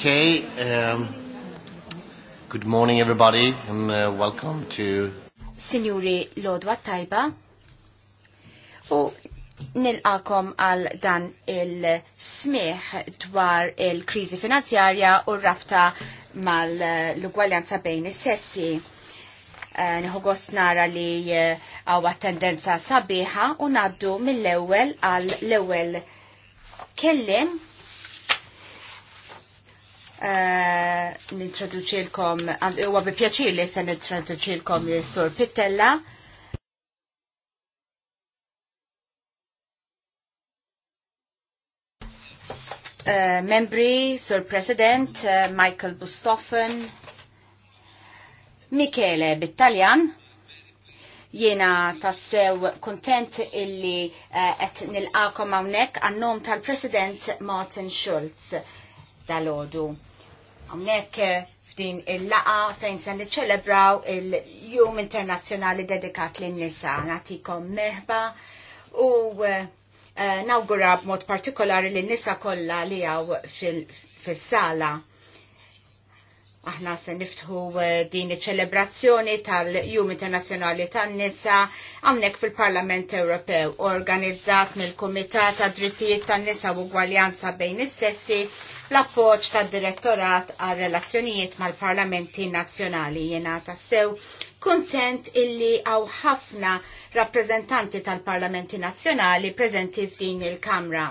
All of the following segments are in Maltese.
Okay, um, good morning everybody and uh, welcome to... Signori Lodwa Taiba. u nil-akom għal dan il-smiħ dwar il-krizi finanzjarja u rabta mal-ugwaljanza bejn is-sessi. Uh, nħu gost nara li uh, għawa tendenza sabiħa u naddu mill-ewel għal l-ewel kellim Eh, nintraduċilkom, u għabi pjaċir li se nintraduċilkom il-sur Pittella. Uh, membri, Sur President, uh, Michael Bustoffen, Michele Bittaljan, Jiena tassew kontent illi qed uh, nilqakom hawnhekk għan-nom tal-President Martin Schulz dal-ħodu. Għamnek eh, f'din il-laqa fejn se niċċelebraw il-Jum Internazzjonali dedikat lin nisa Natikom merħba u eh, eh, nawgura b'mod partikolari lin nisa kollha li għaw fil-sala. Aħna se niftħu din iċ-ċelebrazzjoni tal-Jum Internazzjonali tan-Nisa għamnek fil-Parlament Ewropew organizzat mill-Kumitat ta' Drittijiet tan-Nisa u Gwaljanza bejn is-sessi l-appoġġ tad-Direttorat għal relazzjonijiet mal-Parlamenti Nazzjonali ta' sew kuntent illi għaw ħafna rappreżentanti tal-Parlamenti Nazzjonali preżenti f'din il-Kamra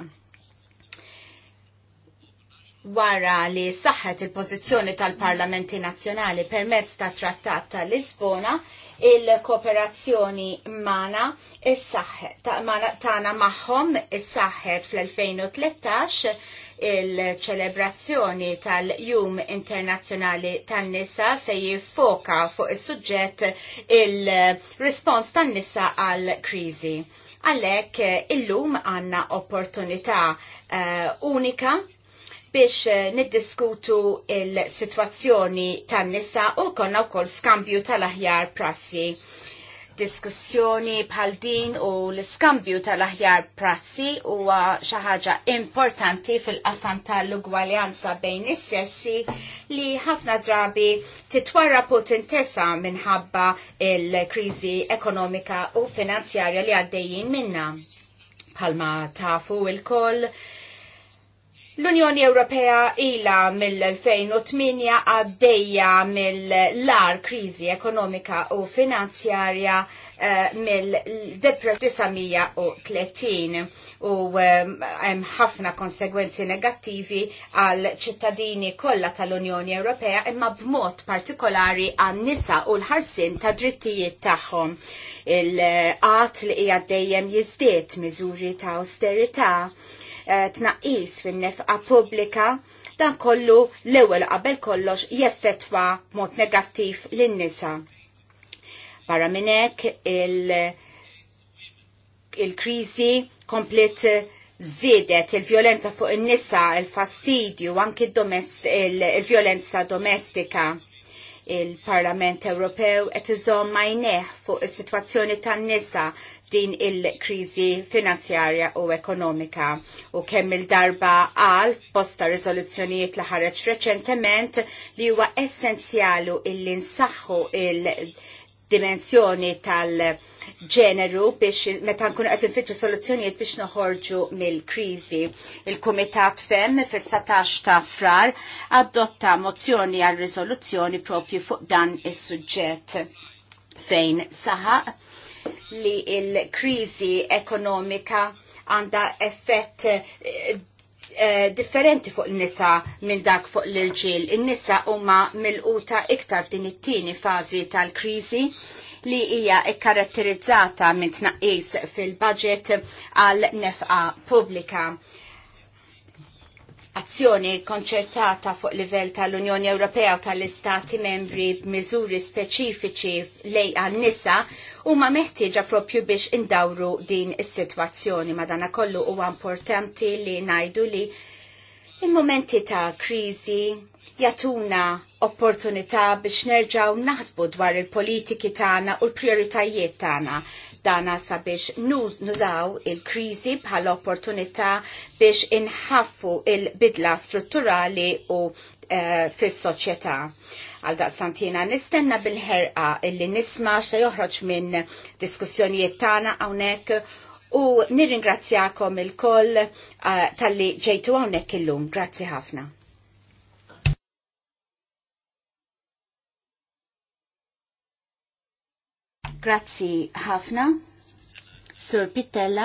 wara li saħħet il-pożizzjoni tal-Parlamenti Nazzjonali permezz ta' Trattat ta' Lisbona, il-kooperazzjoni mana is-saħħet tagħna magħhom is-saħħet fl-2013 il-ċelebrazzjoni tal-Jum Internazzjonali tan-Nisa se jiffoka fuq is-suġġett il-respons tan-nisa għal-kriżi. Għalhekk illum għandna opportunità uh, unika biex eh, niddiskutu il-situazzjoni tan-nisa u konna wkoll skambju tal-aħjar prassi diskussjoni bħal din u l-iskambju tal-aħjar prassi huwa xi ħaġa importanti fil-qasam tal-ugwaljanza bejn is-sessi li ħafna drabi titwarra potentessa minħabba il-kriżi ekonomika u finanzjarja li għaddejjin minna. Palma tafu il-koll L-Unjoni Ewropea ila mill-2008 għaddejja mill-lar krizi ekonomika u finanzjarja mill eh, mill-1930 u eh, hemm uh, ħafna konsegwenzi negattivi għal ċittadini kollha tal-Unjoni Ewropea imma b'mod partikolari għan nisa u l-ħarsin ta' drittijiet tagħhom. Il-qat li hija dejjem miżuri ta' austerità. Eh, tnaqqis fin-nefqa pubblika dan kollu l-ewwel qabel kollox jeffettwa mod negattiv lin-nisa. Barra minn hekk il-kriżi il komplet zidet il-vjolenza fuq in-nisa, il-fastidju, anki il-vjolenza domestika il-Parlament Ewropew qed iżomm majneħ fuq is-sitwazzjoni tan-nisa din il-krizi finanzjarja u ekonomika. U kemm il-darba għal f'posta rizoluzzjonijiet li ħareġ reċentement li huwa essenzjalu il-insaxħu il-, il dimensjoni tal-ġeneru biex meta nkunu qed nfittxu soluzzjonijiet biex noħorġu mill-kriżi. Il-Kumitat Fem fil-19 ta' frar adotta mozzjoni għal riżoluzzjoni propju fuq dan is-suġġett fejn saħaq li il-krizi ekonomika għanda effett eh, eh, differenti fuq il-nisa minn dak fuq l-irġiel. Il-nisa huma mill-quta iktar din it-tieni fażi tal-kriżi li hija ikkaratterizzata minn tnaqqis fil-budget għal nefqa pubblika azzjoni konċertata fuq livell tal-Unjoni Ewropea u tal-Istati membri b'miżuri speċifiċi lej għan-nisa huma meħtieġa propju biex indawru din is-sitwazzjoni madana kollu huwa importanti li ngħidu li il-momenti ta' kriżi jatuna opportunità biex nerġaw naħsbu dwar il-politiki tagħna u l-prijoritajiet tagħna dana sabiex nużaw il-krizi bħal opportunità biex inħaffu il-bidla strutturali u eh, fis-soċjetà. Għal santina nistenna bil-ħerqa illi nisma se joħroġ minn diskussjonijiet tagħna hawnhekk u nirringrazzjakom il-koll uh, tal-li ġejtu hawnhekk illum. Grazzi ħafna. Grazzi ħafna. Sur Pittella.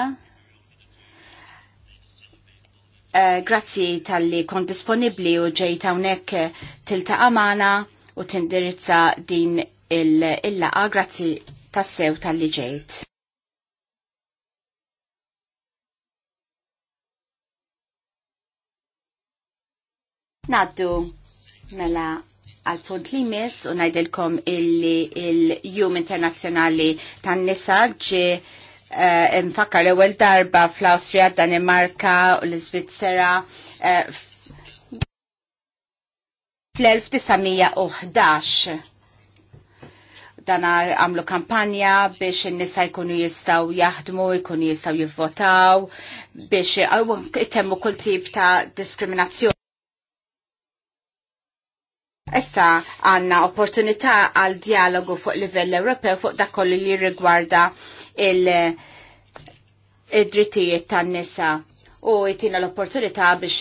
Uh, grazzi tal-li kont disponibli u ġejt hawnhekk eh, tilta amana u tindirizza din il-laqa. Il grazzi tassew tal-li ġejt. Naddu mela għal punt li mis u najdilkom il-Jum Internazjonali tan nisa ġi mfakka eh, l ewwel darba fl-Austria, Danimarka u l-Svizzera eh, fl-1911. Dana għamlu kampanja biex n-nisa jkunu jistaw jaħdmu, jkunu jistaw jivvotaw, biex għawun temmu kull tip ta' diskriminazzjoni. Issa għanna opportunità għal dialogu fuq livell Ewropew fuq dak kollu li rigwarda il-drittijiet tan-nisa u jtina l-opportunità biex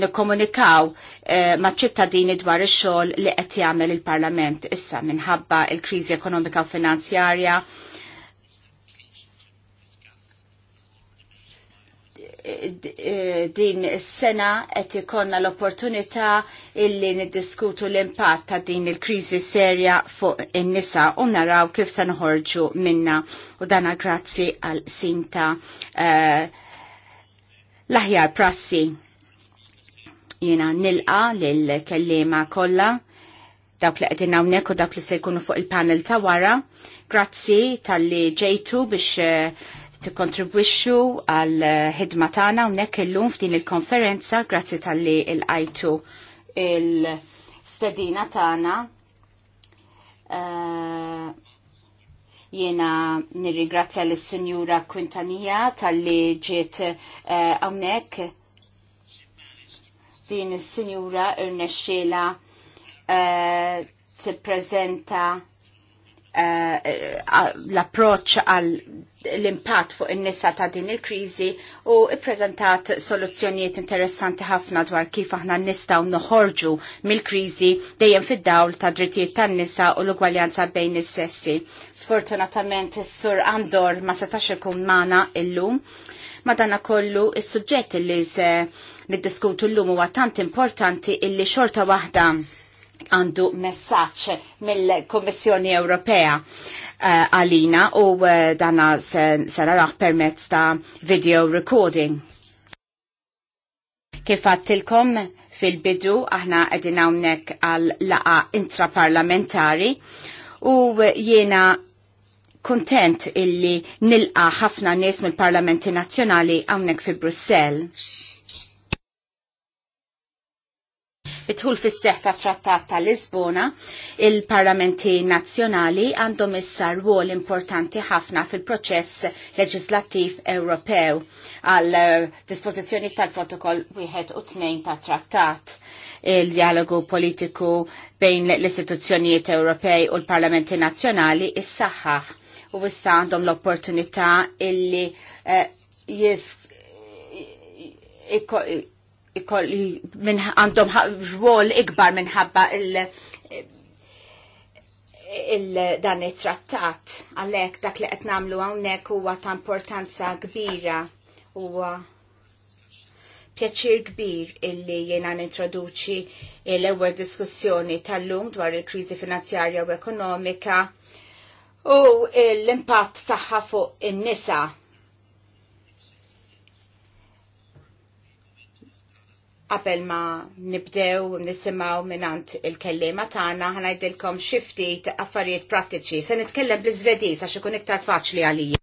nikkomunikaw eh, ma' ċittadini dwar ix-xogħol li qed jagħmel il-Parlament issa minħabba il-kriżi ekonomika u finanzjarja din is-sena qed ikonna l-opportunità illi niddiskutu l-impatt ta' din il-kriżi serja fuq in-nisa u naraw kif se nħorġu minna u dana grazzi għal sinta uh, l-aħjar prassi. Jiena nilqa lill-kellima kollha dawk li qegħdin hawnhekk u dawk li se jkunu fuq il-panel ta' wara. Grazzi tal-li ġejtu biex eh, tikkontribwixxu għal eh, ħidma tagħna hawnhekk illum f'din il-konferenza grazzi tal-li l qajtu il-stedina tagħna. Eh, jiena nirringrazzja lis sinjura Quintanija tal-li ġiet eh, hawnhekk din is-sinjura irnexxiela uh, tippreżenta Uh, l approċċ għal l-impatt fuq in-nisa ta' din il-kriżi u ppreżentat soluzzjonijiet interessanti ħafna dwar kif aħna nistgħu noħorġu mill-kriżi dejjem fid-dawl ta' drittijiet tan-nisa u l-ugwaljanza bejn is-sessi. Sfortunatament is-sur Andor ma setax ikun magħna illum. Madana kollu is-suġġett li se niddiskutu llum huwa tant importanti illi xorta waħda għandu messaċ mill-Kommissjoni Ewropea eh, għalina u uh, dana sararaħ permezz ta' video recording. Kif għattilkom fil-bidu aħna għedinawnek hawnhekk għal laqa intraparlamentari u jiena kontent illi nilqa ħafna nies mill-Parlamenti Nazzjonali hawnhekk fi Brussell. Bitħul fis seħħ ta' trattat ta' Lisbona, il-parlamenti nazzjonali għandhom issa rwol importanti ħafna fil-proċess leġislattiv Ewropew għal eh, dispożizzjoni tal-protokoll wieħed u tnejn ta' trattat il-dialogu politiku bejn l-istituzzjonijiet Ewropej u l-parlamenti nazzjonali is-saħħaħ u issa għandhom l-opportunità illi uh, jis għandhom rwol ikbar minħabba il- il-dan it-trattat għalek dak li qed nagħmlu hawnhekk huwa ta' importanza kbira huwa pjaċir kbir illi jiena nintroduċi l-ewwel diskussjoni tal-lum dwar il-kriżi finanzjarja u ekonomika u l-impatt tagħha fuq in-nisa Qabel ma nibdew nisimaw minant il-kellima tagħna ħanajdilkom xi ftit affarijiet prattiċi. Se nitkellem bl-Iżvediż għax ikun iktar faċli għalija.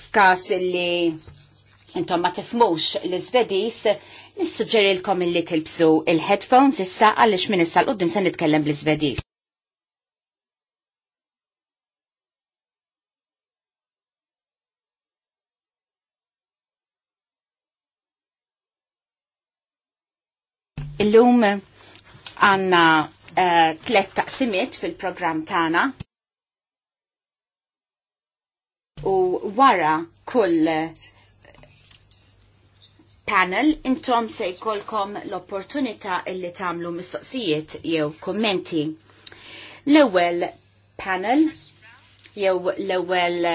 F'każ li intom ma tifmux l-Iżvediż, nissuġġerilkom illi tilbsu il-headphones issa għaliex minn issa l-qudiem se nitkellem bl-Iżvediż. Illum għanna eh, tlet taqsimiet fil-programm tagħna. U wara kull eh, panel intom se jkollkom l-opportunità illi tagħmlu mistoqsijiet jew kommenti. L-ewwel panel jew l-ewwel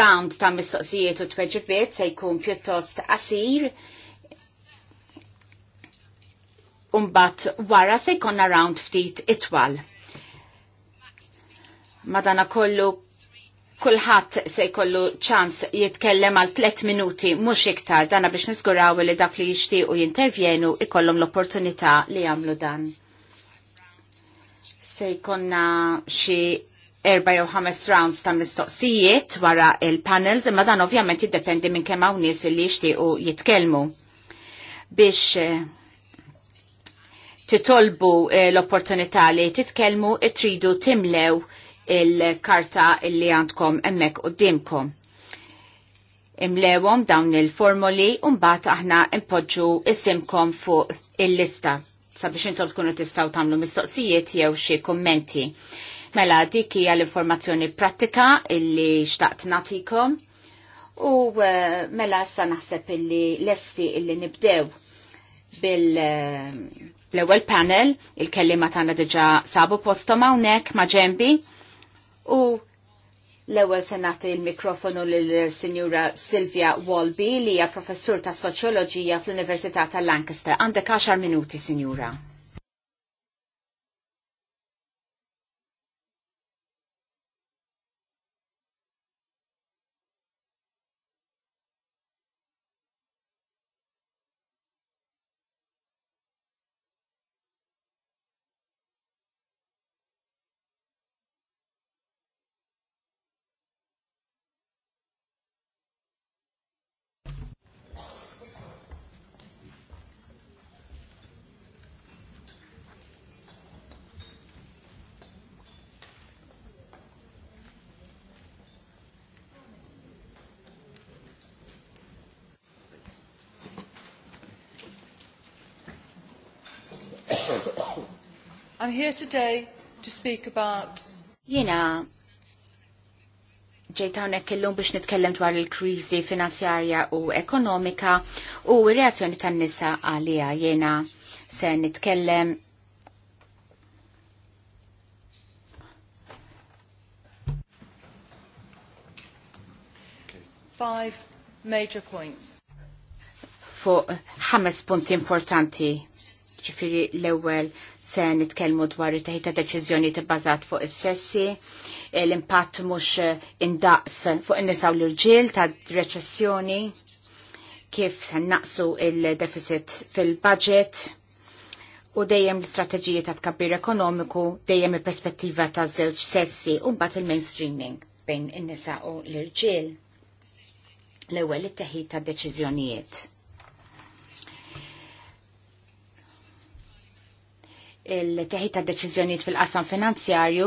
round ta' mistoqsijiet u tweġibiet se jkun pjuttost qasir umbat wara se jkonna round ftit itwal. Madana kollu kullħat se jkollu ċans jitkellem għal 3 minuti mhux iktar dana biex niżguraw li dak li jixtiequ jintervjenu ikollhom l-opportunità li jagħmlu dan. Se jkonna xi erba' jew ħames rounds ta' mistoqsijiet wara il-panels, imma dan ovvjament jiddependi minn kemm hawn nies li jixtiequ jitkellmu. Biex eh, titolbu eh, l-opportunità li titkellmu e tridu timlew il-karta li għandkom emmek u dimkom. Imlewom dawn il-formoli un-bat aħna impoġġu isimkom fuq il-lista sabiex intom tkunu tistaw tagħmlu mistoqsijiet jew xi kummenti. Mela dik hija l-informazzjoni pratika illi xtaqt natikom u eh, mela issa naħseb illi lesti illi nibdew bil eh, l-ewwel panel, il-kellima tagħna diġà sabu postom hawnhekk ma' ġembi u l-ewwel se nagħti l-mikrofonu lill-Sinjura Silvia Walby li hija professur ta' Soċjoloġija fl-Università ta' Lancaster. Għandek 10 minuti, Sinjura. I'm here today to speak about... Jena, ġejt hawnhekk illum biex nitkellem dwar il krizi finanzjarja u ekonomika u reazzjoni tan-nisa għalija jena se nitkellem Five major points. Fuq ħames punti importanti ġifiri l-ewel se nitkellmu dwar it-teħita t-bazat fuq is-sessi, l-impatt mhux indaqs fuq in-nisa u l-irġiel ta' reċessjoni, kif naqsu il-deficit fil-budget u dejjem l-istrateġiji ta' tkabbir ekonomiku dejjem il-perspettiva ta' żewġ sessi u mbagħad il-mainstreaming bejn in-nisa u l-irġiel. L-ewwel it-teħid ta' deċiżjonijiet il teħita deċizjoniet deċiżjonijiet fil-qasam finanzjarju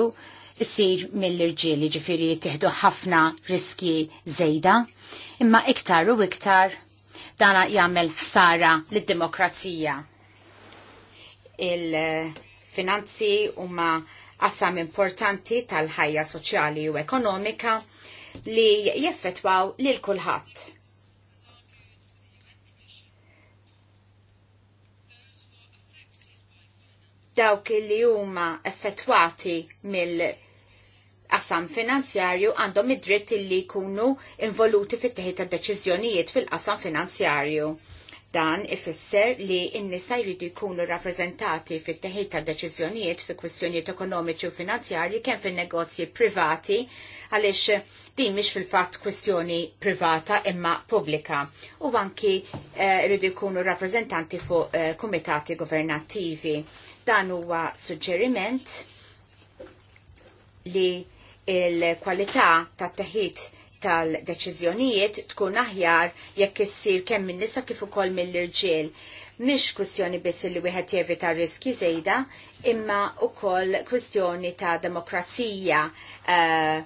jisir mill-irġieli ġifiri jittieħdu ħafna riski zejda, imma iktar u iktar dana jagħmel ħsara lid-demokrazija. Il-finanzi huma qasam importanti tal-ħajja soċjali u ekonomika li jeffetwaw lil kulħadd. dawk li huma effettwati mill qasam finanzjarju għandhom id-dritt li jkunu involuti fit teħid ta' deċiżjonijiet fil-qasam finanzjarju. Dan ifisser li n-nisa jridu jkunu rappreżentati fit teħid ta' deċiżjonijiet fi kwistjonijiet ekonomiċi u finanzjarji kemm fin-negozji privati għaliex din mhix fil-fatt kwistjoni privata imma pubblika u anki eh, jridu eh, jkunu rappreżentanti fuq eh, kumitati governattivi Dan huwa suġġeriment li il-kwalità tat-teħid tal-deċiżjonijiet tkun aħjar jekk issir kemm min nisa kif ukoll mill-irġiel. Mhix kwistjoni biss li wieħed jevita riski żejda, imma ukoll kwistjoni ta' demokrazija eh,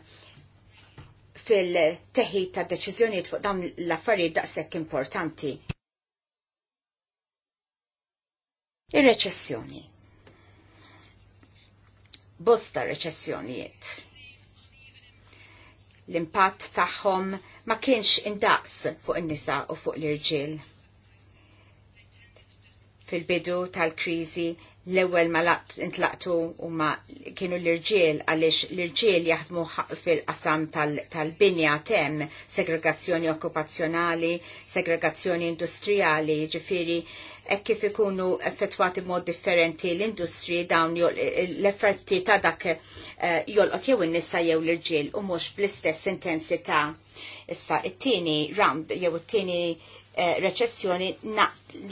fil-teħid ta' deċiżjonijiet fuq dawn l-affarijiet daqshekk importanti. Ir-reċessjoni bosta reċessjonijiet. L-impatt tagħhom ma kienx indaqs fuq in-nisa u fuq l-irġiel. Fil-bidu tal-kriżi l-ewwel ma intlaqtu huma kienu l-irġiel għaliex l-irġiel jaħdmu fil-qasam tal-binja tal tem segregazzjoni okkupazzjonali, segregazzjoni industrijali, ġifiri ek kif ikunu effettwati mod differenti l-industri dawn l-effetti ta' dak eh, jolqot jew in-nisa jew l-irġiel u mhux bl-istess intensità. Issa it-tieni round jew it-tieni Eh, reċessjoni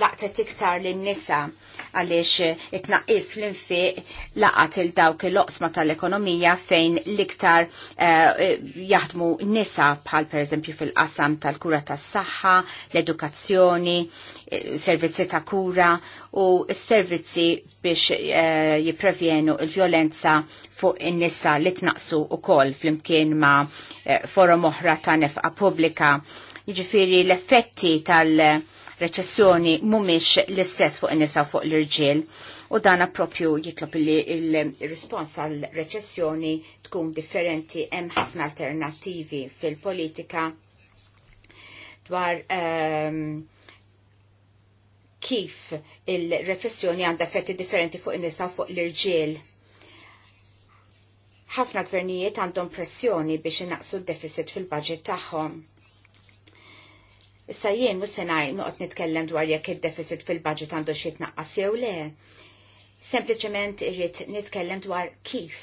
laqtet iktar lin nisa għaliex eh, it-naqis fl-infiq laqat il-dawk il loqsma tal-ekonomija fejn l-iktar eh, jaħdmu nisa bħal per eżempju fil-qasam tal-kura tas-saħħa, l-edukazzjoni, servizzi ta' kura u s-servizzi biex jiprevjenu il-violenza fuq in-nisa li tnaqsu u koll fl-imkien ma' forum oħra ta' nefqa pubblika Jiġifieri l-effetti tal-reċessjoni mhumiex l-istess fuq in-nisa fuq l-irġiel u dana propju jitlob li il-rispons għal reċessjoni tkun differenti hemm ħafna alternattivi fil-politika dwar um, kif il-reċessjoni għandha effetti differenti fuq in-nisa fuq l-irġiel. Ħafna gvernijiet għandhom pressjoni biex inaqsu d-deficit fil-budget tagħhom Issa jien mhux se noqgħod nitkellem dwar jekk id-deficit fil-budget għandu xi tnaqqas jew le. Sempliċement irrid nitkellem dwar kif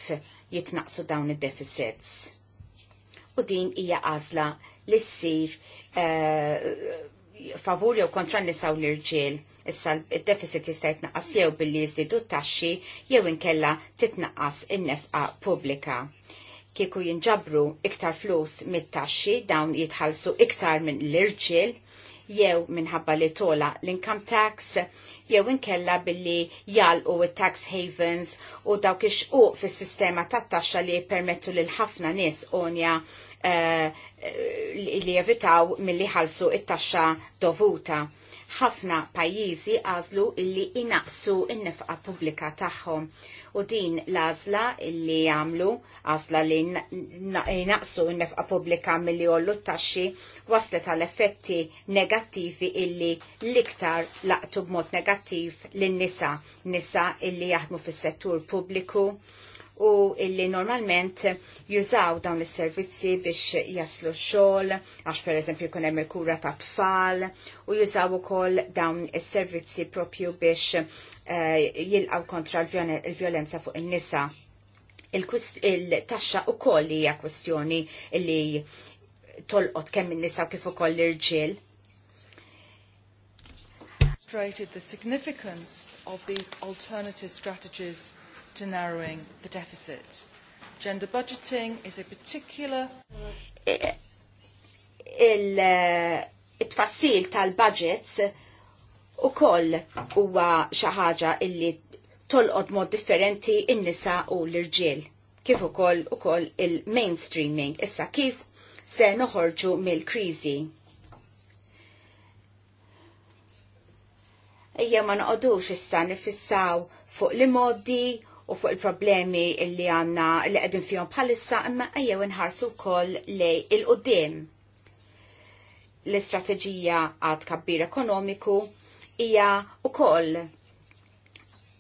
jitnaqsu dawn id-deficits. U din hija għażla li ssir uh, favur jew kontra n l-irġiel issa il-deficit jista' jitnaqqas jew billi jiżdiedu t-taxxi jew inkella titnaqqas in-nefqa pubblika kieku jinġabru iktar flus mit-taxxi dawn jitħallsu iktar minn l-irġiel jew minħabba li tola l-income tax jew inkella billi jalqu it tax havens u dawk u fis-sistema tat-taxxa li permettu lil ħafna nies onja uh, li jevitaw mill-li ħalsu it-taxxa dovuta ħafna pajjiżi għażlu illi inaqsu n-nefqa pubblika tagħhom u din l-għażla illi jagħmlu għażla li inaqsu n-nefqa pubblika milli jollu t-taxxi waslet għal effetti negattivi illi l-iktar laqtu b'mod negattiv lin-nisa, nisa illi jaħdmu fis-settur pubbliku u illi normalment jużaw dawn is-servizzi biex jaslu xogħol għax per eżempju kunem il-kura ta' tfal u jużaw u koll dawn is-servizzi propju biex uh, eh, jilqaw kontra l violenza fuq il nisa Il-taxxa il u koll hija kwestjoni illi tolqot kemm in-nisa kif ukoll l-irġiel the significance of these alternative strategies to narrowing the deficit. Gender budgeting is a particular... Il-tfassil eh, tal-budgets u koll huwa xi ħaġa illi tolqod mod differenti in-nisa u l-irġiel. Kif ukoll ukoll il-mainstreaming issa kif se noħorġu mill-kriżi. Ejja ma noqogħdux issa nifissaw fuq li modi u fuq il-problemi li għanna li għedin fjom bħalissa imma għajew nħarsu kol li il-qoddim. L-istrateġija għad kabbir ekonomiku hija u kol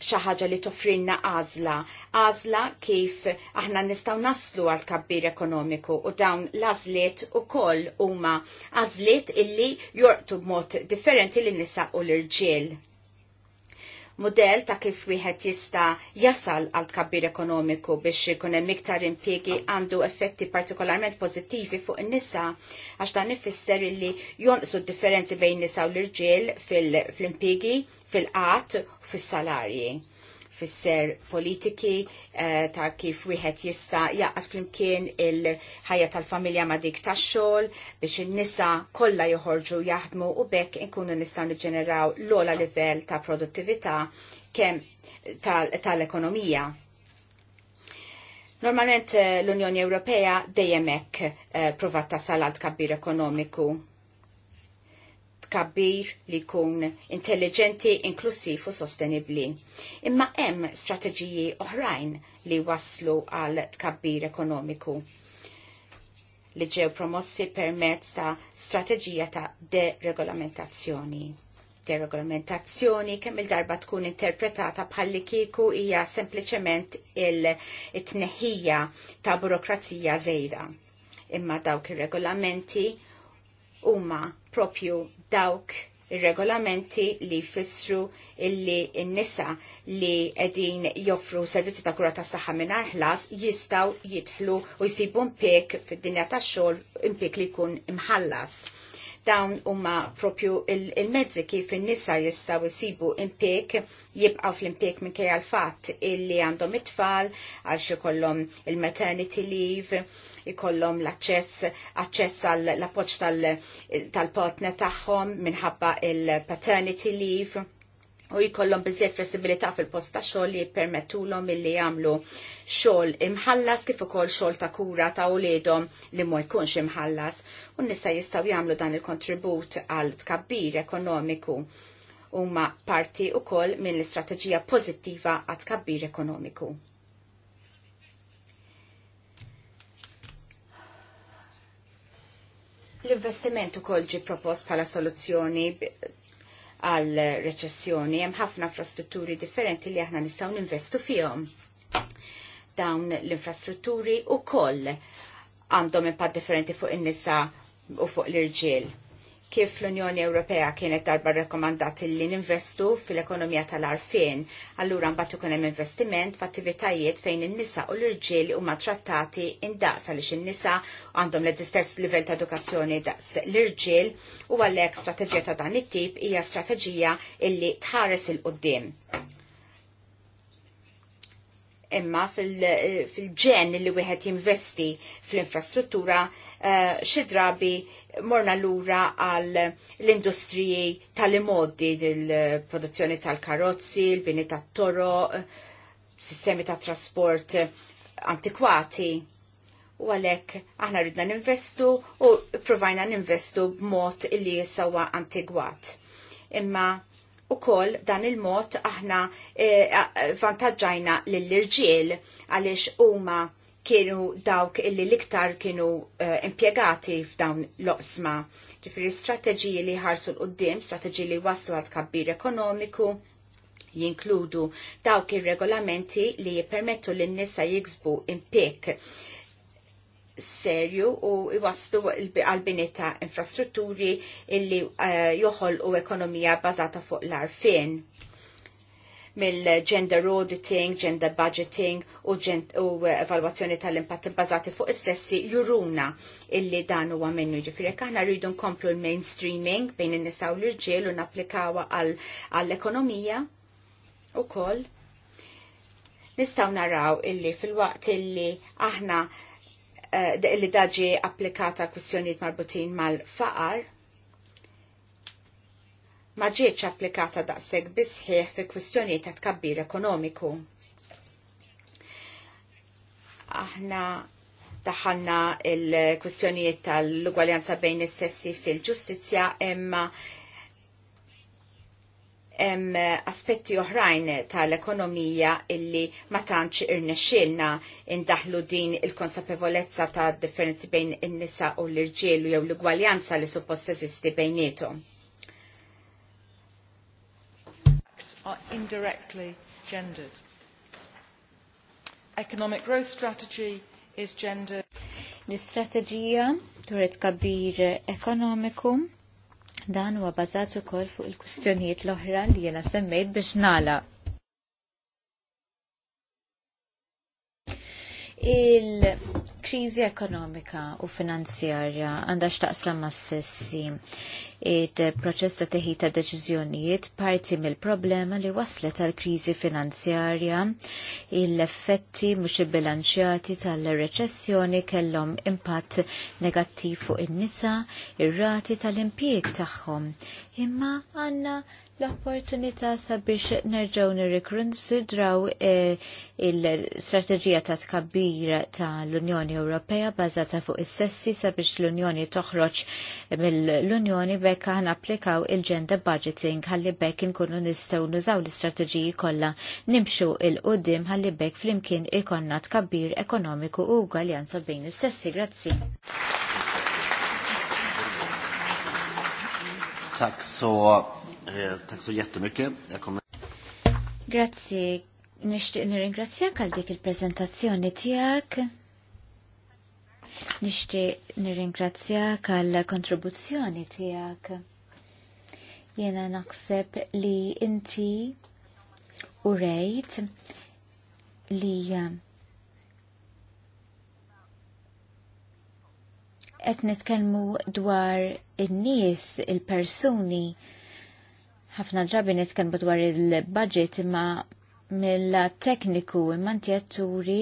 xaħġa li toffrinna għazla, għazla kif aħna nistaw naslu għal kabbir ekonomiku u dawn l-għazliet u koll huma għazliet illi jorqtu b'mod differenti li nisa u l-irġiel model ta' kif wieħed jista' jasal għal tkabbir ekonomiku biex ikun hemm iktar impjiegi għandu effetti partikolarment pożittivi fuq in-nisa għax dan ifisser illi jonqsu d-differenzi bejn nisa u l-irġiel fil-impjiegi, fil-qatt, fis-salarji fisser politiki uh, ta' kif wieħed jista' jaqat flimkien il-ħajja tal-familja ma' dik tax-xogħol biex in-nisa kollha joħorġu jaħdmu u bekk inkunu nistgħu niġġeneraw l-ola livell ta' produttività kemm tal-ekonomija. Normalment eh, l-Unjoni Ewropea dejjem hekk eh, provat tasal għal tkabbir ekonomiku Kabbir li jkun intelligenti, inklusiv u sostenibli. Imma hemm strateġiji oħrajn li waslu għal tkabbir ekonomiku li ġew promossi permezz ta' strateġija ta' deregolamentazzjoni. Deregolamentazzjoni kemm il-darba tkun interpretata bħalli kieku hija sempliċement il tneħija ta' burokrazija żejda. Imma dawk ir-regolamenti huma propju dawk il-regolamenti li fissru illi n-nisa li edin joffru servizzi ta' kura ta' saħħa minn ħlas jistaw jidħlu u jsibu mpik fid-dinja ta' xogħol impik li jkun imħallas dawn huma propju il-mezzi kif in-nisa jistgħu jsibu impik jibqa' fl-impik minkejja għal fatt illi għandhom it-tfal għal xi il-maternity leave ikollhom l-aċċess aċċess għall appoġġ tal-partner tagħhom minħabba il-paternity leave u jkollhom bizzet flessibilità fil-post ta' xogħol li jippermettulhom milli jagħmlu xogħol imħallas kif ukoll xogħol ta' kura ta' uliedhom li ma jkunx imħallas u nisa jistgħu jagħmlu dan il-kontribut għal tkabbir ekonomiku huma parti koll minn l-istrateġija pożittiva għal tkabbir ekonomiku. L-investiment ukoll ġi propost bħala soluzzjoni għal reċessjoni hemm ħafna infrastrutturi differenti li aħna nistgħu ninvestu fihom. Dawn l-infrastrutturi koll għandhom impatt differenti fuq in-nisa u fuq l-irġiel kif l-Unjoni Ewropea kienet darba rekomandat li ninvestu fil-ekonomija tal-arfin, allura mbagħad ikun hemm investiment f'attivitajiet fejn in-nisa u l-irġiel huma trattati indaqs għaliex in-nisa għandhom l-istess livell ta' edukazzjoni daqs l-irġiel u għalhekk strateġija ta' dan it-tip hija strateġija illi tħares il-qudiem. Imma fil-ġen fil li wieħed jinvesti fl-infrastruttura eh, xi drabi morna lura għal l-industriji tal-imoddi, l produzzjoni tal-karozzi, l bini tat-toro, sistemi ta' trasport antikwati. U għalek aħna ridna ninvestu u provajna ninvestu b'mod illi jisawa antigwat. Imma u koll dan il-mod aħna eh, vantagġajna l-irġiel għalix huma ma kienu dawk illi liktar kienu uh, impiegati f'dawn l-oqsma. Ġifiri strateġiji li ħarsu l-qoddim, strateġiji li waslu għal tkabbir ekonomiku, jinkludu dawk ir-regolamenti li jipermettu l-nisa jiksbu impiek serju u jwaslu għal-bini ta' infrastrutturi illi uh, joħol u ekonomija bazata fuq l-arfin mill-gender auditing, gender budgeting u, gent u eh, evalwazzjoni tal-impatt bazati fuq is-sessi juruna illi dan huwa minnu ġifieri aħna rridu nkomplu l-mainstreaming bejn in-nisa u l-irġiel u napplikawha għall-ekonomija ukoll. Nistgħu naraw illi fil-waqt illi aħna uh, illi daġi applikata kwistjonijiet marbutin mal-faqar ma ġietx applikata daqshekk bisħieħ fi kwistjonijiet ta' tkabbir ekonomiku. Aħna taħanna il-kwistjonijiet tal-ugwaljanza bejn is-sessi fil-ġustizzja imma hemm aspetti oħrajn tal-ekonomija illi ma tantx irnexxielna indaħlu din il-konsapevolezza ta' differenzi bejn in-nisa u l-irġiel jew l-ugwaljanza li suppost eżisti bejnietom. are indirectly gendered. Economic growth strategy is gendered. L-istrateġija turet kabir ekonomiku dan huwa bażat ukoll fuq il-kwistjonijiet l-oħra li jiena semmejt biex nagħlaq Il-krizi ekonomika u finanzjarja għandha x'taqsam ma' sessi proċess ta' teħi ta' deċiżjonijiet parti mill-problema li waslet għal krizi finanzjarja l-effetti mhux ibbilanċjati tal-reċessjoni kellhom impatt negattiv fuq in-nisa, ir-rati tal-impjieg tagħhom. Imma għandna l-opportunità sabiex nerġaw nirrikonsidraw e, eh, il-strategija ta' tkabbir ta' l-Unjoni Ewropea bażata fuq is-sessi sabiex l-Unjoni toħroġ mill-Unjoni bekk aħna applikaw il-gender budgeting ħalli bekk inkunu nistgħu nużaw l-istrateġiji kollha nimxu il qudiem ħalli bekk flimkien ikonna tkabbir ekonomiku u ugwaljanza bejn is-sessi. Grazzi. Tack så uh, Eh, tack så jättemycket. Jag kommer... Grazie. Nishtiq nirringrazzjak għal dik il-prezentazzjoni tiegħek. Nishtiq nirringrazzjak għal kontribuzzjoni tiegħek. Jena naqseb li inti u rejt li etnet eh, nitkellmu dwar in-nies, il-persuni, il persuni ħafna ġabi nitkellmu dwar il-budget imma mill-tekniku immanti għatturi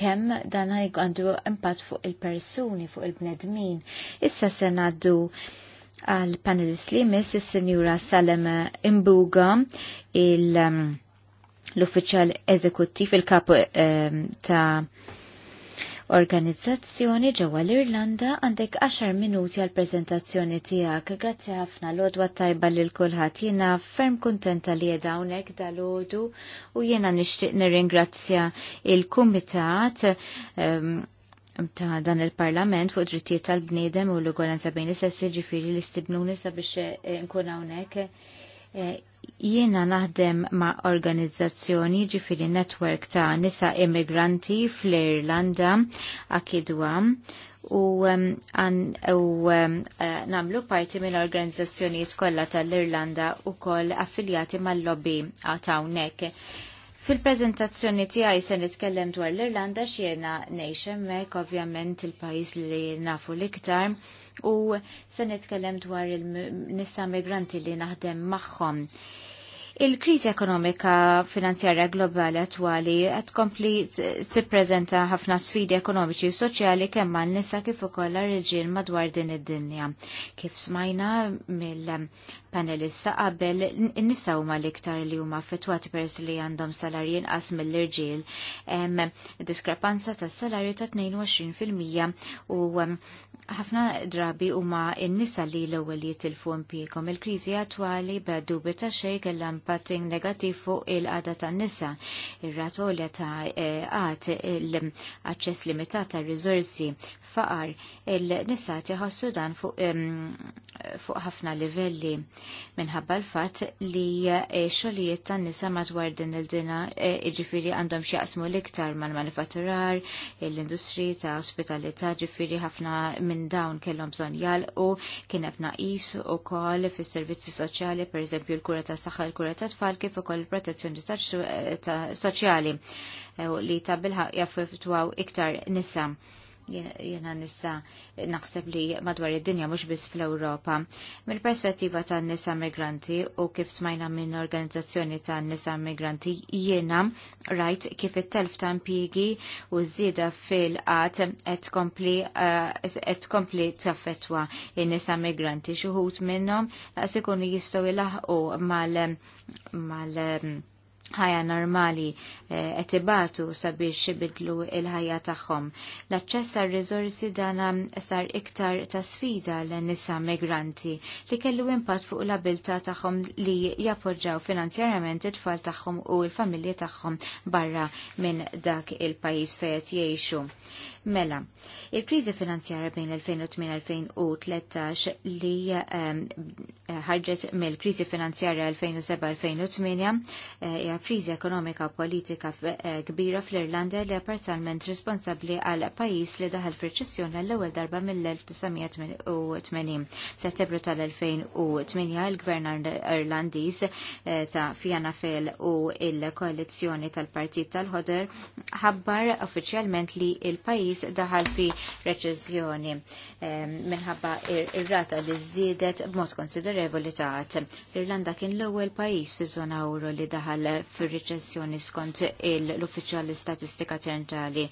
kem dan għandu impatt fuq il-persuni, fuq il-bnedmin. Issa se għaddu għal panelist li mis il-senjura Salem Imbuga um, l-uffiċjal eżekuttiv il-kapu um, ta' organizzazzjoni ġewwa l-Irlanda għandek 10 minuti għal prezentazzjoni tiegħek. Grazzi ħafna l-odwa tajba lil kulħadd. Jiena ferm kuntenta li qiegħda hawnhekk dalodu u jiena nixtieq nirringrazzja il-kumitat ehm, ta' dan il-parlament fuq drittijiet tal-bniedem u l-ugolanza bejn is-sessi ġifieri li stibnuni sabiex eh, nkun hawnhekk. Eh, Jiena naħdem ma' organizzazzjoni ġifiri netwerk ta' nisa immigranti fl-Irlanda akidwa u għan um, um, eh, namlu parti minn organizzazzjonijiet kollha tal-Irlanda u koll affiljati mal-lobby għatawnek. Fil-prezentazzjoni tiegħi se nitkellem dwar l-Irlanda xiena ngħix hemmhekk ovvjament il-pajjiż li nafu l-iktar u se nitkellem dwar il-nisa migranti li naħdem magħhom. Il-kriżi ekonomika finanzjarja globali attwali qed kompli tippreżenta ħafna sfidi ekonomiċi u soċjali kemm għal nisa kif ukoll għar madwar din id-dinja. Kif smajna mill panelista qabel n-nisa huma l-iktar li huma affettwati peress li għandhom salarji inqas mill-irġiel. Diskrepanza tas salarju ta' 22% u ħafna drabi huma n-nisa li l-ewwel jitilfu impjegom. Il-kriżi attwali bla dubi ta' xejn kellha impatting negattiv fuq il-qada tan-nisa. Ir-ratolja ta' qat eh, l-aċċess limitat ta' riżorsi faqar. Il-nisa tiħossu dan fuq ħafna livelli minħabba l-fat li e, xolijiet tan nisa madwar din il-dina e, ġifiri għandhom xieqsmu l-iktar mal-manifatturar, l-industri ta' ospitalità ġifiri ħafna minn dawn kellhom bżon jalqu, kien hemm naqis u koll fis-servizzi soċjali, per eżempju l-kura ta' saħħa, l-kura ta' tfal kif ukoll protezzjoni ta' soċjali e, li ta' bilħaq jaffettwaw iktar nisa jena nissa naħseb li madwar id-dinja mhux biss fl-Ewropa. Mill-perspettiva tan nisa migranti u kif smajna minn organizzazzjoni tan nisa migranti jiena rajt kif it-telf ta' impjiegi u żieda fil-qat qed kompli eh, qed taffetwa in-nisa migranti xi wħud minnhom laqas eh, ikunu jistgħu jilaħqu mal mal ħajja normali etibatu eh, sabiex bidlu il-ħajja tagħhom. L-aċċess għal riżorsi dana sar iktar ta' sfida l nisa migranti li kellu impatt fuq l-abilta tagħhom li jappoġġaw finanzjarament it-tfal tagħhom u l-familji tagħhom barra minn dak il-pajjiż fejn jgħixu. Mela, il-kriżi finanzjarja bejn 2008-2013 li eh, ħarġet mill-kriżi finanzjarja 2007-2008 eh, kriżi ekonomika u politika eh, kbira fl-Irlanda li parzialment responsabbli għal pajjiż li daħal f'reċessjoni l-ewwel darba mill-1980. Settembru tal-2008 il-Gvern Irlandiż eh, ta' Fianna Fail u il-koalizzjoni tal-Partit tal-Ħoder ħabbar uffiċjalment li il-pajjiż daħal fi reċessjoni eh, minħabba ir-rata li żdiedet b'mod konsiderevoli ta' L-Irlanda kien l-ewwel pajjiż fiż-żona euro li daħal fir-riċessjoni skont l-Uffiċjal Statistika Ċentrali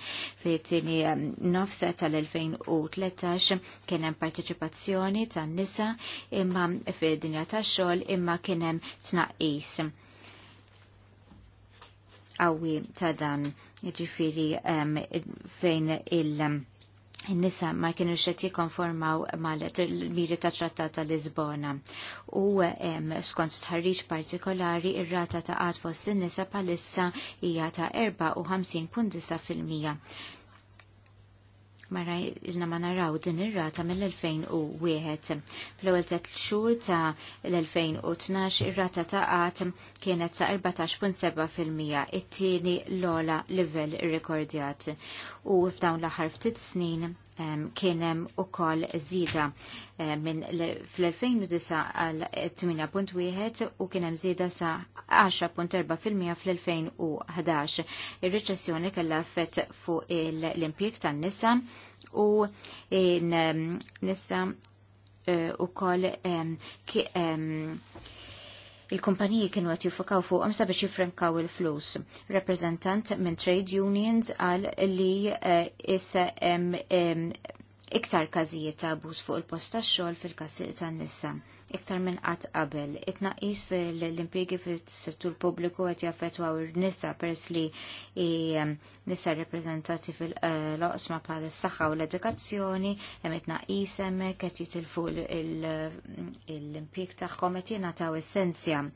fi tieni um, nofsa tal-2013 kien hemm partecipazzjoni tan-nisa imma fid-dinja tax-xogħol imma kien hemm tnaqqis qawwi ta' dan ġifiri um, fejn il- um, nisa ma kienu xed jikonformaw mal-miri ta' trattat ta' Lisbona. U skont tħarriġ partikolari ir-rata ta' għadfos fost n-nisa palissa hija ta' 54.9 fil-mija. Mara ilna ma naraw din ir-rata mill-2001. Fl-ewwel tet xhur ta' l-2012 ir-rata ta' qat kienet sa' 14.7%, it-tieni l-ola livell irrekordjat. U f'dawn l-aħħar ftit snin kien hemm ukoll zida Eh, minn fl-2009 għal 8.1 u kien hemm żieda sa 10.4 fl-2011. Ir-reċessjoni kellha effett fuq l-impjeg tan-nisa u nisa eh, u koll il-kumpaniji kienu għat jifokaw fuqom sabiex jifrenkaw il-flus. Reprezentant minn trade unions għal li eh, issa iktar każijiet ta' abuż fuq il-post tax-xogħol fil-każijiet tan-nisa. Iktar minn qatt qabel, it-tnaqqis fil-impjiegi fis-settur pubbliku qed jaffettwaw in-nisa peress li nisa rappreżentati fil-loqsma bħal is-saħħa u l-edukazzjoni, hemm it-tnaqqis hemmhekk qed jitilfu l-impjieg tagħhom qed jingħataw essenzja.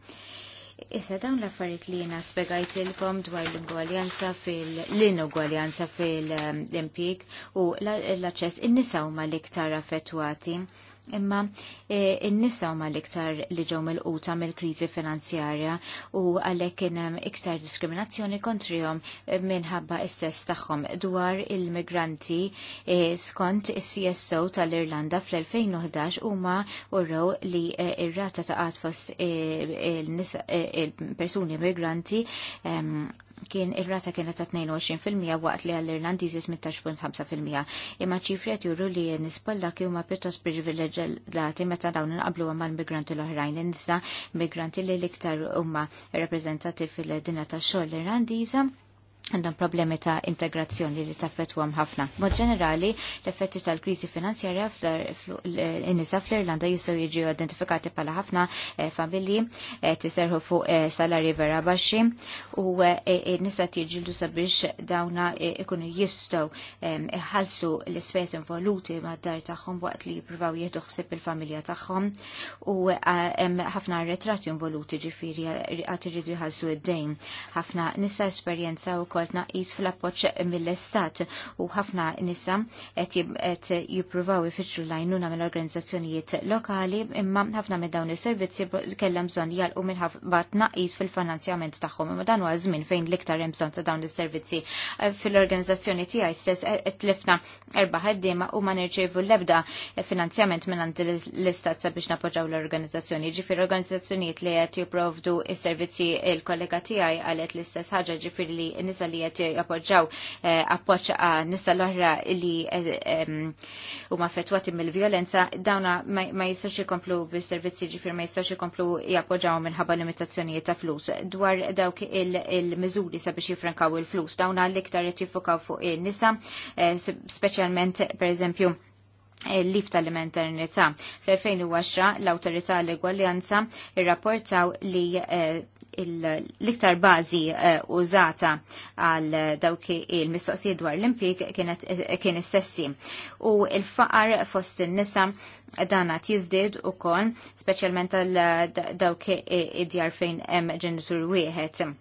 Issa dawn l-affarijiet li jiena spjegajtilkom dwar l-ingwaljanza fil-inugwaljanza fil-impjieg um, u l-aċċess in-nisa huma l-iktar affettwati imma in-nisa e, huma l-iktar li ġew mill-quta mill-kriżi finanzjarja u għalhekk kien hemm iktar diskriminazzjoni kontrihom minħabba s-sess tagħhom dwar il-migranti e, skont is-CSO tal-Irlanda fl-2011 huma urrew li e, ir-rata ta' qatt fost il-persuni migranti kien ir-rata kienet ta' 22% waqt li għall-Irlandiżi 18.5%. Imma ċifret juru li nispalla huma pjuttost privileġġjati meta dawn inqablu mal migranti l-oħrajn nisa migranti li l-iktar huma rappreżentati fil-dinja tax-xogħol Irlandiża għandhom problemi ta' integrazzjoni li taffetwhom ħafna. Mod ġenerali, l-effetti tal-kriżi finanzjarja fl-inisa fl-Irlanda jistgħu jiġu identifikati bħala ħafna eh, familji eh, tiserħu fuq eh, salari vera baxxi u nisa tiġildu sabiex dawna ikunu jistgħu iħallsu l spes involuti mad-dar tagħhom waqt li jippruvaw jieħdu ħsieb il-familja tagħhom u ħafna retrati involuti ġifieri qatt iridu jħallsu id-dejn. Ħafna nisa u kol naqis fl-appoġġ mill-Istat u ħafna nisa qed jippruvaw ifittxu lajnuna mill-organizzazzjonijiet lokali imma ħafna minn dawn is-servizzi kellhom bżonn jalqu minħabba naqis fil-finanzjament tagħhom imma dan huwa żmien fejn l-iktar hemm bżonn ta' dawn is-servizzi. Eh, fil-organizzazzjoni tiegħi stess qed tlifna erba' ħaddiema u ma nirċevu l-ebda finanzjament minn l-Istat sabiex napoġġaw l-organizzazzjoni. Ġifier organizzazzjonijiet li qed jipprovdu is-servizzi il-kollega tiegħi għalet l-istess ħaġa ġifieri li nisa nisa li qed jappoġġaw eh, appoġġ nisa l-oħra li eh, huma affettwati mill-vjolenza dawna ma jistgħux komplu bis-servizzi ġifir ma jistgħux komplu jappoġġaw minħabba limitazzjonijiet ta' flus dwar dawk il-miżuri sabiex jifrankaw il-flus dawna l-iktar jtifukaw fuq in-nisa eh, speċjalment pereżempju l-lif tal-maternità. Fl-2010 l autorita l-egwaljanza rapportaw li eh, l-iktar bazi eh, użata għal dawk il-mistoqsijiet dwar l-impik eh, kien s sessi U il-faqar fost in-nisa dana jizdid u kon, specialment għal dawk id-djar fejn hemm ġenitur wieħed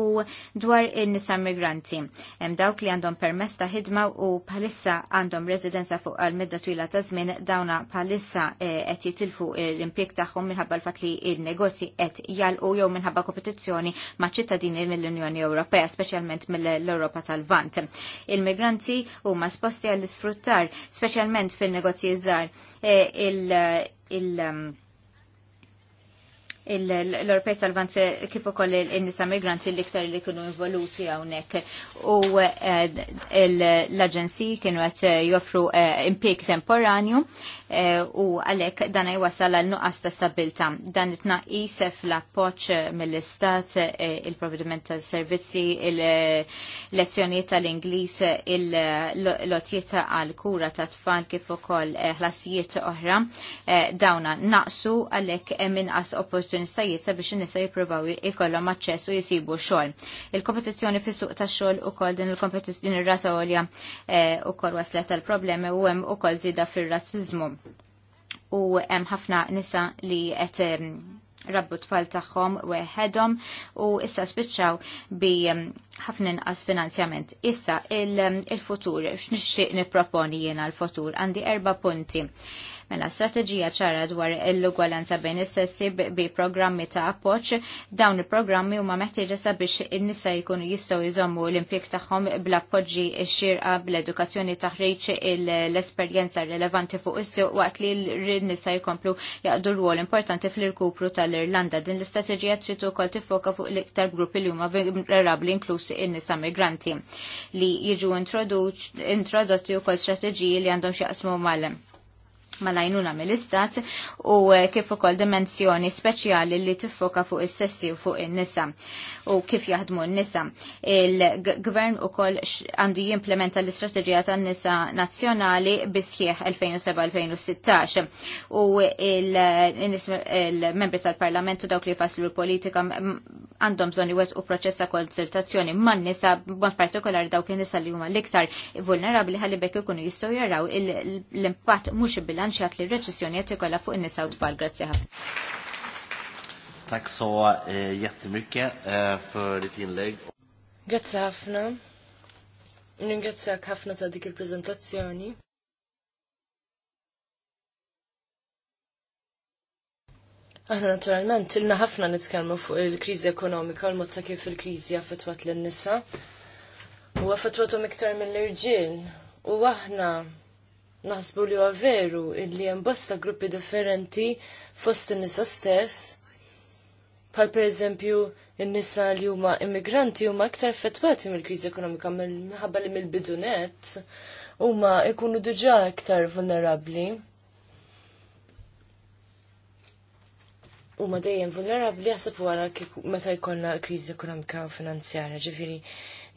u dwar in-nisa migranti. Hemm dawk li għandhom permess ta' ħidma u palissa għandhom residenza fuq għal-medda twila ta' żmien dawna palissa eh, qed jitilfu l-impjeg tagħhom minħabba l-fatt li il-negozji qed jalqu jew minħabba kompetizzjoni ma' ċittadini mill-Unjoni Ewropea, speċjalment mill-Ewropa tal-Vant. Il-migranti huma sposti għall-isfruttar, speċjalment fin-negozji żgħar eh, il- il- um, l-Europej tal-Vant kif ukoll in-nisa migranti l-iktar li kienu involuti hawnhekk u eh, l-aġenziji kienu qed joffru eh, impjeg temporanju Eh, u għalek dan wasal għal nuqqas ta' stabilta. Dan it-naqis fl poċ mill-istat eh, il-provvediment tal servizzi il-lezzjoniet tal-Inglis il-lotjiet għal kura ta' tfal kif ukoll eh, ħlasijiet oħra dawna naqsu għalek minqas opportunistajiet biex nisa jipruvaw ikollhom aċċess u jisibu xogħol. Il-kompetizzjoni fis-suq tax-xogħol ukoll din il kompetizjoni ir-rata għolja ukoll waslet tal-problemi u hemm ukoll żieda fir razzizmu u hemm ħafna nisa li qed ehm, rabbu tfal tagħhom weħedhom u issa spiċċaw bi ehm, ħafna inqas finanzjament. Issa ehm, il-futur, x'nixtieq nipproponi jiena l-futur għandi erba' punti. Mela strateġija ċara dwar l-ugwalanza bejn is-sessi bi programmi ta' appoġġ dawn il-programmi huma meħtieġa sabiex in-nisa jkunu jistgħu jżommu l-impjeg tagħhom bl-appoġġi xirqa bl-edukazzjoni taħriġ l-esperjenza rilevanti fuq is sew waqt li l-nisa jkomplu jaqdu rwol importanti fl-irkupru tal-Irlanda. Din l-istrateġija trid ukoll tifoka fuq l-iktar gruppi li huma vulnerabbli inklusi in-nisa migranti li jiġu introdotti wkoll strateġiji li għandhom xjaqsmu mal malajnuna mill-istat u eh, kif ukoll dimensjoni speċjali li tiffoka fuq is-sessi u fuq in-nisa u kif jaħdmu n-nisa. Il-gvern ukoll għandu jimplementa l-istrateġija tan-nisa nazzjonali bisħieħ 2007-2016 u il-membri tal-parlamentu dawk li faslu l-politika għandhom bżonn iwettqu proċessa konsultazzjoni man-nisa b'mod partikolari dawk in-nisa li huma l-iktar vulnerabli ħalli bekk ikunu jistgħu jaraw l-impatt mhux bilan bilanċjat li r-reċessjoni qed ikollha fuq n nisa u tfal. Grazie ħafna. Tak så eh, jättemycket eh, för ditt inlägg. Grazie ħafna. Ringrazzjak ħafna ta' dik il-prezentazzjoni. Aħna naturalment ilna ħafna nitkellmu fuq il-kriżi ekonomika u l-mod ta' kif il-kriżi affettwat lin-nisa. U affettwathom iktar mill-irġiel. U aħna naħsbu li huwa veru illi hemm bosta gruppi differenti fost n nisa stess, bħal pereżempju n nisa li huma immigranti huma aktar effettwati mill-kriżi ekonomika minħabba li mill-bidunet huma jkunu diġà aktar vulnerabbli. Huma dejjem vulnerabbli jaħseb wara meta jkollna l-kriżi ekonomika u finanzjarja, ġifiri.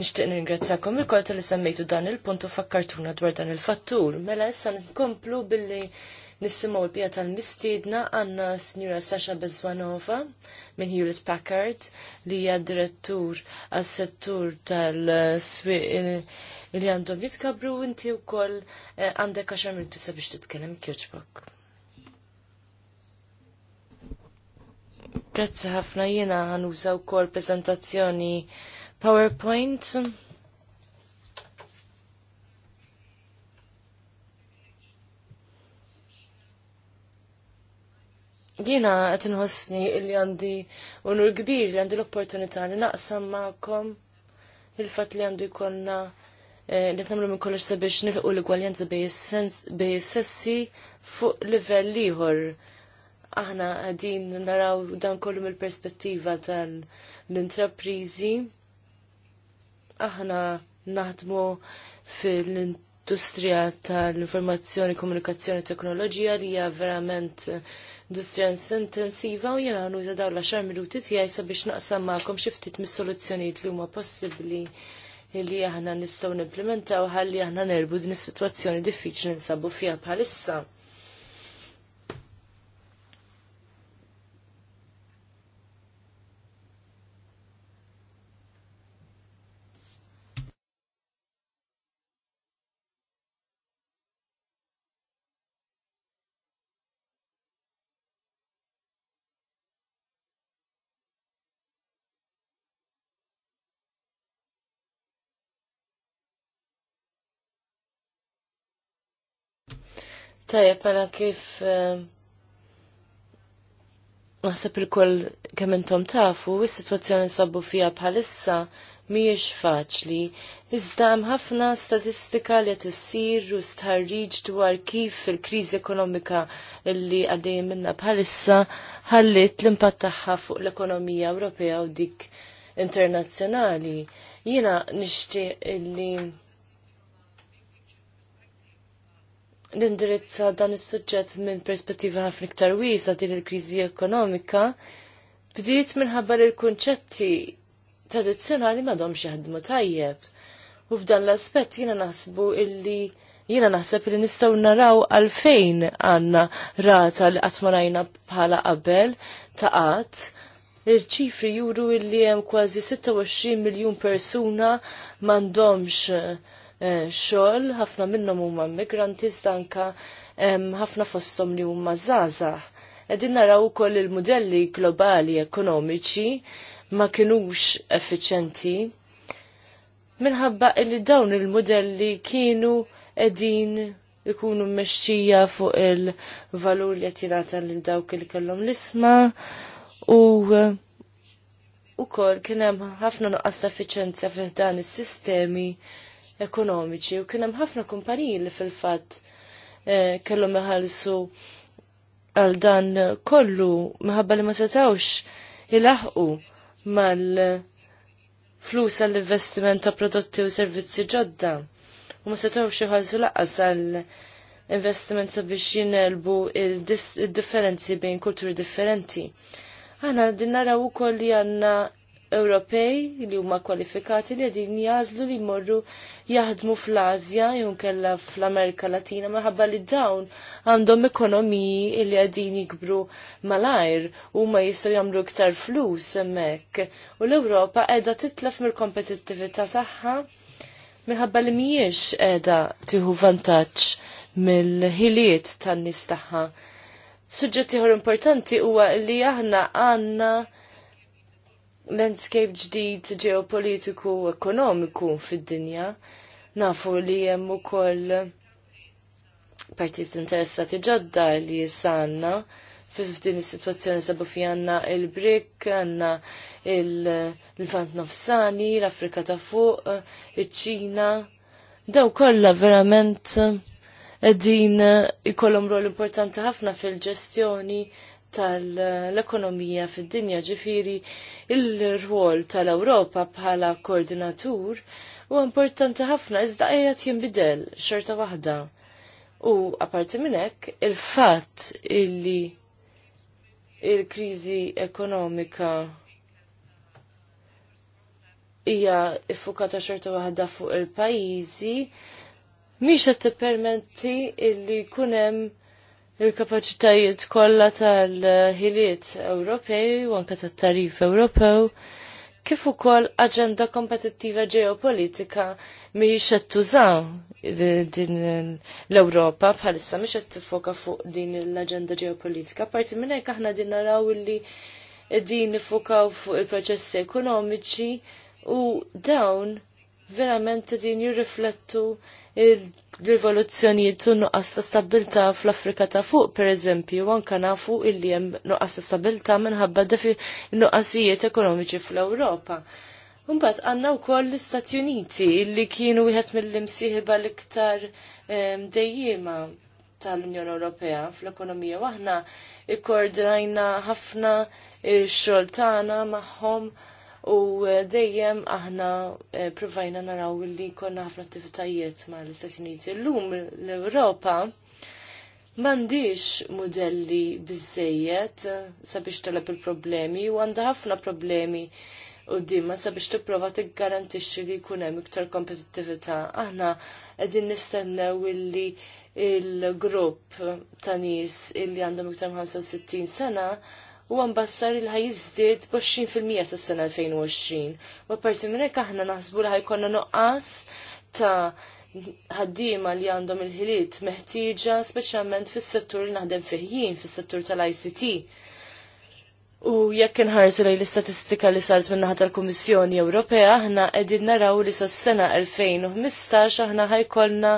Nixtieq ningrazzakom il tal-li semmejtu dan il-punt u fakkartuna dwar dan il-fattur. Mela issa nkomplu billi nisimgħu l-bija tal-mistiedna għandna Sinjura Sasha Bezwanova minn Hewlett Packard li hija direttur għas-settur tal-swieq li għandhom jitkabru inti wkoll eh, għandek għaxar minuti sabiex titkellem kjoċbok. Grazzi ħafna jiena għanuża wkoll prezentazzjoni PowerPoint. Jiena qed inħossni li għandi unur kbir li għandi l-opportunità li naqsam magħkom il-fatt li għandu jkollna eh, li tnamlu minn kollox sabiex nilqu l-igwaljanza bej sessi fuq livell ieħor. Aħna għadin naraw dan kollu mill-perspettiva tal-intrapriżi aħna naħdmu fil-industrija tal-informazzjoni, komunikazzjoni, teknoloġija li hija verament industrija intensiva u jena għanu ta' dawla xar minuti tijaj sabiex naqsam ma'kom xiftit mis-soluzzjonijiet li huma possibli li aħna nistgħu nimplementaw ħalli aħna nerbu din is-sitwazzjoni diffiċli nsabu fiha bħalissa. Tajja, pala kif eh, naħseb il-koll kemm intom tafu, is-sitwazzjoni sabu fija bħalissa miex faċli. Iżda hemm ħafna statistika li qed sir u stħarriġ dwar kif il-kriżi ekonomika li għaddej minna bħalissa ħallit l-impatt tagħha fuq l-ekonomija Ewropea u dik internazzjonali. Jiena nixtieq li l-indirizza dan is-suġġett minn perspettiva ħafna iktar wiesa din il-kriżi ekonomika bdiet minħabba li l-kunċetti tradizzjonali m'għadhomx jaħdmu tajjeb. U f'dan l-aspett jiena naħsbu illi jiena naħseb li nistgħu naraw għalfejn għandna rata li qatt ma bħala qabel ta' qatt il-ċifri juru illi hemm kważi 26 miljun persuna m'għandhomx Eh, xogħol, ħafna minnhom huma migranti stanka ħafna fosthom li huma żgħażagħ. Qegħdin naraw ukoll il-modelli globali ekonomiċi ma kinux effiċenti minħabba li dawn il-modelli kienu qegħdin ikunu mmexxija fuq il-valur li qed jingħata lil dawk li kellhom l-isma u eh, ukoll kien hemm ħafna nuqqas ta' effiċenzja fih dan is-sistemi ekonomiċi u kien hemm ħafna kumpaniji li fil-fatt eh, kellhom iħallsu għal dan kollu minħabba li ma setawx ilaħqu mal-flus għall-investiment ta' prodotti u servizzi ġodda u ma setawx iħalsu laqqas għal investiment sabiex jinelbu il-differenzi bejn kulturi differenti. Għana din naraw ukoll li għanna Ewropej li huma kwalifikati li qegħdin jażlu li jmorru jaħdmu fl-Asja jew kella fl-Amerika Latina minħabba li dawn għandhom ekonomiji li qegħdin jikbru malajr u ma jistgħu jagħmlu iktar flus hemmhekk. U l-Ewropa qiegħda titlef mill-kompetittività tagħha minħabba li mhijiex qiegħda tieħu vantaġġ mill-ħiliet tan-nies tagħha. Suġġett ieħor importanti huwa li aħna għandna landscape ġdid ġeopolitiku ekonomiku fid-dinja. Nafu li hemm ukoll partijiet interessati ġodda li jisanna f'din is-sitwazzjoni sabu fi għandna il-Brik, għandna il-Levant Nofsani, l-Afrika ta' fuq, iċ-Ċina. Daw kollha verament din ikollhom rol importanti ħafna fil-ġestjoni tal-ekonomija fid-dinja ġifiri il-rwol tal-Ewropa bħala koordinatur u importanti ħafna iżda qiegħed jinbidel xorta waħda. U apparti minn hekk il-fatt illi il-kriżi ekonomika hija iffukata xorta waħda fuq il-pajjiżi miex qed tippermetti illi kunem hemm il-kapacitajiet kollha tal-ħiliet Ewropej u anke tat-tarif Ewropew kif ukoll aġenda kompetittiva ġeopolitika mhijiex qed tużaw din l-Ewropa bħalissa mhix qed tifoka fuq din l-aġenda ġeopolitika. Parti minn hekk aħna din naraw li din nifukaw fuq il-proċessi ekonomiċi u dawn verament din jirriflettu il rivoluzzjonijiet u nuqqas ta' stabilta fl-Afrika ta' fuq, per eżempju, anka nafu illi jem nuqqas ta' stabilta minħabba defi nuqqasijiet ekonomiċi fl-Ewropa. għanna għandna wkoll l-Istati Uniti illi kienu wieħed mill-imsieħba l-iktar ehm, dejjima tal-Unjoni Ewropea fl-ekonomija waħna ikkoordinajna ħafna il-xogħol eh, tagħna magħhom. Ma u eh, dejjem aħna eh, provajna naraw li konna ħafna attivitajiet ma l-Istati Uniti. L-lum l-Europa mandiċ modelli bizzejiet eh, sabiex talab il-problemi u għanda ħafna problemi u dimma sabiex tipprova tiggarantixxi li jkun hemm iktar kompetittività. Aħna qegħdin u li il-grupp ta' nies illi għandhom iktar 60 sena u għambassar il ħajizdiet fil 20 s-sena 2020. U parti minnek aħna naħsbu li ħajkonna nuqqas ta' ħaddima li għandhom il-ħiliet meħtieġa speċjalment fis-settur li naħdem fiħjien, fis-settur tal-ICT. U jekk inħarsu lejn l-istatistika li sart min-naħa tal-Kummissjoni Ewropea, aħna qegħdin naraw li sas-sena 2015 aħna ħajkollna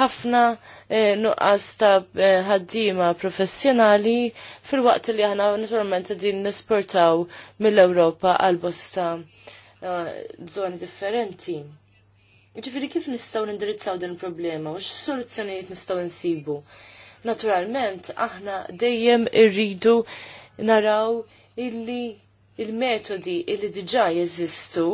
ħafna Eh, nuqqas ta' eh, ħaddiema professjonali fil-waqt li aħna naturalment din nesportaw mill-Ewropa għal bosta eh, zoni differenti. Ġifiri kif nistaw nindirizzaw din il-problema u x-soluzzjonijiet nistaw nsibu? Naturalment, aħna dejjem irridu naraw illi il-metodi illi diġa jeżistu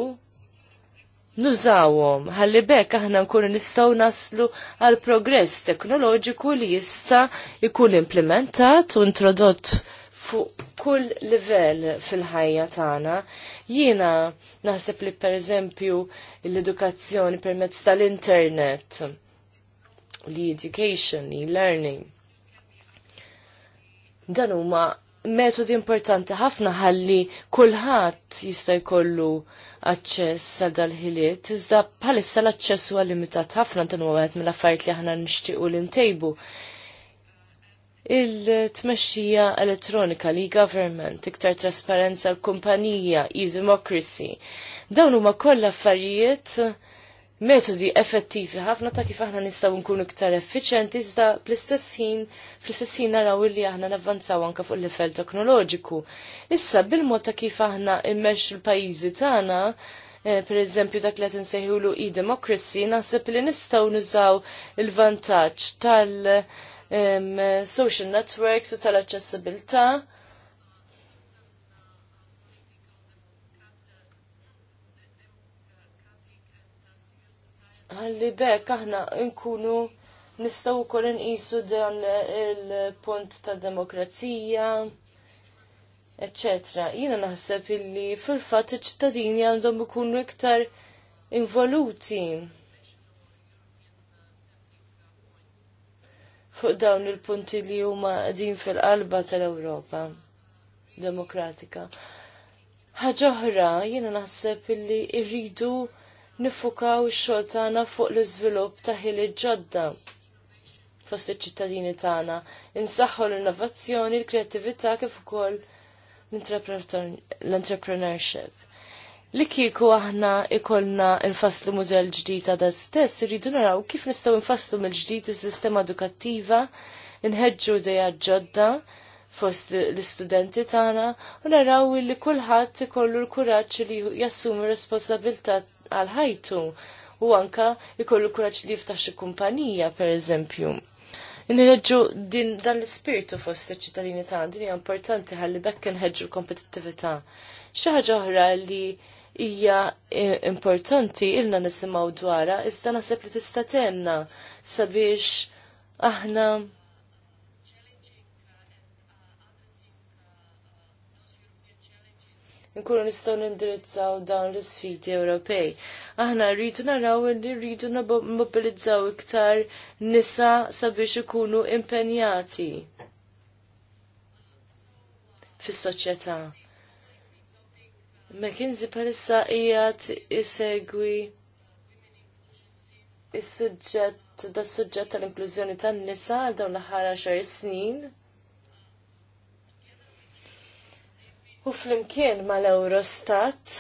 nużawhom ħalli bekk aħna nkunu nistgħu naslu għal progress teknoloġiku li jista' jkun implementat u introdott fuq kull livell fil-ħajja tagħna. Jiena naħseb li pereżempju l-edukazzjoni permezz tal-internet, l-education, l-learning. Dan huma metodi importanti ħafna ħalli kulħadd jista' jkollu aċċess għal dal-ħiliet, iżda bħalissa l-aċċess huwa limitat ħafna dan huwa wieħed mill-affarijiet li aħna nixtiequ li ntejbu. Il-tmexxija elettronika li government, iktar trasparenza l-kumpanija, e-democracy, dawn huma kollha affarijiet metodi effettivi ħafna ta' kif aħna nistgħu nkunu iktar effiċjenti iżda fl-istess ħin fl-istess ħin naraw illi aħna navvanzaw anke fuq l-livell teknoloġiku. Issa bil-mod ta' kif aħna immexxu l-pajjiżi tagħna eh, per eżempju dak li tinsejħulu e-democracy, naħseb li nistgħu nużaw il-vantaġġ tal-social networks u tal aċċessibilità Għalli bekk aħna nkunu nistaw ukoll nqisu dan il-punt ta' demokrazija, eccetera. Jiena naħseb illi fil-fatt iċ-ċittadini għandhom ikunu iktar involuti fuq dawn il-punti li huma din fil-qalba tal-Ewropa demokratika. Ħaġa oħra, jiena naħseb illi irridu nifukaw ix-xogħol tagħna fuq l-iżvilupp ta' ħili ġodda fost iċ-ċittadini tagħna. Insaħħu l-innovazzjoni, l-kreattività kif ukoll l-entrepreneurship. Li kiku aħna ikollna nfasslu model ġdijt għada stess, irridu naraw kif nistgħu nfasslu mill-ġdid is-sistema edukattiva, nħeġġu dejja ġodda fost l-istudenti tagħna u naraw li kulħadd ikollu l-kuraġġ li jassumi r-responsabilta' għal ħajtu u anka jkollu kuraċ li jiftaħ xi kumpanija pereżempju. Nħedġu din dan l ispirtu fost iċ-ċittadini tagħna din hija importanti ħalli bekk inħeġġu l-kompetittività. Xi ħaġa oħra li hija importanti ilna nisimgħu dwarha iżda naħseb li tista' tenna sabiex aħna nkunu nistgħu nindirizzaw dawn l-isfidi Ewropej. Aħna rridu naraw li rridu mobilizzaw iktar nisa sabiex ikunu impenjati fis-soċjetà. McKinsey palissa qiegħed isegwi is-suġġett da' suġġett tal-inklużjoni tan-nisa għal dawn l-aħħar xar snin. U flimkien mal-Eurostat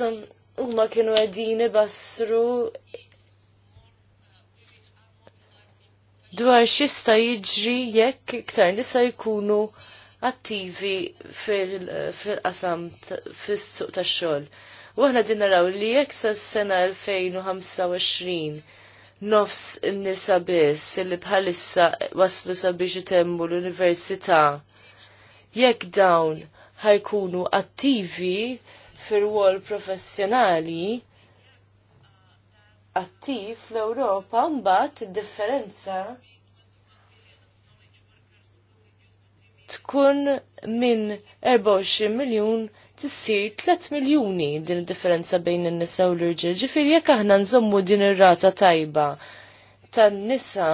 huma kienu għedini basru dwar xista jiġri jekk iktar nisa jkunu attivi fil-qasam fis-suq tax-xogħol. U aħna din naraw li jekk sa s-sena 2025 nofs n-nisa biss li bħalissa waslu sabiex itemmu l-università. Jekk dawn ħajkunu attivi fir-wol professjonali attiv fl-Ewropa mbagħad id-differenza tkun minn 24 miljun tissir 3 miljuni din id-differenza bejn in-nisa u l-irġiel. Ġifier jekk aħna nżommu din ir-rata tajba tan-nisa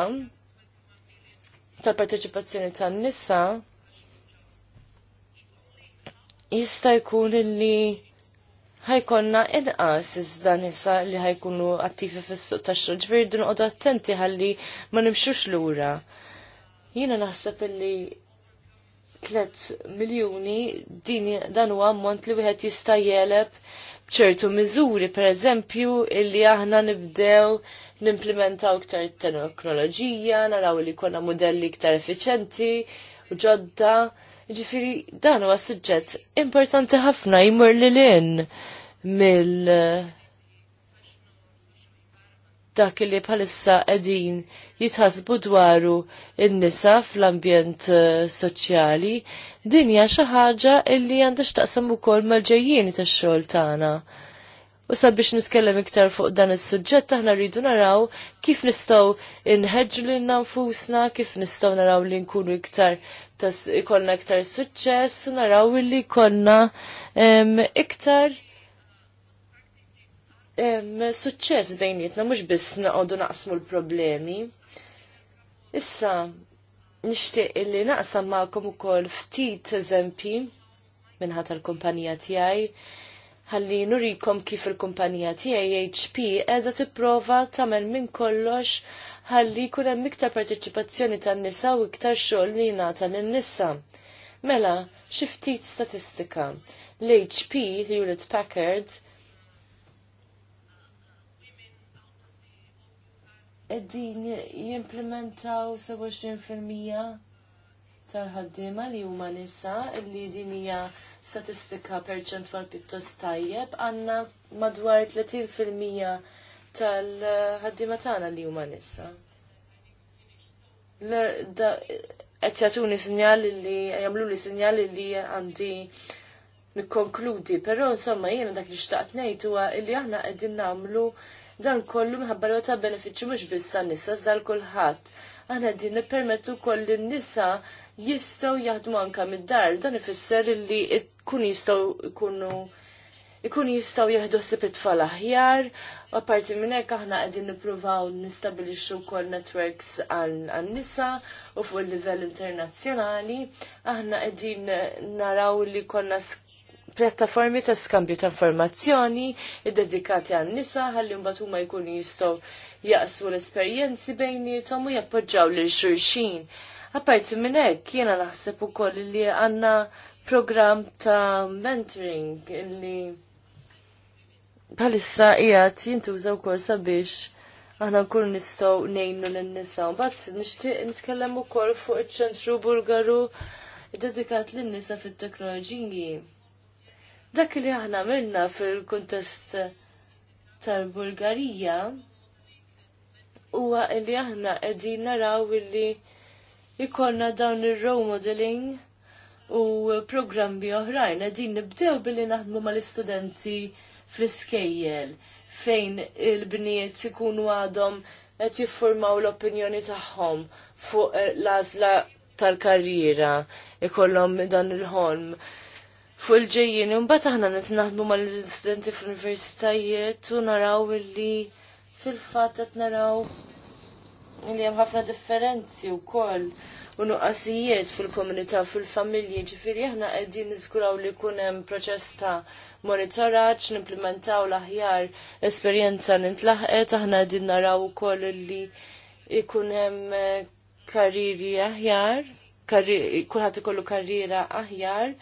tal-parteċipazzjoni tan-nisa jista' jkun li ħajkonna inqas iżda nisa li ħajkunu attivi fis-suq tax-xogħol, ġifieri rridu noqogħdu attenti ħalli ma nimxux lura. Jiena naħseb li 3 miljuni din dan huwa ammont li wieħed jista' jeleb b'ċertu miżuri, pereżempju illi aħna nibdew nimplementaw iktar teknoloġija, naraw li jkollna modelli iktar effiċenti u ġodda Ġifiri, dan huwa suġġett importanti ħafna jmur li l-in mill dak li bħalissa qegħdin jitħasbu dwaru n-nisa fl-ambjent eh, soċjali, din hija xi ħaġa li għandha x'taqsam ukoll mal-ġejjieni tax-xogħol tagħna. U sabiex nitkellem iktar fuq dan is-suġġett aħna rridu naraw kif nistgħu inħeġġu lil nfusna, kif nistgħu naraw li nkunu iktar tas ikollna iktar suċċess u naraw li konna iktar suċċess bejnietna mhux biss naqogħdu naqsmu l-problemi. Issa nixtieq illi naqsam magħkom ukoll ftit eżempji minħat tal kumpanija tiegħi ħalli nurikom kif il-kumpanija tiegħi HP qiegħda tipprova tagħmel minn kollox ħalli jkun hemm iktar parteċipazzjoni tan-nisa u iktar xogħol li jingħata lin-nisa. Mela, xi ftit statistika. L-HP, Hewlett Packard, qegħdin jimplementaw 27% tal-ħaddiema li huma nisa li din hija statistika perċentwal pittos tajjeb, għanna madwar 30% tal-ħaddima tagħna li huma nisa. Qed jagħtuni sinjali li jagħmlu li li għandi nikkonkludi, però insomma jiena dak li xtaqt ngħid huwa li aħna qegħdin nagħmlu dan kollu minħabba li ta' benefiċċju mhux biss nisa żda kulħadd. Aħna qegħdin nippermettu koll nisa jistgħu jaħdmu anke mid-dar, dan ifisser li t kun jistaw jkunu ikun jistaw jieħdu sib it aħjar, apparti minn hekk aħna qegħdin nippruvaw nistabilixxu wkoll networks għan-nisa u fuq il-livell internazzjonali, aħna qegħdin naraw li konna pjattaformi ta' skambju ta' informazzjoni id-dedikati għan-nisa għalli mbatu huma jkunu jistgħu jaqsu l esperienzi bejni u jappoġġaw lil xulxin. Apparti minn hekk jiena naħseb ukoll li għandna program ta' mentoring illi bħalissa qiegħed jintuża wkoll sabiex aħna nkunu nistgħu ngħinu lin-nisa. Bat, nixtieq nitkellem ukoll fuq iċ-ċentru Bulgaru dedikat lin-nisa fit-teknoloġiji. Dak li aħna għamilna fil-kuntest tal-Bulgarija huwa li aħna qegħdin naraw illi jkollna dawn ir-role modeling u programmi oħrajn. din nibdew billi naħdmu mal-istudenti fl-iskejjel fejn il-bniet ikunu għadhom qed jiffurmaw l-opinjoni tagħhom fuq eh, l-għażla tal-karriera ikollhom dan il-ħolm fuq il u mbagħad aħna qed naħdmu mal-istudenti fl-universitajiet u naraw illi fil-fatt qed naraw li hemm ħafna differenzi wkoll u nuqqasijiet fil-komunità fil-familji ġifiri aħna qegħdin niżguraw li jkun hemm proċess ta' monitoraġġ, nimplementaw l-aħjar esperjenza aħna qegħdin naraw ukoll li jkun hemm eh, karriri aħjar kulħat ikollu karriera aħjar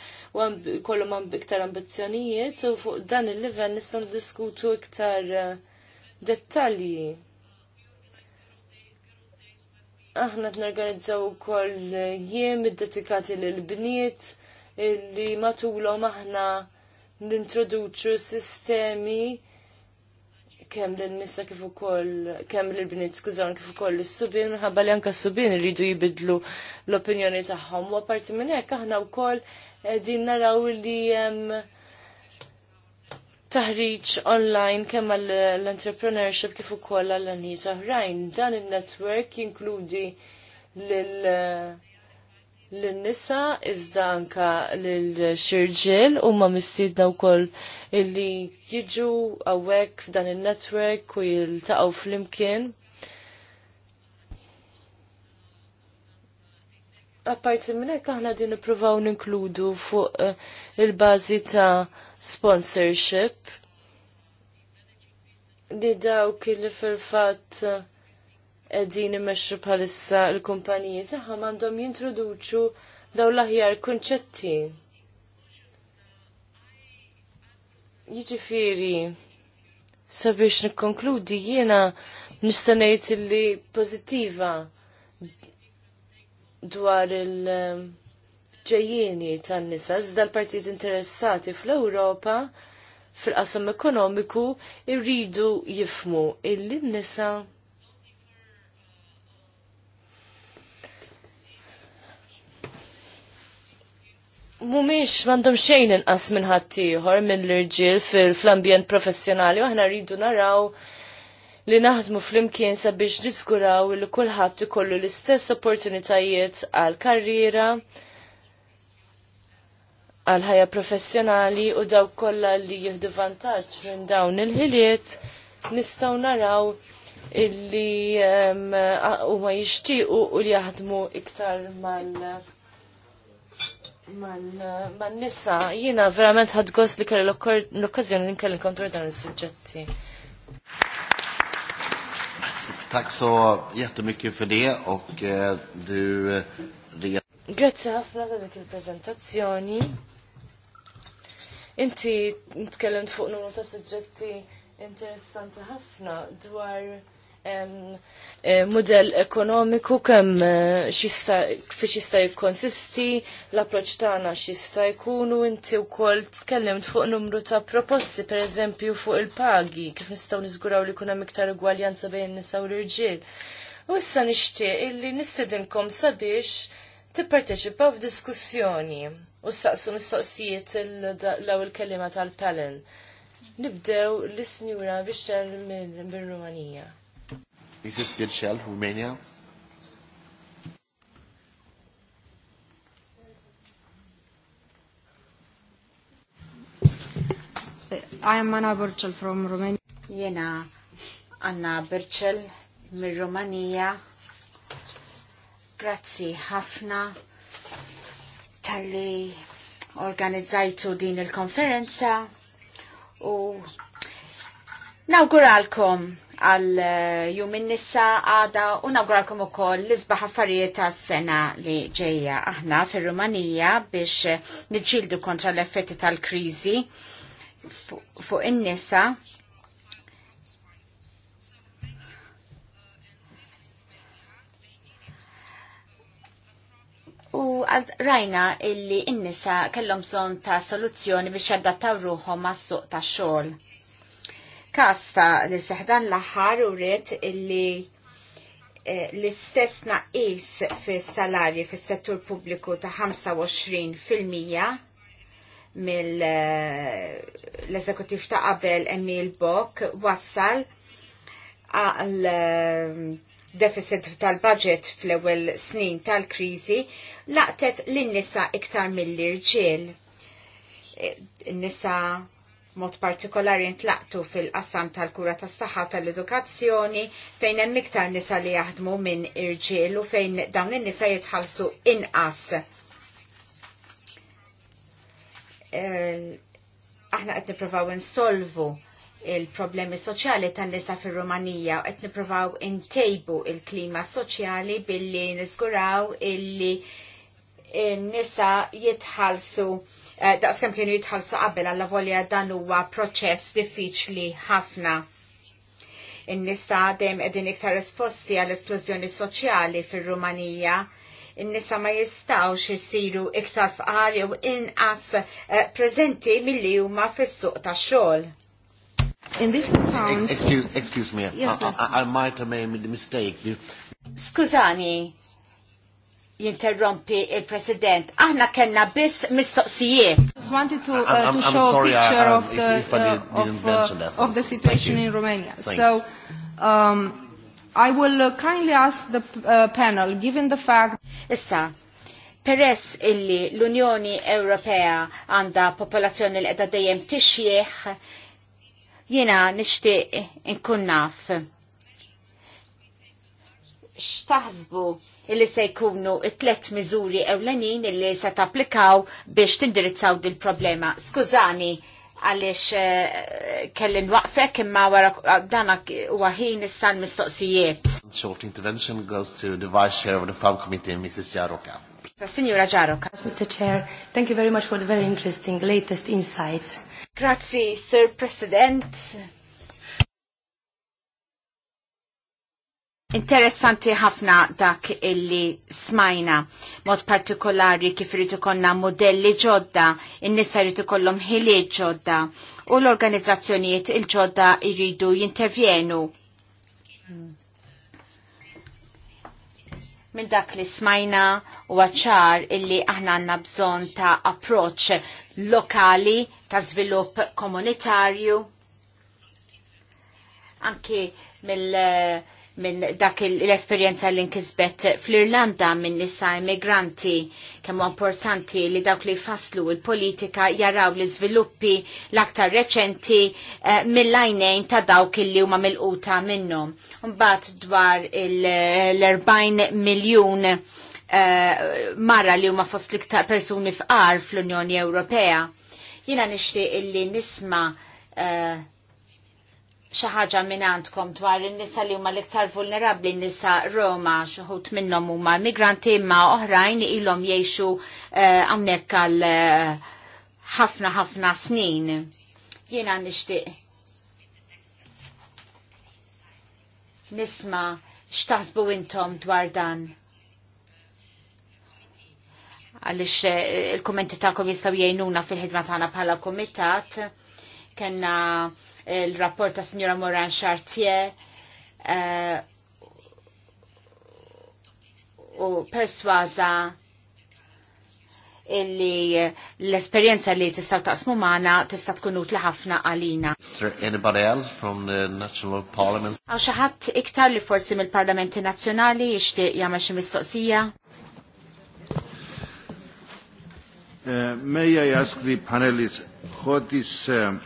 u kollu man iktar ambizjonijiet u fuq dan il-level nistan diskutu iktar eh, dettalji aħna t-nerganizzaw ukoll jiem id-dedikati l-bniet li matulhom aħna nintroduċu sistemi kemm l nissa kif ukoll kemm l-bniet skużawn kif ukoll is subin minħabba li anka s-subien iridu jibidlu l-opinjoni tagħhom. U apparti minn hekk aħna wkoll qegħdin naraw li hemm taħriġ online kemm għall-entrepreneurship kif ukoll għall anijiet oħrajn. Dan in-network jinkludi lil l-nisa iżda anka l-xirġil u ma mistidna u koll illi jiġu għawek f'dan il-network u jiltaqaw fl-imkien. apparti minn hekk aħna din nippruvaw ninkludu fuq eh, il-bażi ta' sponsorship li dawk li fil-fatt edin imexxu bħalissa l-kumpaniji tagħha m'għandhom jintroduċu daw l-aħjar kunċetti. Jiġifieri sabiex nikkonkludi jiena nistanejt li pozittiva dwar il- ġejjieni tan-nisa iżda l-partijiet interessati fl-Ewropa fil-qasam ekonomiku irridu jifmu illi n-nisa mumiex mandom xejn inqas minn ħaddieħor minn l-irġiel fl-ambjent professjonali u aħna rridu naraw li naħdmu fl-imkien sabiex niskuraw li kulħadd ikollu l-istess opportunitajiet għal karriera, għal-ħajja professjonali u daw kollha li jieħdu vantaġġ minn dawn il-ħiliet nistgħu naraw illi huma jixtiequ u li jaħdmu iktar mal man nisa jiena verament ħad gost li kelli l-okkażjoni li nkelli kontra dan is-suġġetti. Tack så jättemycket för det och eh, du eh, Grazie ħafna ta' dik il prezentazzjoni Inti tkellimt fuq numru ta' suġġetti interessanti ħafna dwar model eh, ekonomiku kemm eh, fi xista jikkonsisti, l-approċ tagħna xista jkunu inti wkoll tkellimt fuq numru ta' proposti, pereżempju fuq il-pagi, kif nistgħu niżguraw li jkun hemm iktar igwaljanza bejn nisa u l-irġiel. U issa nixtieq illi nistedinkom sabiex tipparteċipaw f'diskussjoni u s-saqsu mistoqsijiet l-law il-kelima tal-Palin. Nibdew l-Sinjura Bixel minn Rumanija. Mrs. Bixel, Rumania. I am Anna Birchel from Romania. Jena Anna Birchel minn Rumanija. Grazzi ħafna tal-li organizzajtu din il-konferenza u nawguralkom għal eh, jum nissa għada u nawguralkom u koll l-izba ħaffarijiet sena li ġeja aħna fir rumanija biex eh, nġildu kontra l-effetti tal-krizi fuq in-nisa U rajna illi innisa kellom kellhom bżonn ta' soluzzjoni biex jaddattaw ruħom ma' suq tax-xogħol. Kasta li seħdan l-aħħar u rrit illi eh, l-istess naqis fis-salarji fis-settur pubbliku ta' 25 fil-mija mill-eżekutiv eh, ta' qabel Emil Bok wassal għal eh, deficit tal-budget fl-ewwel snin tal-kriżi laqtet lin-nisa iktar mill-irġiel. E, nisa mod partikolari intlaqtu fil-qassam tal-kura tas-saħħa tal-edukazzjoni fejn hemm iktar nisa li jaħdmu minn irġiel u fejn dawn in-nisa jitħallsu inqas e, aħna qed nippruvaw insolvu il-problemi soċjali tan-nisa fir-Rumanija u qed nippruvaw intejbu il-klima soċjali billi niżguraw illi n-nisa jitħallsu eh, daqskem kienu jitħalsu qabel għalla volja dan huwa proċess diffiċli ħafna. In-nisa dejjem qegħdin iktar esposti għall esklużjoni soċjali fir-Rumanija. In-nisa ma jistawx isiru iktar fqari jew inqas eh, preżenti milli huma fis-suq tax-xogħol. In this account... Excuse, excuse me, yes, I, I, I might have made a mistake. You... Skużani, jinterrompi il-President. Aħna kenna biss mistoqsijiet. Just wanted to, uh, to I'm, show sorry, a picture I, of the, uh, of, uh, of the situation in Romania. Thanks. So, um, I will uh, kindly ask the uh, panel, given the fact... Issa, peress illi l-Unjoni Ewropea għanda popolazzjoni l-edha dejjem Jiena nixtieq inkun naf xtaħsbu illi se jkunu it-tlet miżuri ewlenin illi se tapplikaw biex tindirizzaw din problema Skużani għalix eh, kellin waqfek imma wara danak waħin issa san mistoqsijiet Short intervention goes to the Vice Chair of the Farm Committee, Mrs. Jaroka. Signora Jaroka. Mr. Chair, thank you very much for the very interesting latest insights. Grazzi, Sir President. Interessanti ħafna dak illi smajna, mod partikolari kif irid konna modelli ġodda, in-nisa jrid ikollhom ħiliet ġodda u l-organizzazzjonijiet il-ġodda irridu jintervjenu. Min dak li smajna u għacċar illi aħna għanna bżon ta' approċ lokali ta' svilupp komunitarju, anki mill- minn dak l-esperienza li nkisbet fl-Irlanda minn nisa immigranti kemm importanti li dawk li faslu il-politika jaraw li sviluppi l-aktar reċenti eh, mill-lajnejn ta' dawk li huma mill-quta minnhom. Mbagħad dwar l-40 miljun eh, mara li huma fost l-iktar persuni fqar fl-Unjoni Ewropea Jina nixtieq illi nisma' eh, xaħġa minn għandkom dwar il-nisa li huma l-iktar vulnerabli nisa Roma xuħut minnom huma migranti imma oħrajn ilhom jgħixu eh, hawnhekk għal eh, ħafna ħafna snin. Jiena nixtieq nisma x'taħsbu intom dwar dan għalix eh, il-kommenti ta'kom jistaw jajnuna fil-ħidma ta'na bħala komitat. kena il-rapport eh, ta' signora Moran Chartier eh, u perswaza illi l-esperienza li tista' taqsmu Mana tista' tkun utli ħafna għalina. Anybody else from the National Parliament? Għaw xi ħadd iktar li forsi mill-Parlamenti Nazzjonali jixtieq jagħmel xi mistoqsija? Uh, may I ask the panelists what is, um,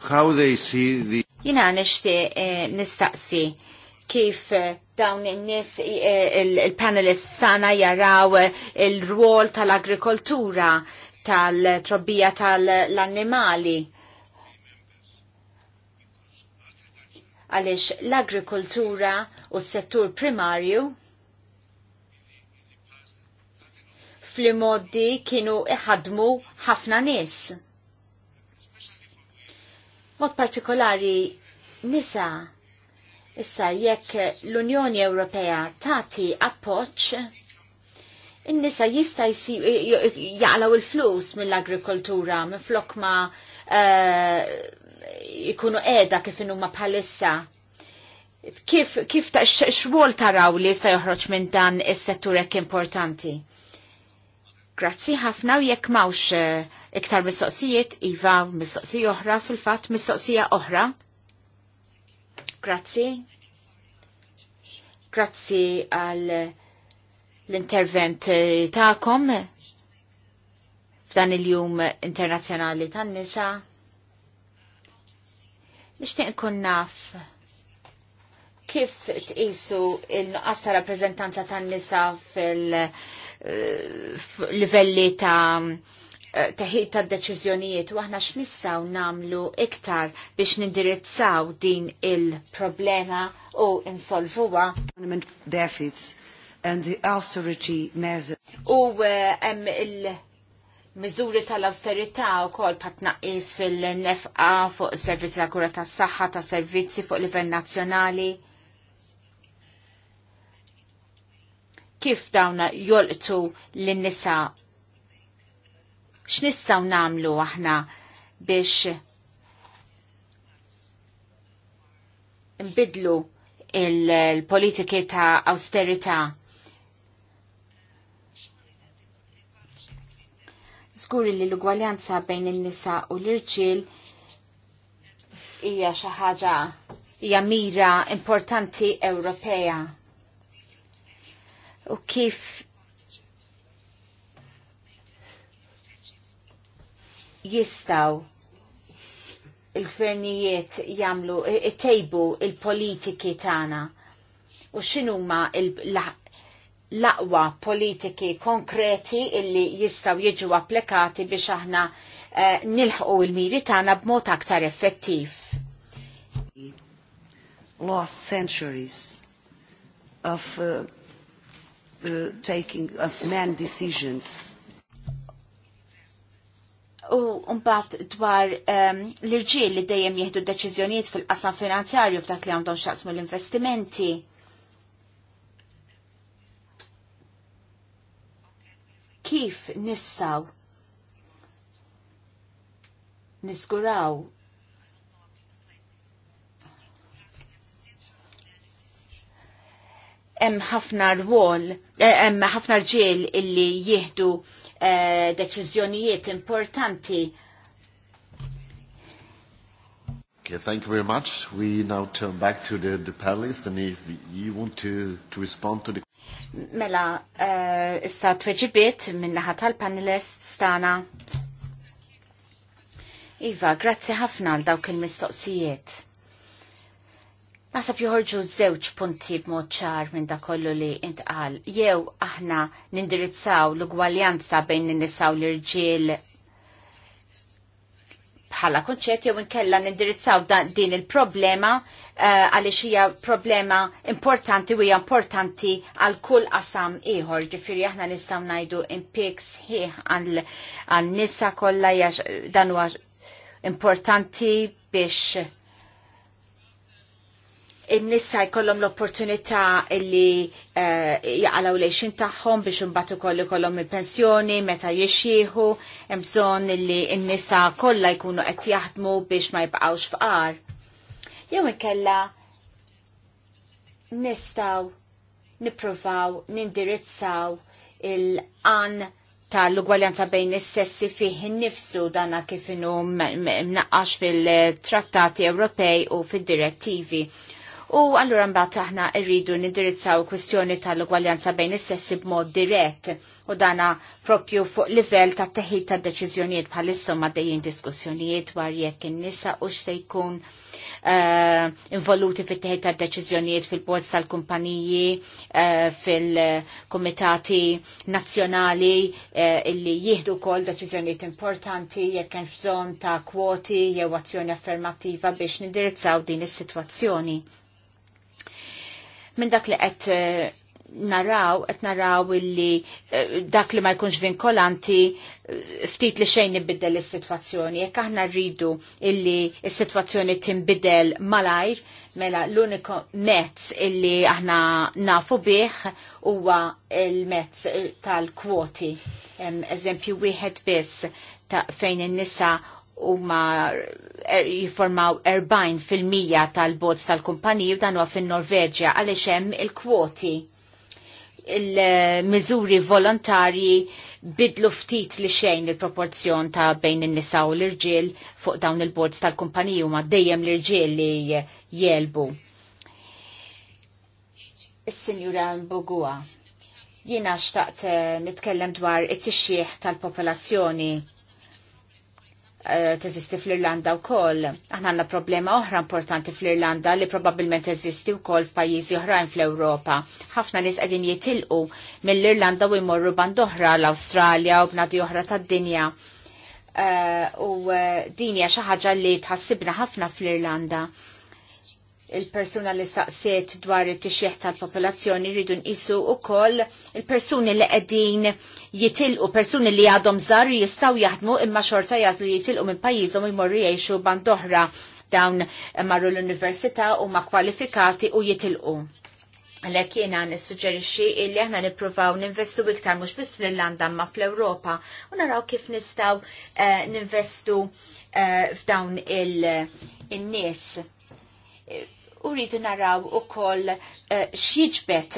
how they see the... Jina nishti uh, nistaqsi kif uh, dawn in-nies il-panelists sana jaraw il-rwol tal-agrikoltura tal-trobbija tal-annimali. Għalix l-agrikoltura u s-settur primarju fl-modi kienu iħadmu ħafna nies. Mod partikolari nisa issa jekk l-Unjoni Ewropea tati appoċ in-nisa jista jaqlaw il-flus mill-agrikoltura minn flok ma jkunu eh, qiegħda kif huma bħalissa. Kif kif ta' xwol taraw li jista' joħroġ minn dan is-settur hekk importanti? Grazzi ħafna u jekk mawx eh, iktar mistoqsijiet, Iva, mistoqsija oħra, fil-fat mistoqsija oħra. Grazzi. Grazzi għal l-intervent eh, ta'kom f'dan il-jum internazzjonali tan-nisa. Nixtieq nkun naf kif tqisu il-nuqqas ta' rappreżentanza tan-nisa fil- Eh, livelli ta' eh, teħid ta' deċiżjonijiet u aħna x'nistgħu namlu iktar biex nindirizzaw din il-problema u insolvuha. and the austerity measures. U eh, hemm il- Miżuri tal-austerità wkoll patnaqqis fil-nefqa fuq is servizzi ta' kura tas saħħa ta' servizzi fuq livell nazzjonali. kif dawna jolqtu l-nisa x'nistgħu namlu aħna biex nbidlu il-politiki ta' austerità. Zguri li l-ugwaljanza bejn in-nisa u l-irġiel hija xi ħaġa hija mira importanti Ewropea u kif jistaw il-gvernijiet jamlu, it-tejbu il-politiki tana u xinuma l-aqwa politiki konkreti illi jistaw jiġu applikati biex aħna uh, eh, nilħqu il-miri tana b'mod aktar effettiv. Lost centuries of uh, uh, taking of men decisions. U mbagħad dwar um, l-irġiel li dejjem jieħdu deċiżjonijiet fil-qasam finanzjarju f'dak li għandhom xaqs mill investimenti Kif nistaw nisguraw hemm ħafna rwol Eh, hemm ħafna rġiel illi jieħdu eh, deċiżjonijiet importanti. Okay, thank you very much. We now turn back to the, the panelists and if you want to, to respond to the Mela, eh, issa tweġibiet minnaħa tal-panelists tagħna. Iva, grazzi ħafna għal dawk il-mistoqsijiet. Nasab joħorġu żewġ punti b'mod ċar minn da kollu li intqal. Jew aħna nindirizzaw l-ugwaljanza bejn n nisaw l-irġiel bħala kunċett, jew inkella nindirizzaw din il-problema eh, għaliex hija problema importanti u hija importanti għal kull qasam ieħor. Ġifieri aħna nistgħu ngħidu impik sħiħ għal nisa kollha dan huwa importanti biex in-nissa jkollhom l-opportunità li eh, jaqalaw lejxin tagħhom biex imbagħad ukoll ikollhom il-pensjoni meta jixxieħu hemm bżonn li n-nisa kollha jkunu qed jaħdmu biex ma jibqgħux fqar. Jew inkella nistgħu nippruvaw nindirizzaw il-qan tal-ugwaljanza bejn is-sessi fih innifsu dana kif inhu mnaqqax fil-trattati Ewropej u fid-direttivi U allura mbagħad aħna rridu nindirizzaw kwistjoni tal-ugwaljanza bejn is-sessi b'mod dirett u dana propju fuq livell ta' teħid ta' deċiżjonijiet bħalissa ma' dejjin diskussjonijiet dwar jekk in-nisa u se jkun eh, involuti fit teħid ta' deċiżjonijiet fil bords tal-kumpaniji, eh, fil kumitati nazzjonali eh, illi jieħdu wkoll deċiżjonijiet importanti jekk hemm bżonn ta' kwoti jew azzjoni affermattiva biex nindirizzaw din is-sitwazzjoni Minn dak li qed eh, naraw, qed naraw illi eh, dak li ma jkunx vinkolanti eh, ftit li xejn ibiddel is-sitwazzjoni. Jekk aħna rridu illi s-sitwazzjoni tinbidel malajr, mela l-uniku mezz illi aħna nafu bih huwa l-mezz tal-kwoti. Eżempju wieħed biss ta' fejn in-nisa huma er, jiformaw 40% tal-bots tal-kumpaniji u dan u fin-Norveġja għaliex hemm il-kwoti il-miżuri volontarji bidlu ftit li xejn il-proporzjon ta' bejn in-nisa u l-irġiel fuq dawn il-bots tal kumpaniju huma dejjem l-irġiel li jelbu. Is-Sinjura Mbugua, jiena xtaqt eh, nitkellem dwar it-tixjieħ tal-popolazzjoni Eh, teżisti fl-Irlanda u koll. Aħna għanna problema oħra importanti fl-Irlanda li probabilment teżisti u koll f'pajjiżi oħrajn fl-Europa. ħafna nis qegħdin jitilqu mill-Irlanda u jmorru band oħra l-Awstralja u bnadi oħra tad-dinja. Eh, u eh, din hija xi ħaġa li tħassibna ħafna fl-Irlanda il-persuna li staqsiet dwar it-tixjeħ tal-popolazzjoni rridu nqisu wkoll il-persuni li qegħdin jitilqu, persuni li għadhom żar jistgħu jaħdmu imma xorta jażlu jitilqu minn pajjiżhom jmorru jgħixu oħra dawn marru l-università u ma kwalifikati u jitilqu. Lek jena nissuġġerixxi illi aħna nippruvaw ninvestu iktar mhux biss fl-Irlanda ma fl-Ewropa u naraw kif nistgħu eh, ninvestu eh, f'dawn il-nies. il nies u rridu naraw eh, u koll xieġbet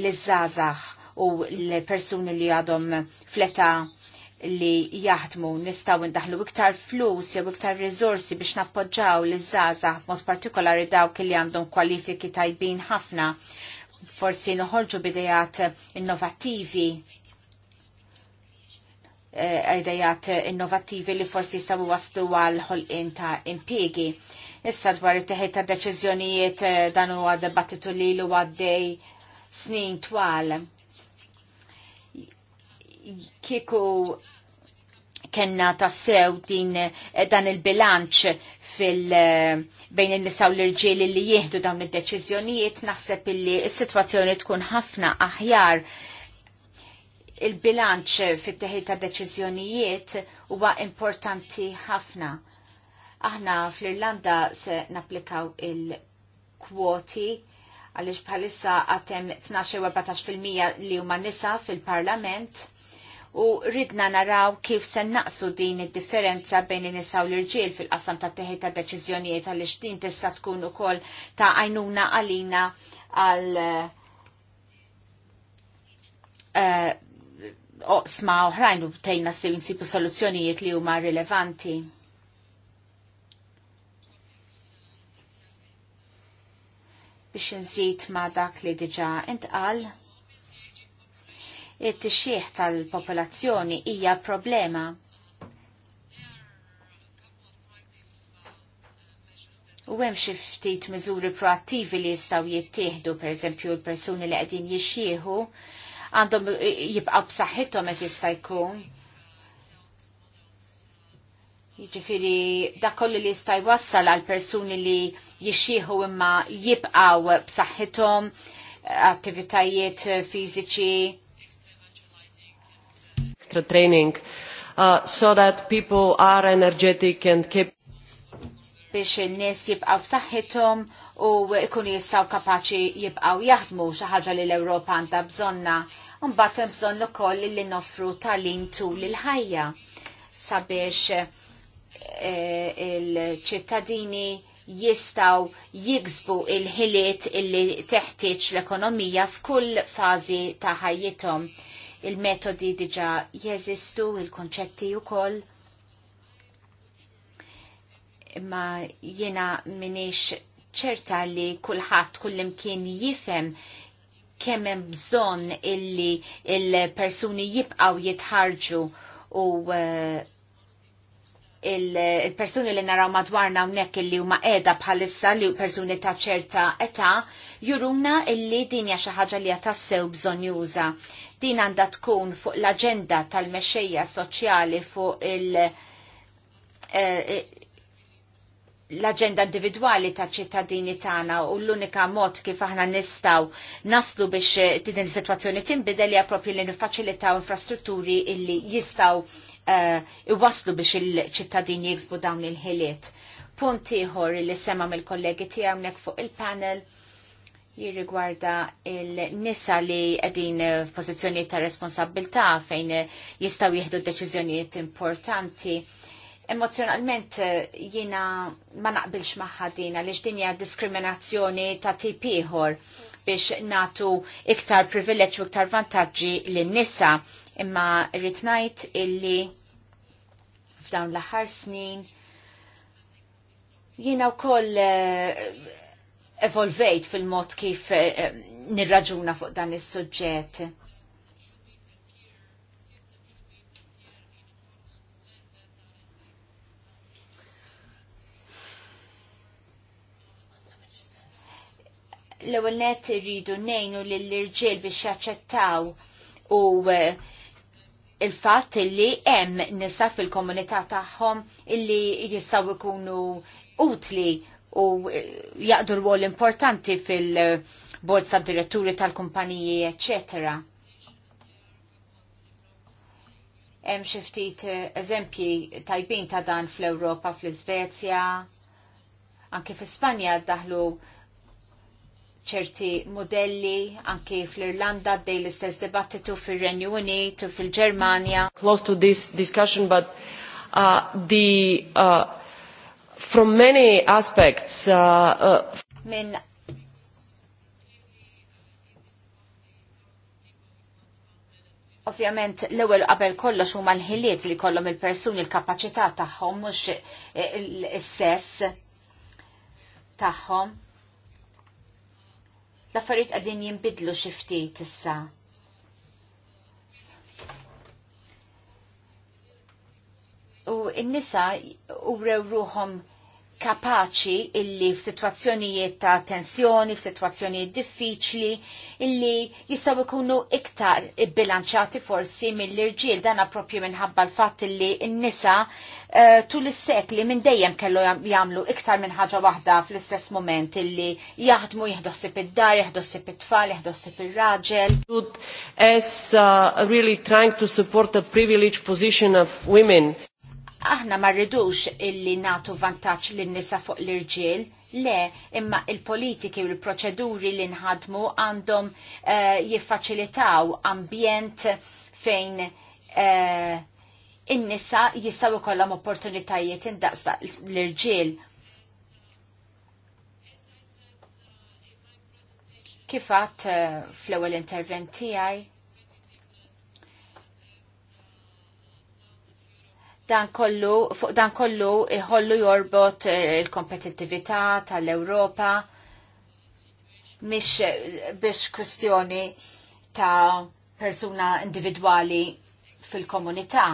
l-żazax u l-persuni li għadhom fleta li jaħdmu nistaw indaħlu iktar flus jew iktar rizorsi biex nappoġġaw l żaza mod partikolari dawk li għandhom kwalifiki tajbin ħafna forsi noħorġu bidejat innovativi eh, idejat innovativi li forsi jistgħu waslu għal ħolqien ta' impiegi. Issa dwar it-teħid ta' deċiżjonijiet eh, dan huwa dibattitu li l għaddej snin twal. Kiku kenna tassew din eh, dan il-bilanċ fil eh, bejn in-nisa u l-irġieli li jieħdu dawn id-deċiżjonijiet naħseb illi s-sitwazzjoni tkun ħafna aħjar il-bilanċ fit-teħid ta' deċiżjonijiet huwa importanti ħafna Aħna fl-Irlanda se napplikaw il-kwoti għaliex bħalissa għatem 12-14% li huma nisa fil-parlament u ridna naraw kif se naqsu din id-differenza bejn in-nisa u l-irġiel fil-qasam ta' teħid ta' deċiżjonijiet għaliex din tista' tkun ukoll ta' għajnuna għalina għal uh, oqsma oħrajn u tejna nsibu soluzzjonijiet li huma rilevanti. biex nżid ma dak li diġa intqal. It-tixieħ tal-popolazzjoni hija problema. U hemm xi ftit miżuri proattivi li jistgħu jittieħdu, pereżempju l-persuni li qegħdin jixxieħu għandhom jibqgħu b'saħħithom qed jista' jkun Jiġifieri dak kollu li jista' jwassal għal persuni li jixxieħu imma jibqgħu b'saħħithom attivitajiet fiżiċi. Extra training uh, so that people are energetic and keep biex in-nies jibqgħu f'saħħithom u ikunu jistgħu kapaċi jibqgħu jaħdmu xi ħaġa li l-Ewropa għandha bżonna. Mbagħad hemm bżonn ukoll li noffru tagħlim tul il-ħajja sabiex E, il-ċittadini jistaw jiksbu il-ħiliet illi teħtieġ l-ekonomija f'kull fażi ta' ħajjithom. Il-metodi diġa jeżistu, il-konċetti wkoll. Ma jiena minix ċerta li kulħadd kullimkien jifhem kemm hemm bżonn illi il-persuni jibqgħu jitħarġu u uh, il-persuni li naraw madwarna unnek li huma edha bħalissa li persuni ta' ċerta età juruna illi din hija xi ħaġa li tassew bżonn juża. Din għandha tkun fuq l-aġenda tal-mexxejja soċjali fuq il- eh, eh, l-agenda individuali ta' ċittadini tagħna u l-unika mod kif aħna nistgħu naslu biex eh, din is-sitwazzjoni tinbidel hija proprju li niffaċilitaw infrastrutturi illi jistgħu uh, iwaslu biex il-ċittadini jiksbu dawn il-ħiliet. Punt ieħor li sema mill-kollegi tiegħi hemmhekk fuq il-panel jirrigwarda il-nisa li qegħdin f'pożizzjonijiet ta' responsabilità fejn jistgħu jieħdu deċiżjonijiet importanti emozjonalment eh, jina ma naqbilx maħħadina li xdinja diskriminazzjoni ta' tipiħor biex natu iktar privileġġ u iktar vantaġġi lin-nisa imma rrid ngħid illi f'dawn l-aħħar snin jiena wkoll eh, evolvejt fil-mod kif eh, nirraġuna fuq dan is-suġġett l-ewwel net irridu ngħinu lill-irġiel biex jaċċettaw u eh, il-fatt li hemm nisa fil-komunità tagħhom illi jistgħu jkunu utli u eh, jaqdu rwol importanti fil-bord sab-diretturi tal-kumpaniji, etc. Hemm xi ftit eh, eżempji tajbin ta' dan fl-Ewropa, fl-Iżvezja, anke fl-Ispanja daħlu ċerti modelli anki fl-Irlanda dej l-istess dibattitu fil-Renju Unit u fil-Germania. Close to this discussion, but uh, the, uh, from many aspects... Uh, uh, Min Ovvjament, l-ewel qabel kollox huma l-ħiliet li kollhom il-persuni l-kapaċità tagħhom mhux is-sess tagħhom L-affarijiet qegħdin jinbidlu xi ftit issa. U n-nisa urew ruhom kapaċi illi f'sitwazzjonijiet ta' tensjoni, f'sitwazzjonijiet diffiċli, illi jistaw ikunu iktar bilanċati forsi mill-irġiel dana propju minħabba l-fatt illi n-nisa uh, tul is-sekli minn dejjem kellu jagħmlu iktar minn ħaġa waħda fl-istess moment illi jaħdmu jieħdossib id-dar, jieħdossib it-tfal, jieħdossib ir-raġel. uh, really trying to support the privileged position of women Aħna ma rridux illi natu vantaġġ lin nisa fuq l-irġiel, le, imma il-politiki u l-proċeduri li nħadmu għandhom uh, jiffaċilitaw ambjent fejn uh, in-nisa jistgħu jkollhom opportunitajiet indaqsa l-irġiel. Kif kifat eh, fl-ewwel intervent tiegħi dan kollu, fuq dan kollu iħollu jorbot eh, il-kompetittività tal-Europa mish eh, biex kwestjoni ta' persuna individuali fil-komunità.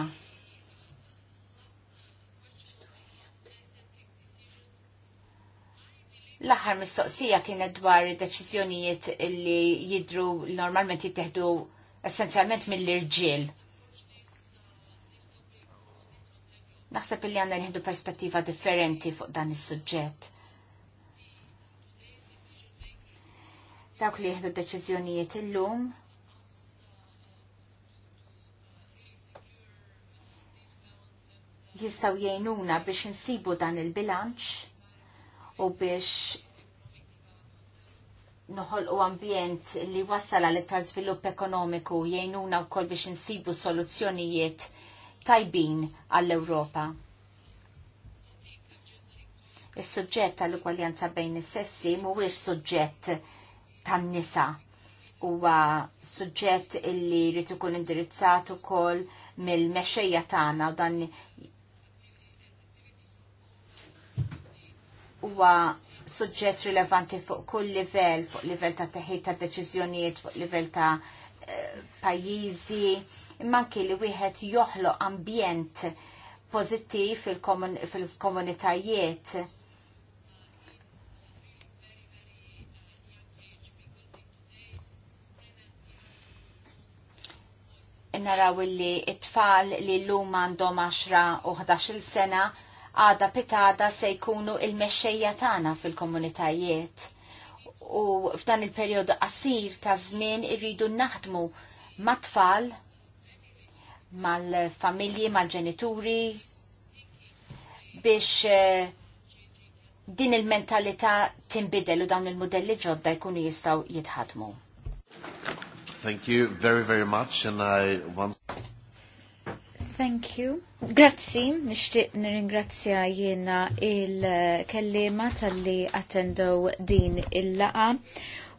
L-aħħar mistoqsija kienet dwar deċiżjonijiet li jidru normalment jittieħdu essenzjalment mill-irġiel Naħseb li għanna nħidu perspettiva differenti fuq dan is-suġġett. Dawk li jihdu deċiżjonijiet illum jistaw jgħinuna biex insibu dan il-bilanċ u biex noħol u ambjent li wassala li ta' ekonomiku jgħinuna u kol biex insibu soluzzjonijiet tajbin għall-Ewropa. Is-suġġett tal-ugwaljanza bejn is-sessi mhuwiex suġġett tan-nisa huwa suġġett illi jrid ikun indirizzat ukoll mill-mexxejja tagħna u dan huwa suġġett rilevanti fuq kull livell, fuq livell ta' teħid ta' deċiżjonijiet, fuq livell ta' eh, pajjiżi imma anki li wieħed joħloq ambjent pożittiv fil-komunitajiet. naraw li it-tfal li l-lum għandhom 10 u 11 sena għada pitada se jkunu il-mexxejja tagħna fil-komunitajiet. U f'dan il-perjodu qasir ta' żmien irridu naħdmu mat-tfal mal-familji, mal-ġenituri, biex eh, din il-mentalità timbidel u dawn il-modelli ġodda jkunu jistaw jitħadmu. Thank you very, very much and I want... Thank you. Grazzi, nishtiq nirringrazzja jiena il-kellima tal-li attendow din il-laqa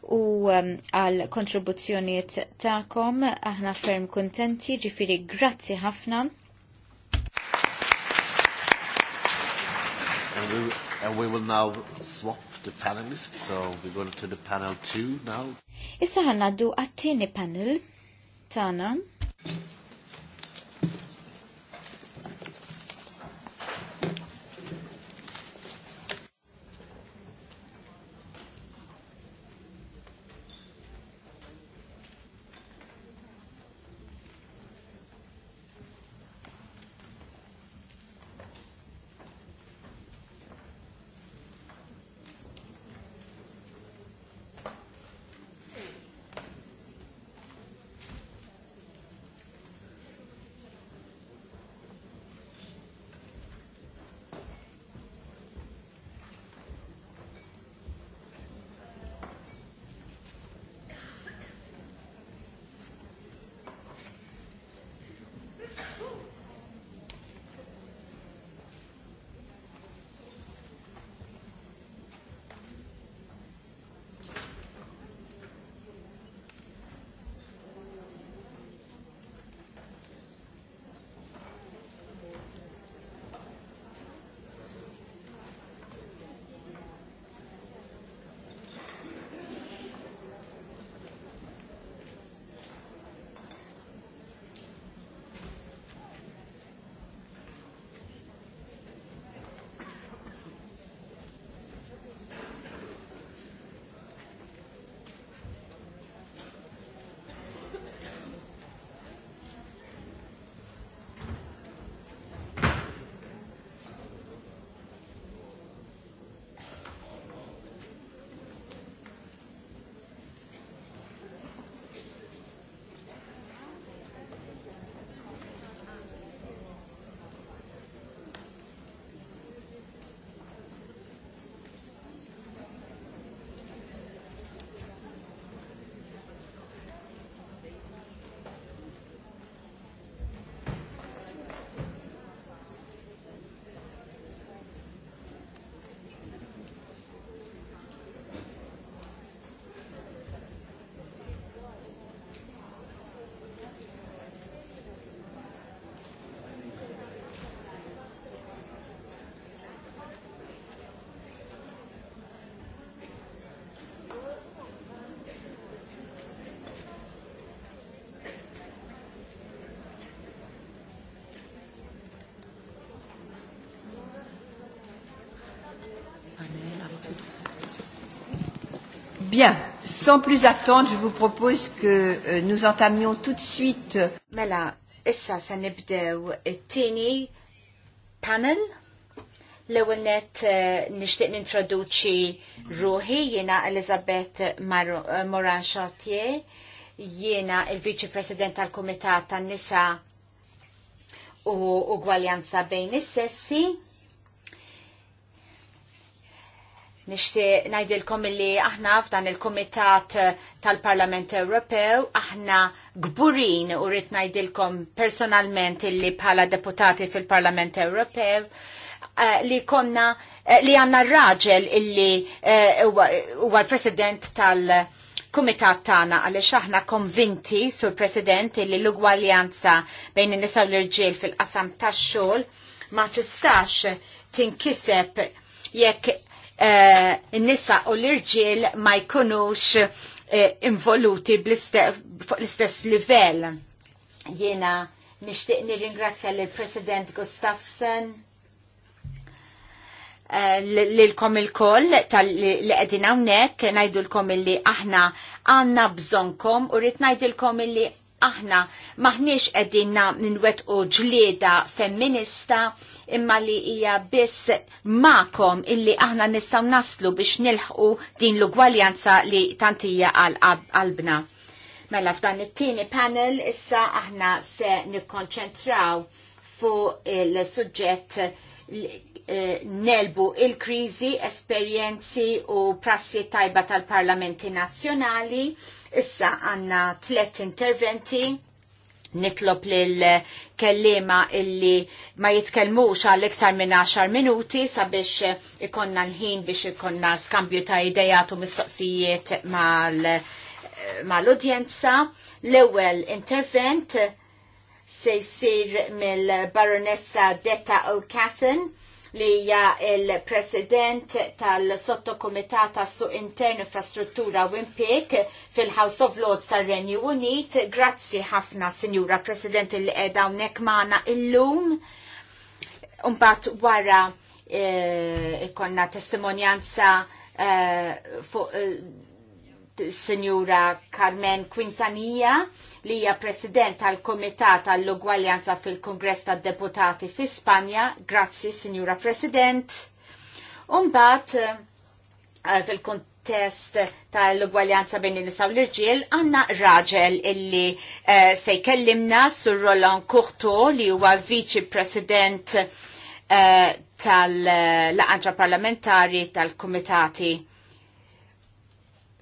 u um, għal kontribuzzjoniet ta'kom. Aħna ferm kontenti, ġifiri grazzi ħafna. And we, and we will now swap the panelists, so we go to the panel two now. Issa ħanna du għattini panel tana. Bien, sans plus attendre, je vous propose que euh, nous entamions tout de suite. Euh, mela, issa sa nibdew it tini panel. L-ewwel net eh, nixtieq nintroduċi ruħi jiena Elizabeth eh, Moran Chartier, jiena il-Viċi President tal-Kumitat tan-Nisa u Ugwaljanza bejn is-sessi nishti najdilkom li aħna f'dan il-Komitat tal-Parlament Ewropew, aħna gburin u rrit najdilkom personalment illi bħala deputati fil-Parlament Ewropew eh, li konna eh, li għanna raġel illi eh, huwa l-President tal- kumitat tagħna għaliex aħna konvinti sur President li l-ugwaljanza bejn in-nisa l-irġiel fil-qasam tax-xogħol ma tistax tinkiseb jekk Eh, n-nisa u l-irġiel ma jkunux eh, involuti fuq l-istess livell. Jena nishtiq nirringrazzja l-President Gustafsson eh, lilkom il-koll li għedin għawnek, il illi aħna għanna bżonkom u rrit il illi aħna maħniex ninwet u ġlieda femminista imma li hija biss ma'kom illi aħna nistgħu naslu biex nilħqu din l-ugwaljanza li tantija għal qalbna. Mela f'dan it-tieni panel issa aħna se nikkonċentraw fuq il-suġġett Eh, nelbu il-krizi, esperjenzi u prassi tajba tal-parlamenti nazzjonali. Issa għanna tlet interventi nitlob lil kellima illi ma jitkellmux għal iktar minn 10 minuti sabiex ikonna l-ħin biex ikonna skambju ta' idejat u mistoqsijiet mal-udjenza. Mal L-ewwel intervent se jsir mill-Baronessa Detta O'Cathan li hija il-president tal-sottokumitat tas-suq intern infrastruttura Wimpik fil-House of Lords tar-Renju Unit. Grazzi ħafna, Sinjura President, il qiegħda hawnhekk magħna illum. Umbat wara eh, ikonna testimonjanza e, fuq eh, Senjura Carmen Quintanilla li hija President tal-Komitat tal-Ugwaljanza fil-Kongress tad-Deputati fi Spanja. Grazzi, Senjura President. Umbat, eh, fil-kontest tal-ugwaljanza bejn il-nisa u l-irġiel, għanna raġel illi uh, se jkellimna sur Roland Courtois li huwa Viċi President uh, tal laqanġa Parlamentari tal-Komitati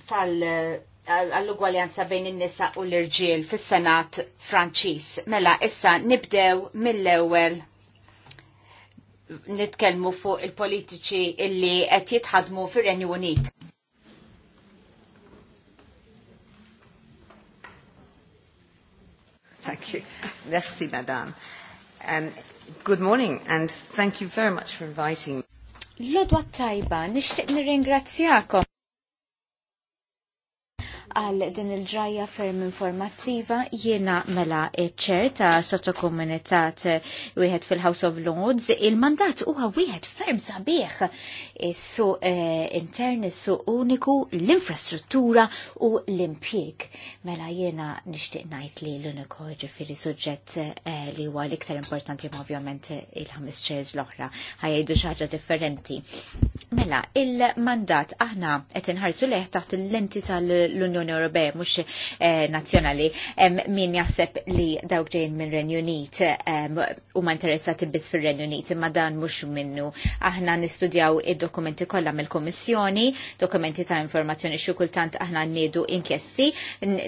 tal eh, għall-ugwaljanza bejn in-nisa u l-irġiel fis-Senat Franċiż. Mela issa nibdew mill-ewwel nitkellmu fuq il-politiċi illi qed jitħadmu fir-Renju Unit. Thank you. Merci, madame. Um, good morning and thank you very much for inviting me. Lodwa tajba, nishtiq nirringrazzjakom għal din il-ġraja ferm informattiva jiena mela ċer ta' sottokomunitat eh, wieħed fil-House of Lords. Il-mandat huwa wieħed ferm sabiħ su eh, intern, su uniku, l-infrastruttura u l-impjeg. Mela jiena nixtieq ngħid li l-uniku ġifieri suġġett eh, li huwa l-iktar importanti ma' ovvjament il-ħames ċers l-oħra ħajajdu xaġa differenti. Mela, il-mandat aħna qed inħarsu leħ taħt l-lenti tal-Unjoni l unjoni Ewropea mhux eh, nazzjonali min jaħseb li dawk ġejjin minn Renju Unit huma interessati biss fir-Renju Unit imma dan mhux minnu. Aħna nistudjaw id-dokumenti kollha mill-Kummissjoni, dokumenti ta' informazzjoni xi kultant aħna nniedu inkjesti,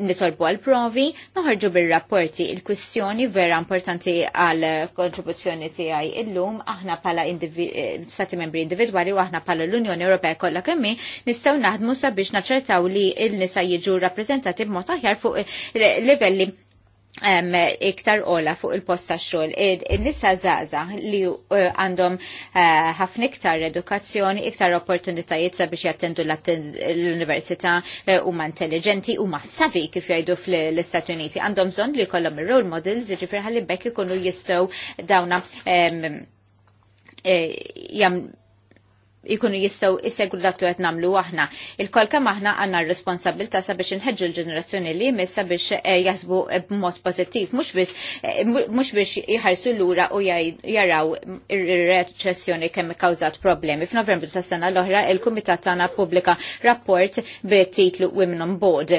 nitolbu għal provi, noħorġu bir-rapporti. Il-kwistjoni vera importanti għal kontribuzzjoni tiegħi illum aħna pala eh, stati membri individwali u aħna pala l-Unjoni Ewropea kollha kemmi nistgħu naħdmu sabiex naċċertaw li l-nisa jiġu jiġu rappresentati b'mod aħjar fuq livelli Um, iktar ola fuq il posta xol. xogħol. In-nisa zaza li eh, għandhom uh, ħafna uh, iktar edukazzjoni, iktar opportunitajiet sabiex jattendu l-università eh, huma uh, intelligenti, huma sabi kif jgħidu fl-Istati Uniti. Għandhom bżonn li jkollhom ir-role models, jiġifieri ħalli bekk ikunu jistgħu dawna um, jam ikunu jistaw isegru dak li qed nagħmlu aħna. Il-kol kemm aħna għandna r-responsabilità sabiex nħedġu l-ġenerazzjoni li jmiss sabiex eh, jazbu eh, b'mod pożittiv, mhux biex eh, biex jħarsu lura u jaraw ir-reċessjoni kemm ikkawżat problemi. F'Novembru tas-sena l-oħra il-Kumitat tagħna publika rapport bi titlu Women on Board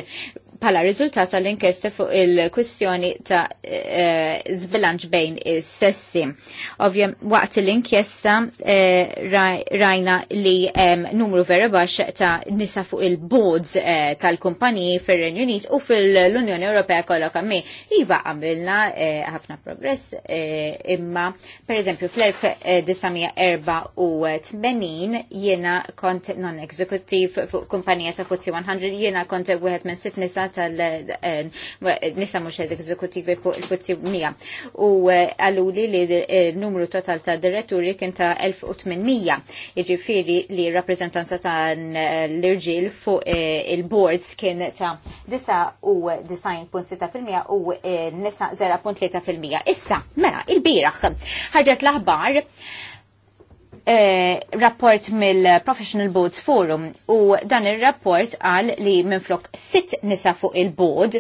pala riżultat tal-inkjesta fuq il-kwistjoni ta' eh, eh, zbilanċ bejn is-sessi. Ovvjem, waqt l-inkjesta eh, rajna li numru vera baċ ta' nisa fuq il-boards tal-kumpaniji fir-Renju Unit u fil-Unjoni Ewropea kollok għammi. Iva għamilna ħafna progress imma pereżempju fl-1984 jiena kont non-exekutiv fuq kumpanija ta' Futsi 100 jiena kont wieħed minn sitt nisa tal-nisa mux ed eżekutivi fuq il-futsi Mija U eh, għalluli li l-numru eh, total ta' diretturi kien ta' 1800. Iġifiri li rappresentanza ta' l-irġil fuq eh, il-boards kien ta' 99.6% u nisa 0.3%. Issa, mela, il-biraħ ħarġet l-aħbar Eh, rapport mill-Professional Boards Forum u dan il-rapport għal li minflok sitt nisa fuq il bod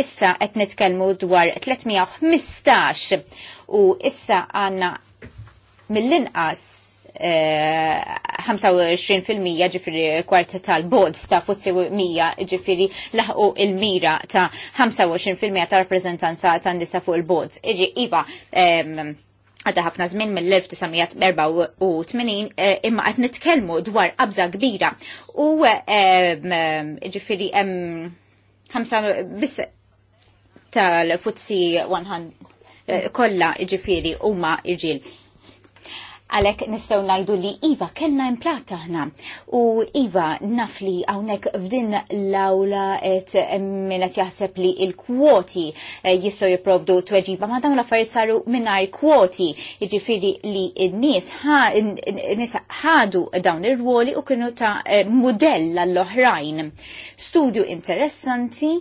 issa qed nitkellmu dwar 315 u issa għanna mill-inqas 25% eh, ġifiri kwart tal-bods ta' futsi 100 ġifiri laħu il-mira ta' 25% ta' rappresentanza ta' nisa fuq il-bods. Iġi, Iva, għadda ħafna żmien mill-1984 eh, imma qed nitkellmu dwar qabża kbira u ehm, eh, ġifiri hemm ħamsa biss tal-futsi 100 eh, kollha u huma iġil. Għalek nistaw najdu li Iva kellna implat ħna u Iva naf li għawnek f'din l-awla et minnet jaħseb li il-kwoti eh, jistaw jiprovdu tweġiba ma dawn l-affarijiet saru minnar kwoti jiġifiri li n-nies ħadu dawn ir-ruoli u kienu ta' eh, modell l oħrajn Studju interessanti,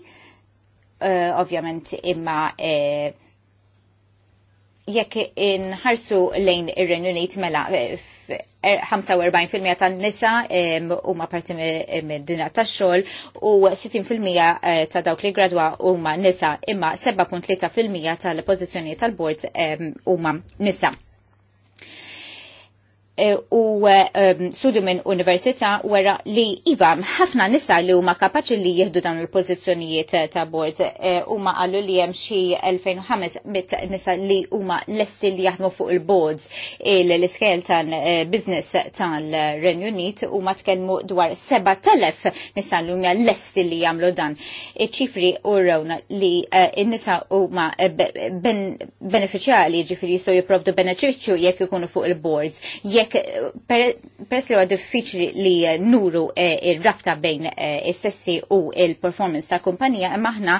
eh, ovvjament imma uh, jekk inħarsu lejn ir-Renju Unit mela 45% eh, eh, tan-nisa huma parti minn dinja tax-xogħol u 60% eh, ta' dawk li gradwa huma nisa imma 7.3% tal-pożizzjonijiet tal-bord huma nisa. Eh, u ehm, studju minn università wara li iva ħafna nisa li huma kapaċi li jieħdu dawn il-pożizzjonijiet eh, ta' boards eh, huma qalu li hemm xi mit nisa li huma lesti li jaħdmu fuq il-boards l-iskel tal-business tal-Renju Unit huma tkellmu dwar 7000 nisa li huma lesti li jagħmlu dan. Iċ-ċifri urawna li n-nisa huma beneficjali ġifieri jistgħu jipprovdu benefiċċju jekk ikunu fuq il-boards. Jekk għalek peress li huwa diffiċli li eh, nuru eh, ir-rabta bejn eh, is-sessi u il-performance ta' kumpanija imma aħna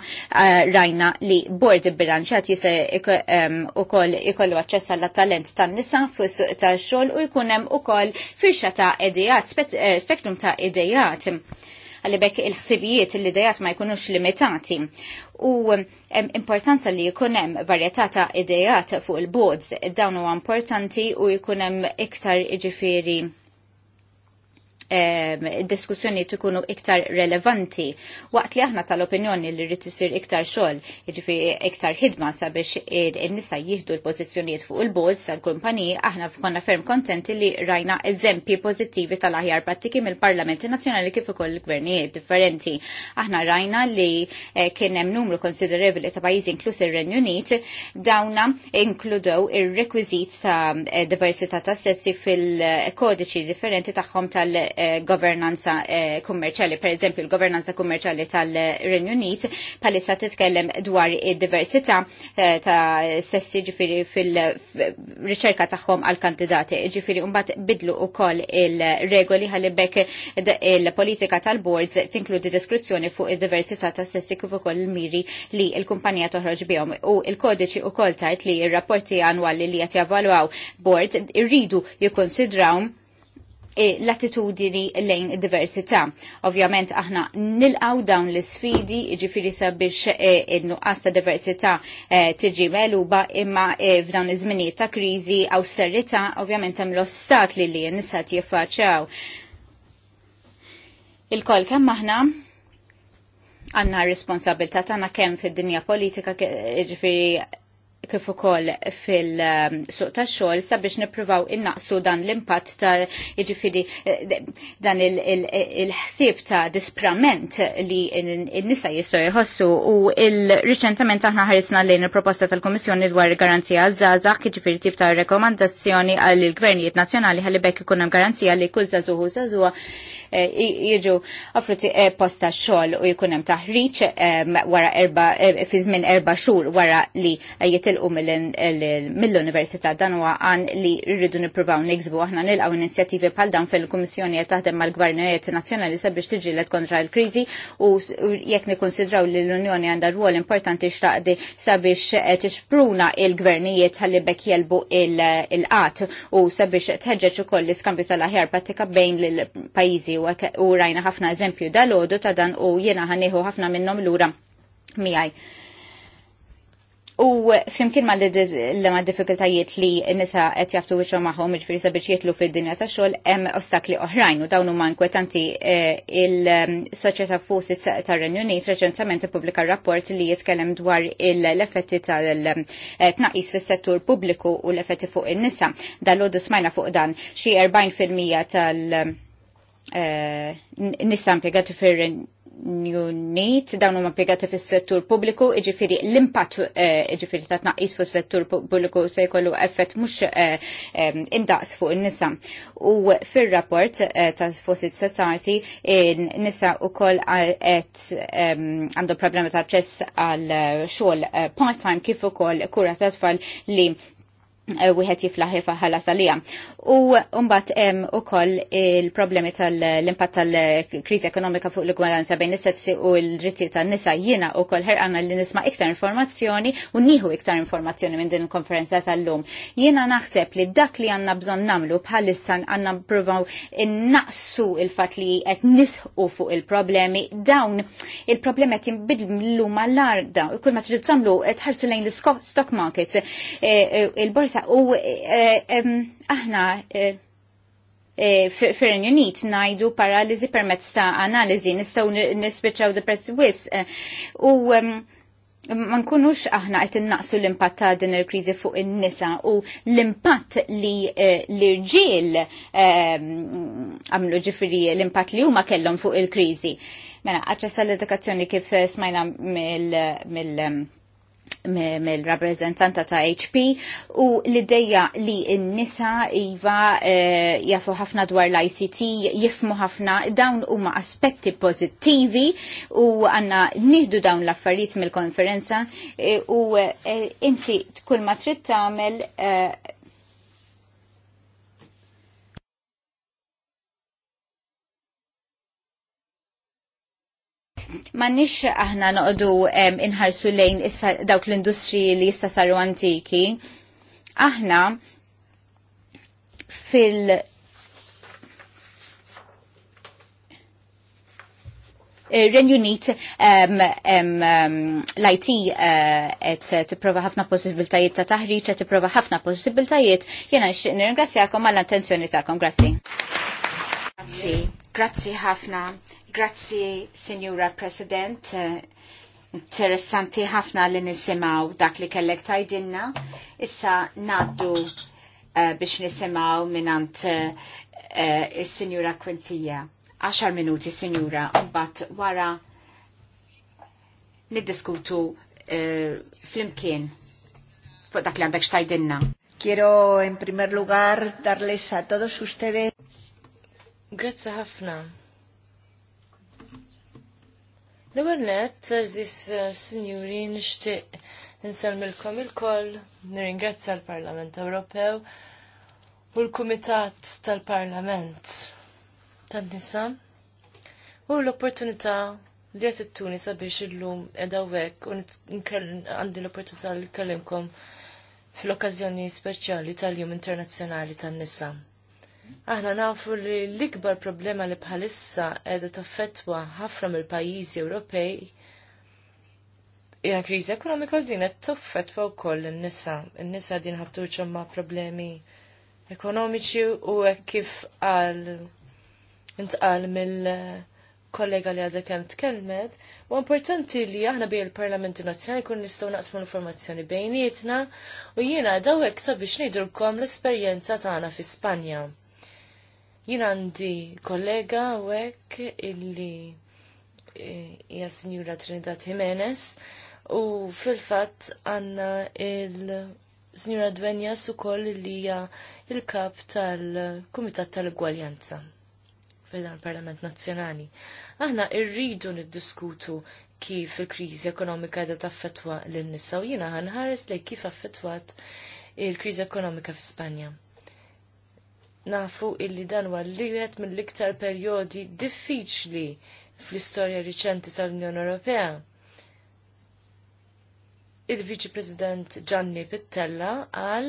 rajna li board bilanċat jisa ukoll ikollu aċċess għall talent tan-nisa fis-suq tax-xogħol u jkun hemm ukoll firxa ta' idejat, spektrum ta' idejat għalibek il-ħsibijiet li idejat ma jkunux limitati. U importanza li jkunem varjetà ta' idejat fuq il-bods dawn huwa importanti u jkunem iktar iġifieri diskussjoni tkunu iktar relevanti. Waqt li aħna tal-opinjoni li rrid isir iktar xogħol, jiġifieri iktar ħidma sabiex in-nisa jieħdu l-pożizzjonijiet fuq il-bowls tal-kumpaniji, aħna konna ferm kontenti li rajna eżempji pożittivi tal-aħjar prattiki mill-Parlamenti Nazzjonali kif ukoll gvernijiet differenti. Aħna rajna li eh, kien hemm numru konsiderevoli ta' pajjiżi inklus ir-Renju Unit dawna inkludew ir-rekwiżit ta' eh, diversità ta' sessi fil-kodiċi eh, differenti tagħhom tal- governanza eh, kummerċali. Per eżempju, il-governanza kummerċali tal-Renju Unit palissa titkellem dwar id-diversità eh, ta' sessi ġifiri fil-riċerka tagħhom għal-kandidati. Ġifiri, mbagħad bidlu wkoll il-regoli ħalli bekk il-politika tal-boards tinkludi diskrizzjoni fuq id-diversità ta' sessi kif ukoll il-miri li l-kumpanija toħroġ bihom u il-kodiċi koll tajt li r-rapporti annwali li qed javalwaw board irridu jikkonsidrawhom E, l-attitudini lejn diversità. Ovvjament aħna nilqaw dawn l-sfidi, ġifiri sabiex e, innu għasta ta' diversità e, tiġi meluba imma f'dawn iż-żminijiet ta' kriżi austerità ovvjament hemm l-ostakli li n-nisa jiffaċċjaw. Il-kol kemm aħna għanna responsabilta tagħna kemm fid-dinja politika ġifiri kif ukoll fil-suq ta' xogħol sabiex nippruvaw innaqsu dan l-impatt ta' jiġifieri eh, dan il-ħsieb ta' disprament li n-nisa jistgħu jħossu u l riċentament aħna ħarisna lejn il-proposta tal-Kummissjoni dwar garanzija żgħażagħ jiġifieri tip ta' rekomandazzjoni għall gvernijiet nazzjonali ħalli bekk ikun hemm garanzija li kull żagħżugħu żagħżugħa Eh, jiġu għafruti eh, posta xogħol u jkun hemm taħriġ eh, wara erba fi żmien erba' xhur wara li jitilqu mill-università dan huwa għan li rridu nippruvaw niksbu aħna nilqgħu inizjattivi bħal dan fil komissjoni qed taħdem mal-Gvernijiet Nazzjonali sabiex tiġilet kontra l-kriżi u jekk nikkonsidraw li l-Unjoni għandha rwol importanti xtaqdi sabiex tixpruna il-gvernijiet għalli bekk jelbu il-qat u sabiex tħeġġeġ ukoll l-iskambju tal-aħjar pratika bejn l-pajjiżi u rajna ħafna eżempju dal-ħodu ta' dan u jena ħanniħu ħafna minnom l-ura miħaj. U flimkien ma l-ma diffikultajiet li n-nisa qed jaftu wiċċhom magħhom jiġifieri sabiex jitlu fid-dinja ta' xogħol hemm ostakli oħrajn u dawn huma inkwetanti eh, il-Soċjetà Fusit tar-Renju Unit reċentament ippubblika rapport li jitkellem dwar l-effetti tal-tnaqis eh, fis-settur pubbliku u l-effetti fuq in-nisa. dal ħodu smajna fuq dan xi 40% tal- Eh, nisa impiegati fir Unit, dawn huma impjegati fis-settur pubbliku, jiġifieri l-impatt jiġifieri ta' tnaqqis fis-settur pubbliku se jkollu effett mhux eh, indaqs fuq in-nisa. U fir-rapport ta' Fossit Society nisa wkoll qed għandu problemi ta' ċess għal xogħol part-time kif ukoll kura ta' tfal li Eh, wieħed jiflaħ ħala salija. U mbagħad hemm ukoll il-problemi tal-impatt tal-kriżi ekonomika fuq l-igwalanza bejn is-sessi u l-ritti tan-nisa jiena wkoll ħerqana li nisma' iktar informazzjoni u nieħu iktar informazzjoni minn din il-konferenza tal-lum. Jiena naħseb li dak li għandna bżonn nagħmlu bħalissa għandna ppruvaw innaqsu il-fatt li qed nisħu fuq il-problemi dawn il-problemi qed jinbidlu mal-larda. Kull ma trid tagħmlu tħarsu lejn l-stock markets eh, eh, il-borsa Issa, u eh, aħna eh, eh, fir Unit najdu paralizi permezz ta' analizi nistaw nispiċċaw depressi wis u ma nkunux aħna qed innaqsu l-impatt ta' din il-kriżi fuq in-nisa u l-impatt li l-irġiel għamlu ġifieri l-impatt li huma kellhom fuq il-kriżi. Mela, aċċessa l-edukazzjoni kif smajna mill mill-rappresentanta ta' HP u l-ideja li n-nisa Iva eh, jafu ħafna dwar l-ICT, jifmu ħafna dawn huma aspetti pozittivi u għanna nihdu dawn l-affarijiet mill-konferenza eh, u eh, inti kull ma trid tagħmel M'għandniex aħna noqogħdu inħarsu lejn dawk l industri li jista' saru antiki. Aħna fil- eh, Renjunit um, um, l-IT qed t eh, tipprova ħafna possibiltajiet ta' taħriġ, t tipprova ħafna possibiltajiet. Jena nirringrazzjakom għall-attenzjoni tagħkom. Grazzi. Grazzi. Grazzi ħafna. Grazzi, Signora President. Interessanti ħafna li nisimaw dak li kellek tajdinna. Issa naddu uh, biex nisimaw minant uh, eh, il-Signora Quintija. 10 minuti, Signora, mbagħad wara niddiskutu uh, fuq dak li għandek xtajdinna. Quiero en primer lugar darles a todos ustedes. Grazie ħafna. L-ewwel nett, eżis eh, sinjuri nixtieq il ilkoll, nirringrazzja l-Parlament Ewropew u l-Kumitat tal-Parlament tan-nisa u l-opportunità li qed tuni sabiex illum qiegħda hawnhekk u għandi l-opportunità li nkellimkom fl-okkażjoni speċjali tal-Jum Internazzjonali tan-Nisa. Aħna nafu li l-ikbar problema li bħalissa edha taffetwa ħafna mill-pajjiżi Ewropej hija kriżi ekonomika u din qed taffetwa wkoll in-nisa. In-nisa din ħabtu ma' problemi ekonomiċi u hekk kif qal intqal mill-kollega li għadha kemm tkellmet, u importanti li aħna bej il-Parlamenti Nazzjonali kun nistgħu naqsmu l-informazzjoni bejnietna u jiena dawek sabiex ngħidulkom l-esperjenza tagħna fi Spanja. Jien għandi kollega għek illi eh, hija Sinjura Trinidad Jimenez u fil-fatt għanna il-Sinjura Dwenjas ukoll li hija il-kap tal-Kumitat tal-Gwaljanza fil-dan parlament Nazzjonali. Aħna irridu niddiskutu kif il-kriżi ekonomika da taffetwa l-nisa u jiena ħanħares li kif affettwat il-kriżi ekonomika fi Spanja nafu illi dan huwa l-liwet mill-iktar perjodi diffiċli fl-istorja riċenti tal-Unjoni Ewropea. Il-Viċi President Gianni Pittella qal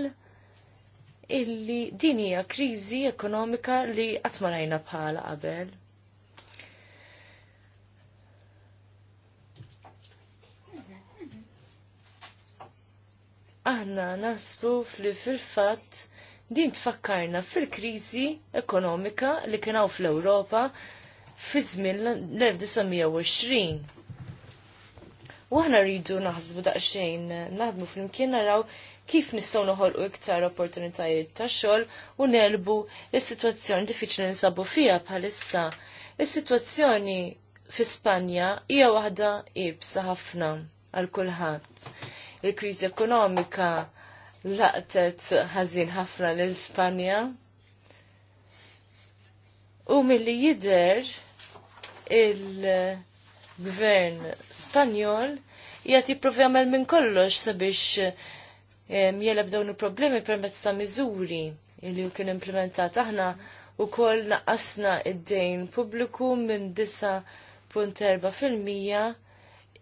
illi din hija kriżi ekonomika li qatt ma rajna bħala qabel. Aħna nasbu fli fil-fatt Din tfakkarna fil-kriżi ekonomika li kienaw fl-Ewropa fi żmien l-1920. U aħna rridu naħsbu daqsxejn naħdmu flimkien naraw kif nistgħu noħolqu iktar opportunitajiet ta' xogħol u nelbu is-sitwazzjoni diffiċli li nsabu fiha bħalissa. Is-sitwazzjoni fi Spanja hija waħda ibsa ħafna għal kulħadd. Il-kriżi ekonomika laqtet ħażin ħafna l ispanja U milli jider il-gvern Spanjol jgħat jiprofi għamel minn kollox sabiex jelab dawn il-problemi permezz ta' miżuri li u kien implementat. Aħna u koll naqqasna id-dejn publiku minn 9.4%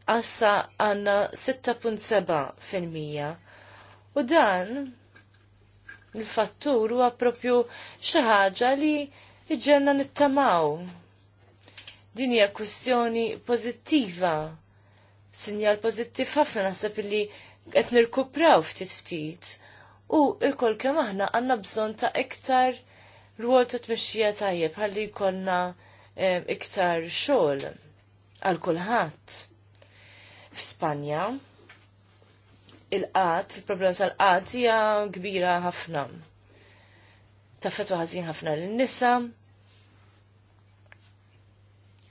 għassa għanna 6.7%. U dan il-fattur huwa propju xi ħaġa li iġġelna nittamaw. Din hija kwistjoni pożittiva. Sinjal pożittiv ħafna naħseb li qed nirkupraw ftit ftit. U l-kol kemm aħna għandna bżonn ta' iktar rwol ta' tmexxija tajjeb ħalli jkollna eh, iktar xogħol għal kulħadd. F'Spanja, il-qat, il-problema tal-qat hija kbira ħafna. Taffetwa ħażin ħafna lin-nisa.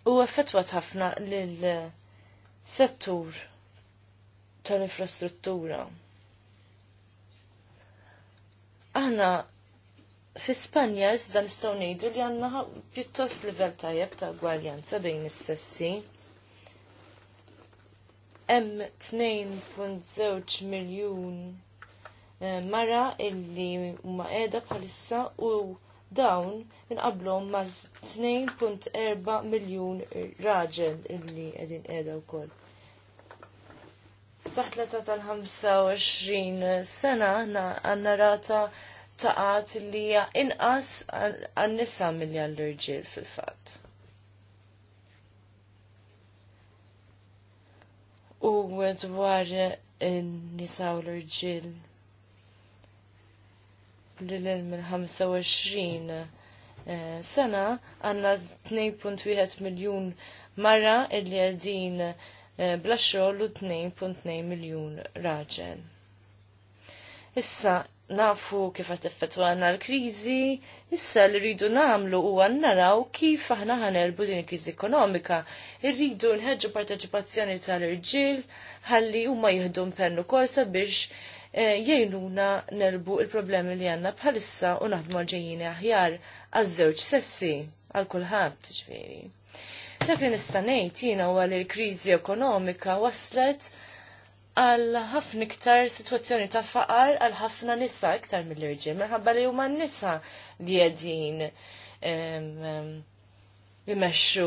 U affettwat ħafna lil-settur tal-infrastruttura. Aħna fi-Spanja iżda nistgħu ngħidu li għandna pjuttost livell tajjeb ta' gwaljanza bejn is-sessi hemm 2.2 miljun eh, mara illi huma qiegħda bħalissa u dawn inqablhom ma' 2.4 miljun raġel illi qegħdin qiegħda wkoll. Taħt l tal-25 sena għandna rata ta' qatt li hija inqas għan-nisa milli għall-irġiel fil-fatt. u dwar nisa u l rġil l-lil minn 25 eh, sena għanna 2.1 miljon marra illi għedin eh, bla xogħol u 2.2 miljun raġel. Issa nafu kif qed tiffettwana l-kriżi, Issa li rridu namlu u naraw kif aħna ħanerbu din il-kriżi ekonomika. Irridu nħedġu parteċipazzjoni tal-irġiel ħalli huma jieħdu pennu korsa biex eh, jgħinuna nerbu il-problemi li għanna bħalissa u naħdmu l-ġejjini aħjar għaż-żewġ sessi għal kulħadd ġveri. Dak li nista' ngħid jiena huwa li l-kriżi ekonomika waslet għal ħafna iktar sitwazzjoni ta' faqar għal ħafna nisa iktar mill-irġiel minħabba li huma n-nisa li għedin jimexxu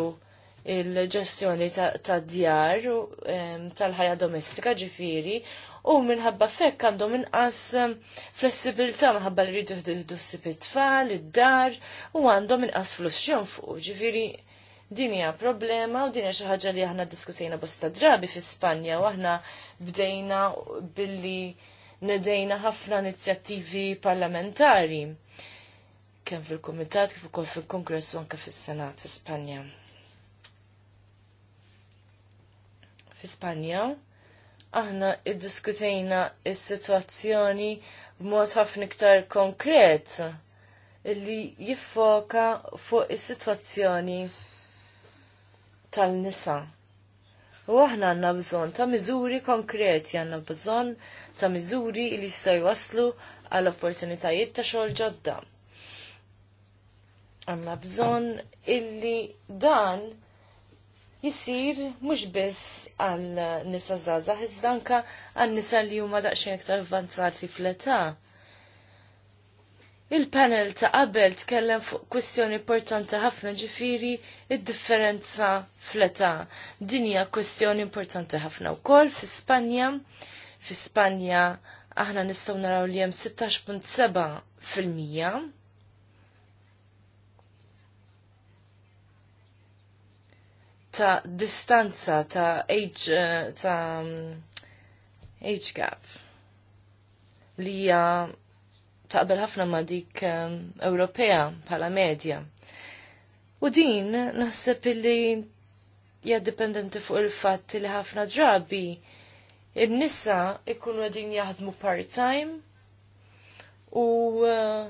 il-ġestjoni ta' djar tal-ħajja domestika ġifiri u minħabba fekk għandhom minqas flessibilità minħabba li rridu jħdu s it-tfal, id-dar u għandhom inqas flus fuq ġifiri din hija problema u din hija xi ħaġa li aħna diskutejna bosta drabi fi Spanja u aħna bdejna billi nedejna ħafna inizjattivi parlamentari kemm fil-Kumitat kif ukoll fil-Kongress u anke fis-Senat fi Spanja. Fi Spanja aħna iddiskutejna is-sitwazzjoni b'mod ħafna iktar konkret illi jiffoka fuq is-sitwazzjoni tal-nisa. U aħna għanna bżon ta' miżuri konkreti, għanna bżon ta' miżuri li jistaw waslu għal opportunitajiet ta' xogħol ġodda. Għanna bżon illi dan jisir mhux biss għal nisa zaza, iżda għal nisa li huma daqsxejn iktar avvanzati fl-età. Il-panel ta' qabel tkellem fuq kwestjoni importanti ħafna ġifiri id-differenza fl-età. Din hija kwistjoni importanti ħafna wkoll fi Spanja. Fi Spanja aħna nistgħu naraw li hemm 16.7 fil-mija ta' distanza ta' age eh, ta' mm, age gap li hija taqbel ħafna ma' dik eh, Ewropea bħala medja. U din naħseb li hija dipendenti fuq il-fatt li ħafna drabi in-nisa ikunu qegħdin jaħdmu part-time u eh,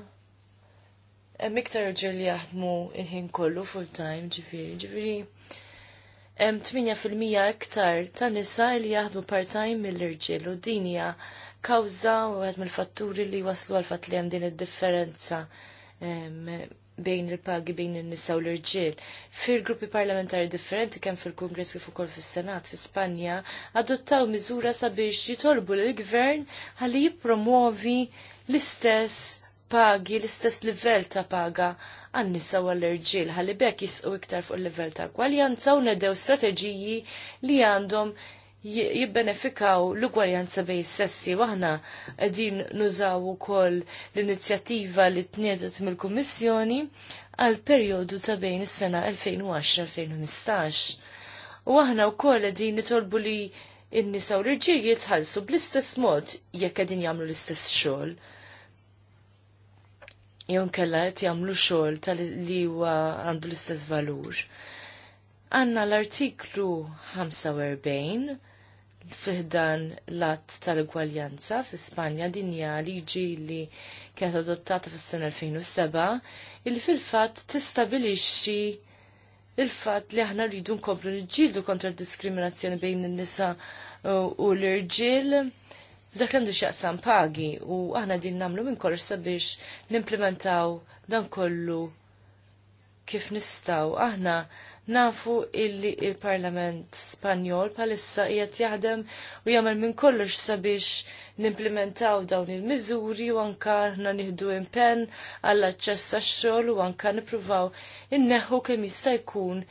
miktar ġil jaħdmu il-ħin kollu full-time ġifiri ġifiri hemm 8% iktar ta' nisa li jaħdmu part-time mill-irġiel u din hija kawża wieħed mill-fatturi li waslu għal fatt li hemm din id-differenza bejn il-pagi bejn in-nisa u l-irġiel. Fil-gruppi parlamentari differenti kemm fil-Kungress kif ukoll fis-Senat fi Spanja adottaw miżura sabiex jitolbu lill-gvern ħalli jippromuovi l-istess pagi, l-istess livell ta' paga għannissa u għall-irġiel ħalli bekk jisqu iktar fuq il level ta' gwaljanza u nedew strateġiji li għandhom jibbenefikaw l-ugwaljanza bej sessi waħna din nużaw ukoll l-inizjattiva li t-niedet mill-Kummissjoni għal perjodu ta' bejn is-sena 2010-2015. U aħna wkoll qegħdin nitolbu li n-nisa u l-irġiel jitħallsu bl-istess mod jekk qegħdin jagħmlu l-istess xogħol jew kellha qed jagħmlu xogħol tal-li huwa għandu l-istess valur. Għanna l-artiklu 45 fiħdan l-att tal-gwaljanza fi Spanja dinja liġi li kienet adottata fis-sena 2007 il fil-fatt tistabilixxi il-fatt li aħna rridu nkomplu niġġieldu kontra d-diskriminazzjoni bejn n nisa u l-irġiel F'dak l-għandu xaqsam pagi u aħna din namlu minn kollu sabiex nimplementaw dan kollu kif nistaw. Aħna nafu illi il-Parlament Spanjol palissa qiegħed jaħdem u jagħmel minn kollox sabiex nimplementaw dawn il-miżuri u anka aħna nieħdu impenn għall aċċess għax-xogħol u anka nippruvaw inneħu kemm jista' jkun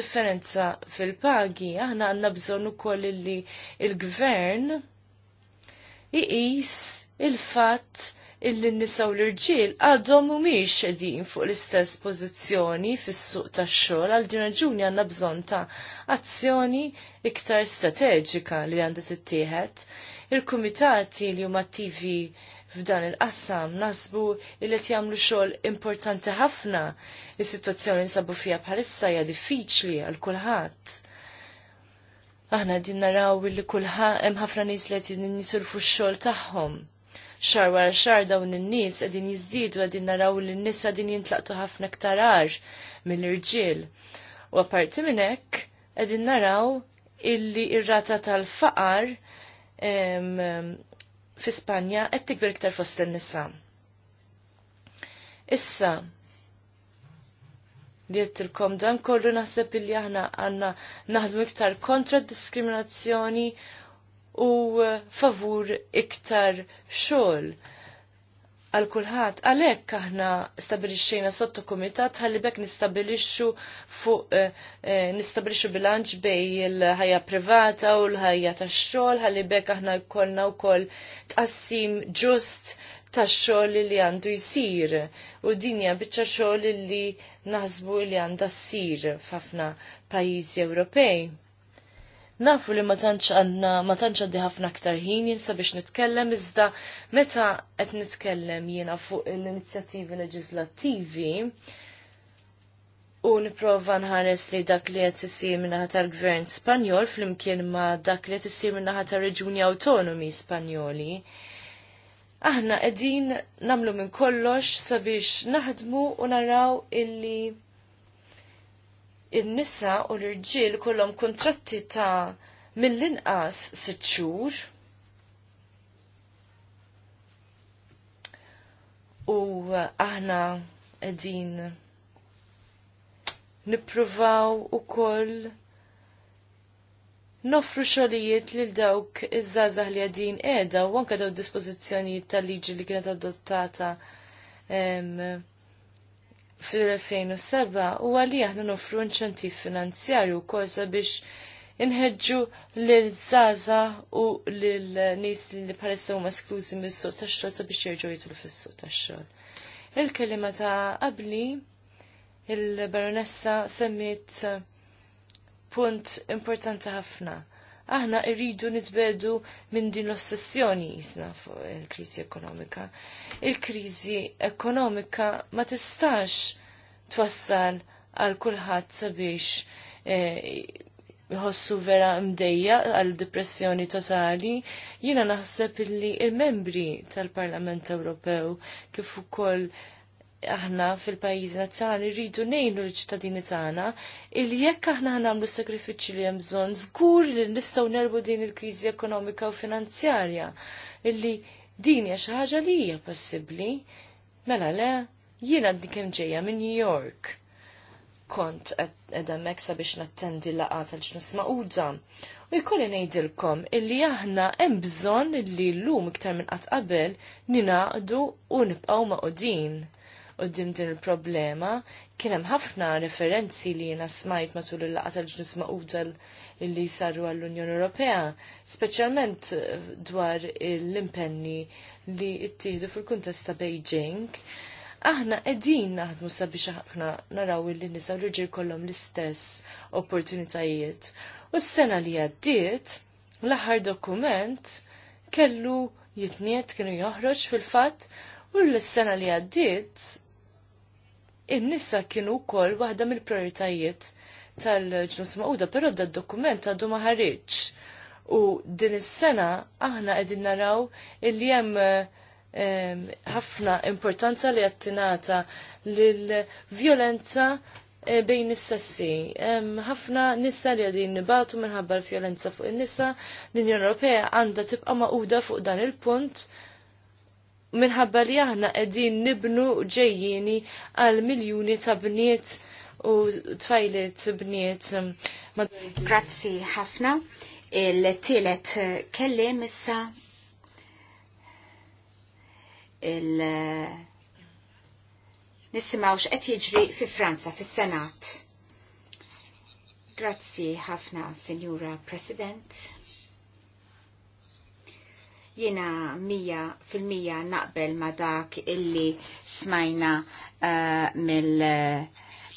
differenza fil-pagi. Aħna għandna bżonn ukoll illi il-gvern il gvern iqis il-fatt illi n-nisa u l-irġiel għadhom mhumiex edin fuq l-istess pożizzjoni fis-suq tax-xogħol għal din raġuni għandna bżonn ta' azzjoni iktar strateġika li għandha tittieħed. Il-kumitati li huma attivi f'dan il-qassam nasbu li qed jagħmlu xogħol importanti ħafna. Is-sitwazzjoni nsabu fiha bħalissa hija diffiċli għal kulħadd. Aħna din naraw li kulħa hemm ħafna nies li qed nisulfu x-xogħol tagħhom. Xar wara xar dawn in-nies qegħdin jiżdiedu qegħdin naraw li n-nies qegħdin jintlaqtu ħafna iktar mill-irġiel. U apparti minn hekk qegħdin naraw illi ir-rata tal-faqar fi Spanja qed tikber iktar fost in-nisa. Issa, li jittilkom dan kollu naħseb illi aħna għanna naħdmu iktar kontra diskriminazzjoni u uh, favur iktar xogħol għal kulħadd għalhekk aħna stabilixxejna sotto kumitat ħalli bekk nistabilixxu fuq uh, uh, nistabilixxu bilanċ bej il-ħajja privata u l-ħajja tax-xogħol ħalli bekk aħna jkollna wkoll tqassim ġust tax-xogħol li għandu jsir u dinja biċċa xogħol li naħsbu li għandha ssir f'ħafna pajjiżi Ewropej. Nafu li ma tantx għandna ma tantx għaddi ħafna aktar ħin jinsa biex nitkellem iżda meta qed nitkellem jiena fuq l-inizjattivi leġislattivi u niprofa nħares li dak li qed isir minnaħa tal-Gvern Spanjol flimkien ma dak li qed isir minnaħa tar-Reġuni Awtonomi Spanjoli aħna qegħdin namlu minn kollox sabiex naħdmu u naraw illi il nisa u l-irġiel kollom kontratti ta' mill-inqas sitt xhur. U aħna qegħdin nippruvaw ukoll noffru xogħlijiet lil dawk iż-żgħażagħ li għadin qiegħda u anke daw dispożizzjonijiet tal-liġi li kienet adottata fil-2007 u għalli aħna nofru inċentiv finanzjarju kosa biex inħedġu l-żaza u l-nis li paressa huma esklużi mis-suq tax-xogħol sabiex jerġgħu jitlu fis-suq tax-xogħol. Il-kelima ta' qabli il-baronessa semmit punt importanti ħafna. Aħna irridu nitbedu minn din l-ossessjoni jisna fuq il-krizi ekonomika. Il-krizi ekonomika ma tistax twassal għal kulħadd sabiex eh, jħossu e, vera mdejja għal depressjoni totali. Jiena naħseb illi il-membri tal-Parlament Ewropew kif ukoll aħna fil-pajjiż nazzjonali rridu nejnu l-ċittadini tagħna illi jekk aħna nagħmlu sakrifiċċji li hemm bżonn żgur li nistgħu nerbu din il-kriżi ekonomika u finanzjarja illi din hija xi ħaġa li hija possibbli. Mela le, jiena dik kemm ġejja minn New York. Kont qed hemmhekk sabiex nattendi laqgħa tal-ġnus maquda. U jkolli ngħidilkom illi aħna hemm bżonn illi llum iktar minn qatt qabel ninaqdu u nibqgħu maqudin qoddim din il-problema. Kien hemm ħafna referenzi li jiena smajt matul il-laqgħa tal-ġnus maqudal li saru għall-Unjoni Ewropea, speċjalment eh, dwar l-impenni li ttieħdu fil-kuntest ta' Beijing. Aħna qegħdin naħdmu sabiex aħna naraw li nisa l l kollom l-istess opportunitajiet. U s-sena li għaddiet, l-aħħar dokument kellu jitniet kienu joħroġ fil-fatt u l-sena li għaddiet in-nisa kienu wkoll waħda mill-prioritajiet tal-ġnus maquda, però da dokument għadu ma ħareġ. U din is-sena aħna qegħdin naraw illi hemm ħafna importanza li qed tingħata lill-vjolenza eh, bejn is-sessi. Ħafna nissa li għadin nibatu minħabba l-vjolenza fuq in-nisa, l-Unjoni Ewropea għandha tibqa' maquda fuq dan il-punt minħabba li aħna qegħdin nibnu ġejjini għal miljuni ta' bniet u tfajlet bniet. Grazzi ħafna. Il-tielet kellim issa il- nisimaw x'qed jiġri fi Franza fis-Senat. Grazzi ħafna, Sinjura President. Jiena mija fil-mija naqbel ma dak illi smajna uh, mill- eh,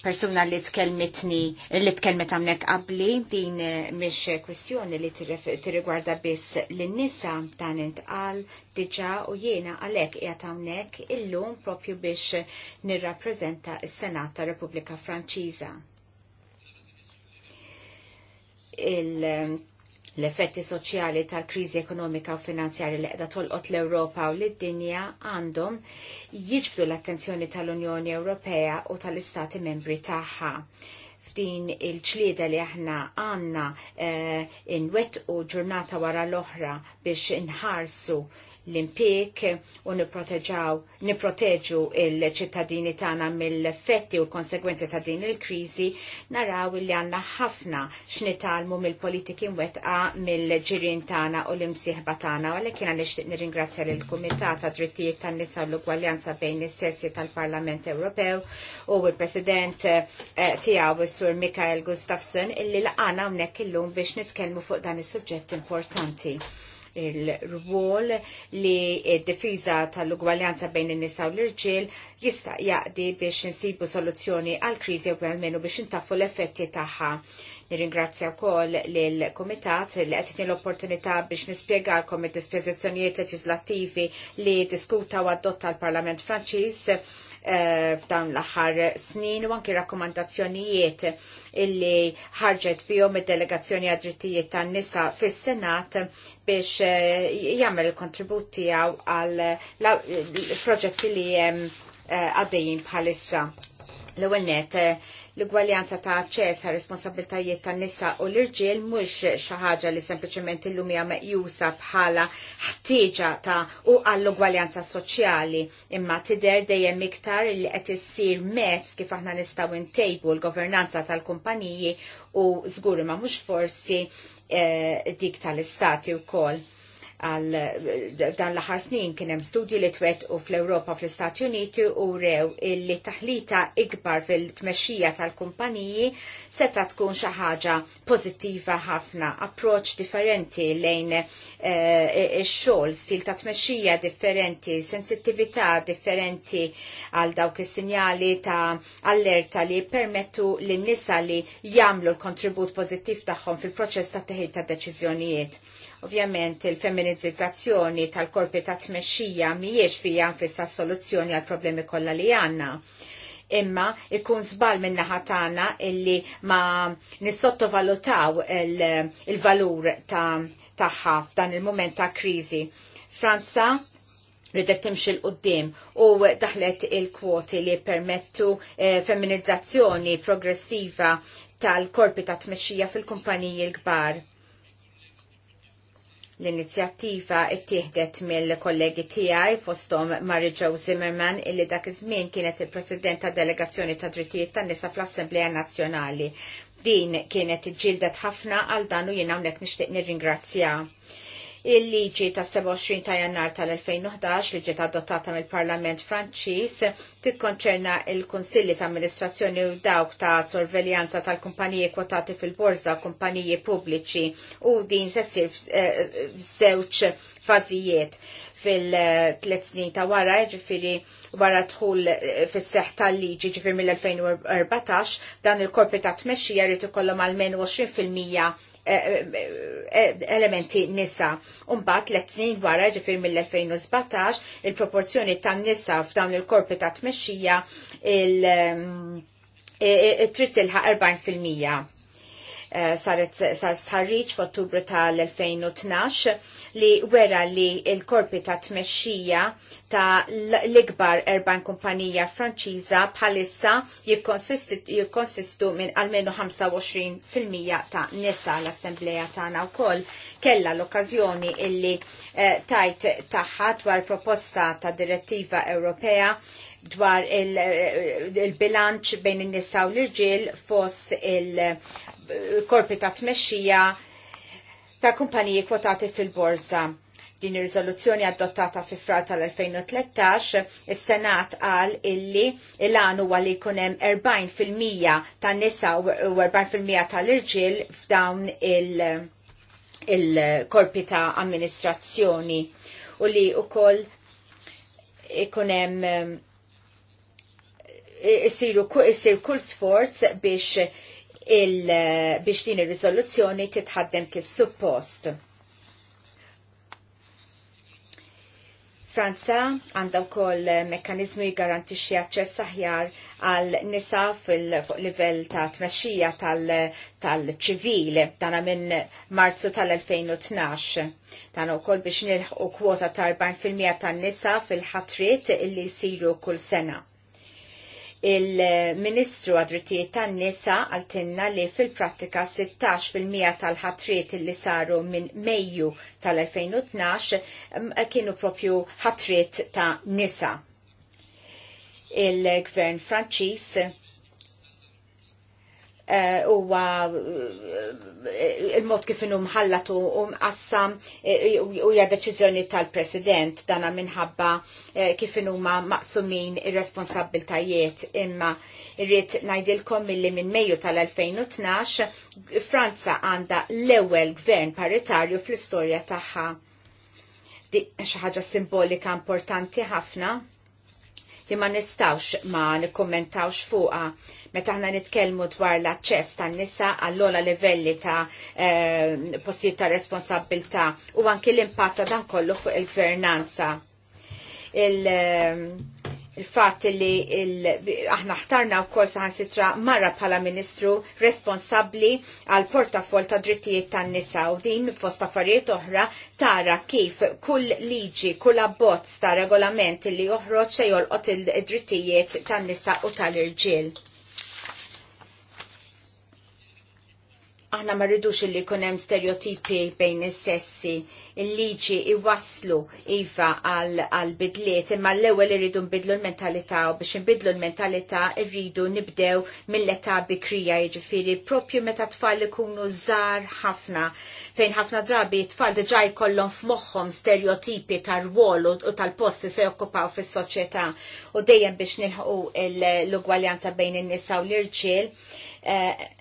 persuna li tkelmetni, li tkelmet għamnek qabli, din eh, mish kwestjoni li tirrigwarda biss l-nisa dan intqal diġa u jiena għalek jgħat għamnek illum propju biex nirrapprezenta il senata tar Repubblika Franċiża. il L-effetti soċjali tal-kriżi ekonomika u finanzjari li qiegħda tolqot l-Ewropa u lid-dinja għandhom jiġbdu l-attenzjoni tal-Unjoni Ewropea u tal-Istati membri tagħha f'din il-ċlieda li aħna għanna in eh, inwet u ġurnata wara l-oħra biex inħarsu l-impik u niproteġu il-ċittadini tagħna mill-effetti u l-konsegwenzi ta' din il-kriżi naraw li għandna ħafna x'nitalmu mill-politiki mwetqa mill-ġirien tagħna u l-imsieħba tagħna u għalhekk jiena nixtieq nirringrazzja lill komitat ta' Drittijiet tan-Nisa u l-Ugwaljanza bejn is-sessi tal-Parlament Ewropew u l-President eh, tiegħu is-Sur Mikael Gustafsson illi laqana hawnhekk illum biex nitkellmu fuq dan is-suġġett importanti il-rwol li d-difiża tal-ugwaljanza bejn in-nisa u l-irġiel jista' jaqdi biex insibu soluzzjoni għal kriżi u għalmenu biex intaffu l-effetti tagħha. Nirringrazzja wkoll lill kumitat li qed l-opportunità biex nispjegalkom id-dispożizzjonijiet leġislattivi li diskuta u adotta l-Parlament Franċiż Eh, f'dawn l-aħħar snin u anki rakkomandazzjonijiet illi ħarġet fihom id-delegazzjoni għad-drittijiet tan-nisa fis-Senat biex eh, jagħmel il-kontribut tiegħu għal proġetti li hemm eh, għaddejjin bħalissa. L-ewwel net l igwaljanza ta' aċċess ta' responsabiltajiet tan nisa u l-irġiel mhux xi ħaġa li sempliċement illum hija meqjusa bħala ħtieġa ta' u għall-ugwaljanza soċjali, imma tidher dejjem iktar li qed issir mezz kif aħna nistgħu ntejbu l-governanza tal-kumpaniji u żgur ma mhux forsi eh, dik tal-istati wkoll għal dan l-aħħar snin kien hemm studji li twet u fl-Ewropa fl-Istati Uniti u rew illi taħlita ikbar fil-tmexxija tal-kumpaniji seta tkun xi ħaġa pożittiva ħafna, approċ differenti lejn eh, ix-xogħol, stil ta' tmexxija differenti, sensittività differenti għal dawk is-sinjali ta' allerta li permettu lin-nisa li jagħmlu l-kontribut pożittiv tagħhom fil-proċess ta' teħid ta' deċiżjonijiet Ovvjament il-feminizzazzjoni tal-korpi ta' tmexxija mhijiex fija nfissa soluzzjoni għal problemi kollha li għandna. Imma ikun żball minn naħa tagħna illi ma nissottovalutaw il-valur ta' tagħha f'dan il-mument ta' kriżi. Franza ridet timxi l-qoddim u daħlet il-kwoti li permettu eh, feminizzazzjoni progressiva tal-korpi ta' tmexxija fil-kumpaniji l-kbar. L-inizjattiva ittieħdet mill-kollegi tiegħi fosthom Mary Jo Zimmerman illi dak iż-żmien kienet il-President ta' Delegazzjoni ta' Drittijiet tan-Nisa fl-Assembleja Nazzjonali. Din kienet ġildet ħafna għal dan u jien hawnhekk nixtieq nirringrazzja. Il-liġi ta' 27 ta' jannar tal-2011 li ġiet adottata mill-Parlament Franċiż tikkonċerna il-Kunsilli ta' Amministrazzjoni u dawk ta' sorveljanza tal-kumpaniji kwotati fil-borza u kumpaniji pubbliċi u din se ssir eh, f'żewġ fażijiet fil-tlet snin ta' wara, ġifiri wara tħul eh, fis seħ tal-liġi ġifiri mill-2014, dan il-korpi ta' tmexxija jrid ikollhom għal 20% Eh, eh, eh, elementi nisa. Umbat let snin wara ġifir mill-2017 il-proporzjoni tan nisa f'dawn il-korpi ta' tmexxija il-trid e, e, e, tilħaq 40%. Saret sar stħarriċ f'Ottubru tal-2012 li wera li il-korpi ta' tmexxija ta' l-ikbar erban kumpanija franċiża bħalissa jikkonsistu minn almenu 25% ta' nisa l-assembleja tagħna wkoll kella l-okkażjoni illi eh, tajt tagħha dwar proposta ta' direttiva Ewropea dwar eh, il-bilanċ il bejn in-nisa u l-irġiel fost il-korpi eh, ta' tmexxija ta' kumpaniji kwotati fil-borsa din ir-riżoluzzjoni adottata fi frar tal-2013, is-Senat qal illi il-għan huwa li jkun hemm 40% tan-nisa u 40% tal-irġiel f'dawn il-korpi ta' amministrazzjoni u li wkoll ikun hemm eh, isir kull sforz biex il biex din ir-riżoluzzjoni titħaddem kif suppost. Franza għandha wkoll mekkaniżmu jgarantixxi aċċess aħjar għal nisa fil fuq livell ta' tmexxija tal-ċivil tal minn Marzu tal-2012. Dan ukoll biex nilħu kwota ta' 40% tan-nisa fil-ħatriet illi jsiru kull sena. Il-Ministru għadrittijiet tan-nisa għaltinna li fil-prattika 16% tal-ħatriet li saru minn Mejju tal-2012 mm, kienu propju ħatriet ta' nisa. Il-Gvern Franċis Eh, huwa eh, il-mod kif inhom ħallat u mqassam eh, u hija deċiżjoni tal-President dana minħabba kif inhuma maqsumin ir-responsabbiltajiet imma irrid ngħidilkom milli minn Mejju tal-2012 Franza għandha l-ewwel gvern paritarju fl-istorja tagħha. Di xi ħaġa simbolika importanti ħafna li ma nistawx ma nikkommentawx fuqa meta aħna nitkellmu dwar l-aċċess tan-nisa għall-ola livelli ta' eh, postijiet ta' responsabilità u anki l-impatt ta' dan kollu fuq il-gvernanza. il gvernanza eh, il-fat li il aħna ħtarna u kol saħansitra marra bħala ministru responsabli għal portafol ta' drittijiet tan nisa u din fost affarijiet oħra tara kif kull liġi, kull abbozz ta' regolament li uħroċ se jolqot il-drittijiet tan nisa u tal-irġiel. Aħna ma rridux illi kunem stereotipi bejn is-sessi, il-liġi iwaslu iva għal bidliet, imma l-ewwel irridu nbidlu l-mentalità u biex nbidlu l-mentalità irridu nibdew mill-età bikrija jiġifieri propju meta tfal ikunu żgħar ħafna fejn ħafna drabi tfal diġà jkollhom f'moħħhom stereotipi tar-rwol u tal-post se jokkupaw fis-soċjetà u dejjem biex nilħu l-ugwaljanza bejn in-nisa u l-irġiel eh,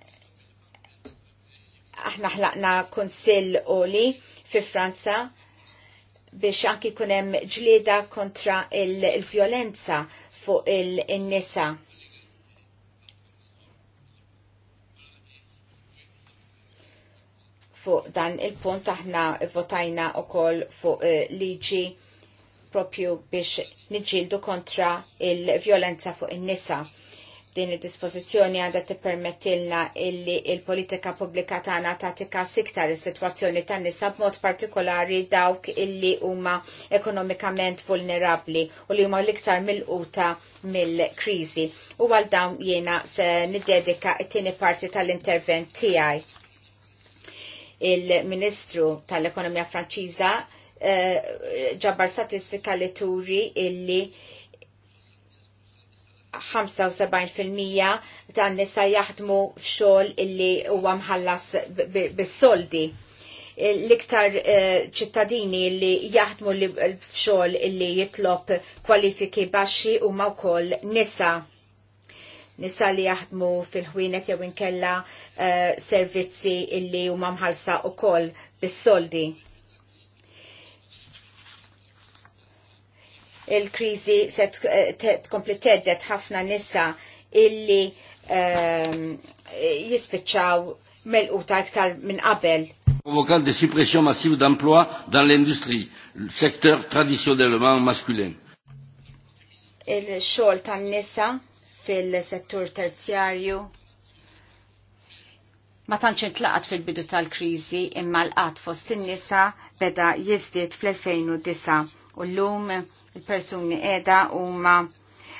aħna ħlaqna konsill oli fi Franza biex anki kunem ġlieda kontra il-violenza fuq il-nisa. fuq dan il-punt aħna votajna u koll fuq eh, liġi propju biex niġildu kontra il-violenza fuq il-nisa. Din id-dispożizzjoni għandha tippermettilna illi il-politika pubblika tagħna tagħtika siktar is-sitwazzjoni tan-nisa b'mod partikolari dawk illi huma ekonomikament vulnerabbli u li huma l-iktar mill-quta mill-kriżi. U għal dawn jiena se niddedika t-tieni parti tal-intervent tiegħi. Il-Ministru tal-Ekonomija Franċiża eh, ġabbar statistika li turi illi 75% ta' nisa jaħdmu f'xogħol illi huwa mħallas bis-soldi. L-iktar eh, ċittadini li jaħdmu f'xogħol illi jitlob kwalifiki baxxi huma wkoll nisa. Nisa li jaħdmu fil-ħwienet jew inkella eh, servizzi illi huma mħallsa wkoll bis-soldi il-krizi se eh, tkompli teddet ħafna nisa illi ehm, jispiċċaw mel-uta iktar minn qabel. Provokant de suppression massives d'emploi dans l'industrie, le secteur traditionnellement masculin. Il-xol tan-nisa fil-settur terzjarju ma tantx intlaqat fil-bidu tal-kriżi imma l-qatt fost in-nisa beda jiżdied fl-2009 U l-lum il-persuni edha huma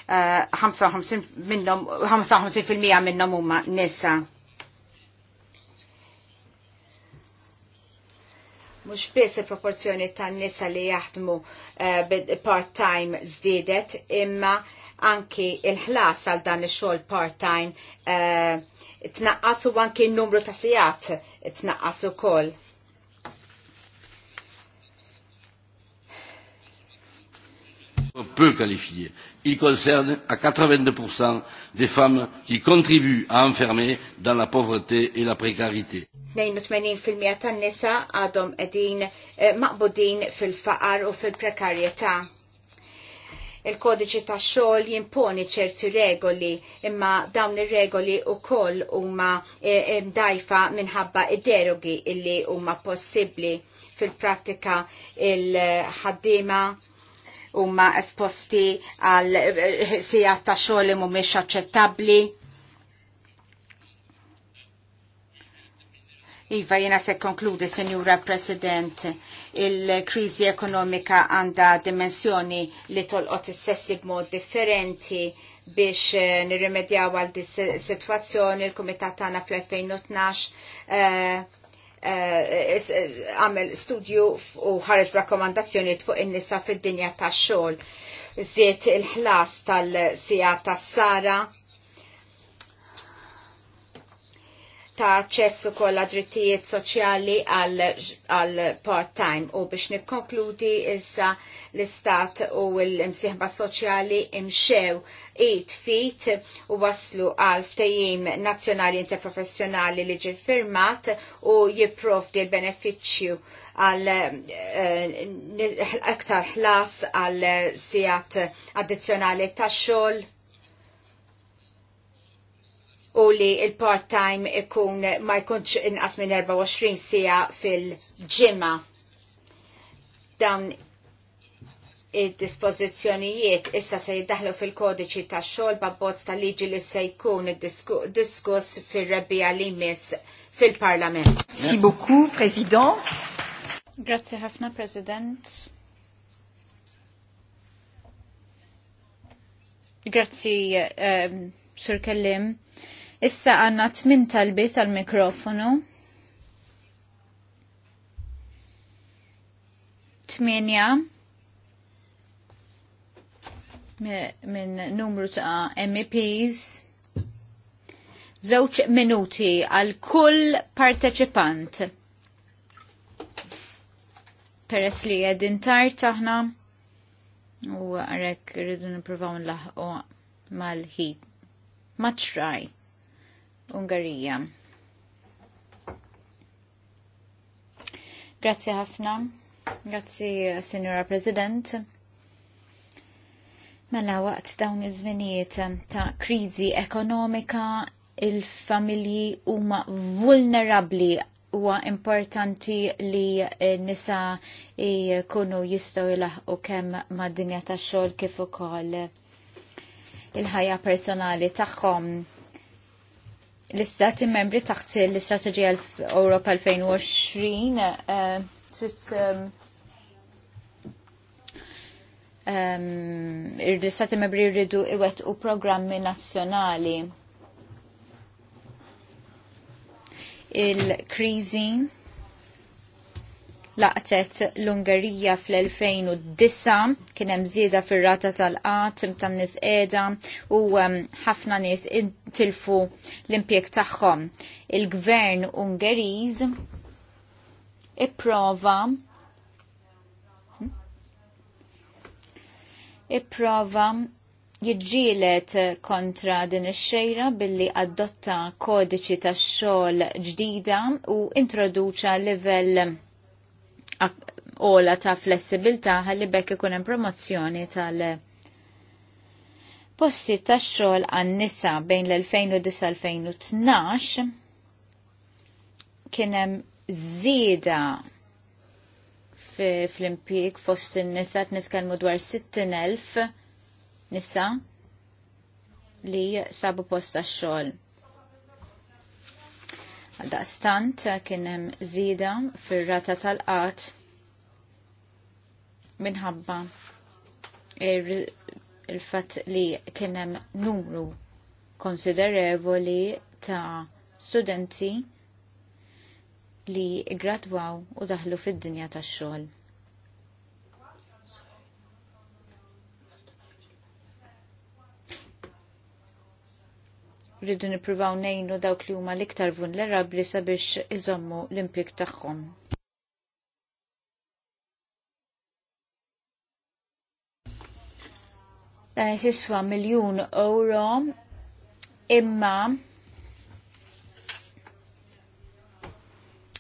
eh, ma 55% minnhom u ma huma nisa. Mhux biss il-proporzjoni tan nisa li jaħdmu uh, part-time zdidet imma anki il-ħlas għal dan il-xol part-time uh, tnaqqas u anki n-numru ta' sigħat tnaqqas ukoll. peu qualifiés. Il concerne à 82% des femmes qui contribuent à enfermer dans la pauvreté et la précarité. mija tan-nisa għadhom qegħdin eh, maqbudin fil-faqar u fil-prekarjetà il-kodiċi ta' xogħol jimponi ċerti regoli, imma dawn ir-regoli wkoll huma eh, eh, dajfa minħabba id-derogi illi huma possibbli fil-prattika il-ħaddiema huma esposti għal eh, sija ta' xogħol li mhumiex aċċettabbli. Iva, jena se konkludi, Senjura President, il-krizi ekonomika għanda dimensjoni li tolqot is-sessi b'mod differenti biex eh, nirrimedjaw għal dis situazzjoni il-Kumitat tagħna fl-2012 eh, Eh, eh, għamel studju u ħareġ rakkomandazzjoni fuq in-nisa fid-dinja tax-xogħol. Żiet il-ħlas tal-sija tas-sara ta' ċessu kolla drittijiet soċjali għal part-time u biex nikkonkludi issa l-istat u l-imsieħba soċjali imxew id fit u waslu għal ftejim nazjonali interprofessjonali li ġifirmat firmat u jipprovdi l-beneficju għal eh, aktar ħlas għal sijat addizjonali ta' xol u li il-part-time ikun ma jkunx inqas minn 24 sija fil-ġimma. Dawn id-dispożizzjonijiet issa se jiddaħlu fil-kodiċi tax xogħol babbozz ta' liġi li se jkun diskuss fir-rebbija li jmiss fil-Parlament. Si beaucoup, President. Grazie ħafna, President. Grazzi, um, ehm, Sir Kellim. Issa għanna tmin talbi tal-mikrofonu. Tminja minn numru ta' MEPs. Zewċ minuti għal kull parteċipant. Peress li għedin tar taħna u għarek rridu niprofaw nlaħqo mal-ħid. Ma try. Ungarija. Grazzi ħafna. Grazie, Signora President. Mela waqt dawn iż-żminijiet ta' kriżi ekonomika il-familji huma vulnerabbli huwa importanti li nisa jkunu jistgħu jilaħqu kemm mad-dinja tax-xogħol kif ukoll il-ħajja personali tagħhom l-istati membri taħt l-istrateġija Europa 2020 eh, trid ehm, ehm, l-istati membri rridu iwet u programmi nazzjonali il-krizi laqtet l-Ungerija fl-2009 kien hemm żieda fir-rata tal-qat tan nies qiegħda u um, ħafna nies intilfu l-impjeg tagħhom. Il-Gvern Ungeriż ipprova hm? ipprova jiġġielet kontra din ix-xejra billi adotta kodiċi tax-xogħol ġdida u introduċa livell ola ta' flessibilta ħalli bekk ikun hemm promozzjoni tal- posti ta' xogħol għan-nisa bejn l 2009 kien hemm żieda fl-impjieg fost in-nisa nitkellmu dwar 60,000 nisa li sabu post ta' xogħol Daqstant kien hemm żieda fir-rata tal-qat minħabba il-fatt li kien hemm numru konsiderevoli ta' studenti li gradwaw u daħlu fid-dinja tax-xogħol. rridu nippruvaw nejnu dawk li huma l-iktar vulnerabbli sabiex iżommu l-impjeg tagħhom. Dan eh, jiswa miljun euro imma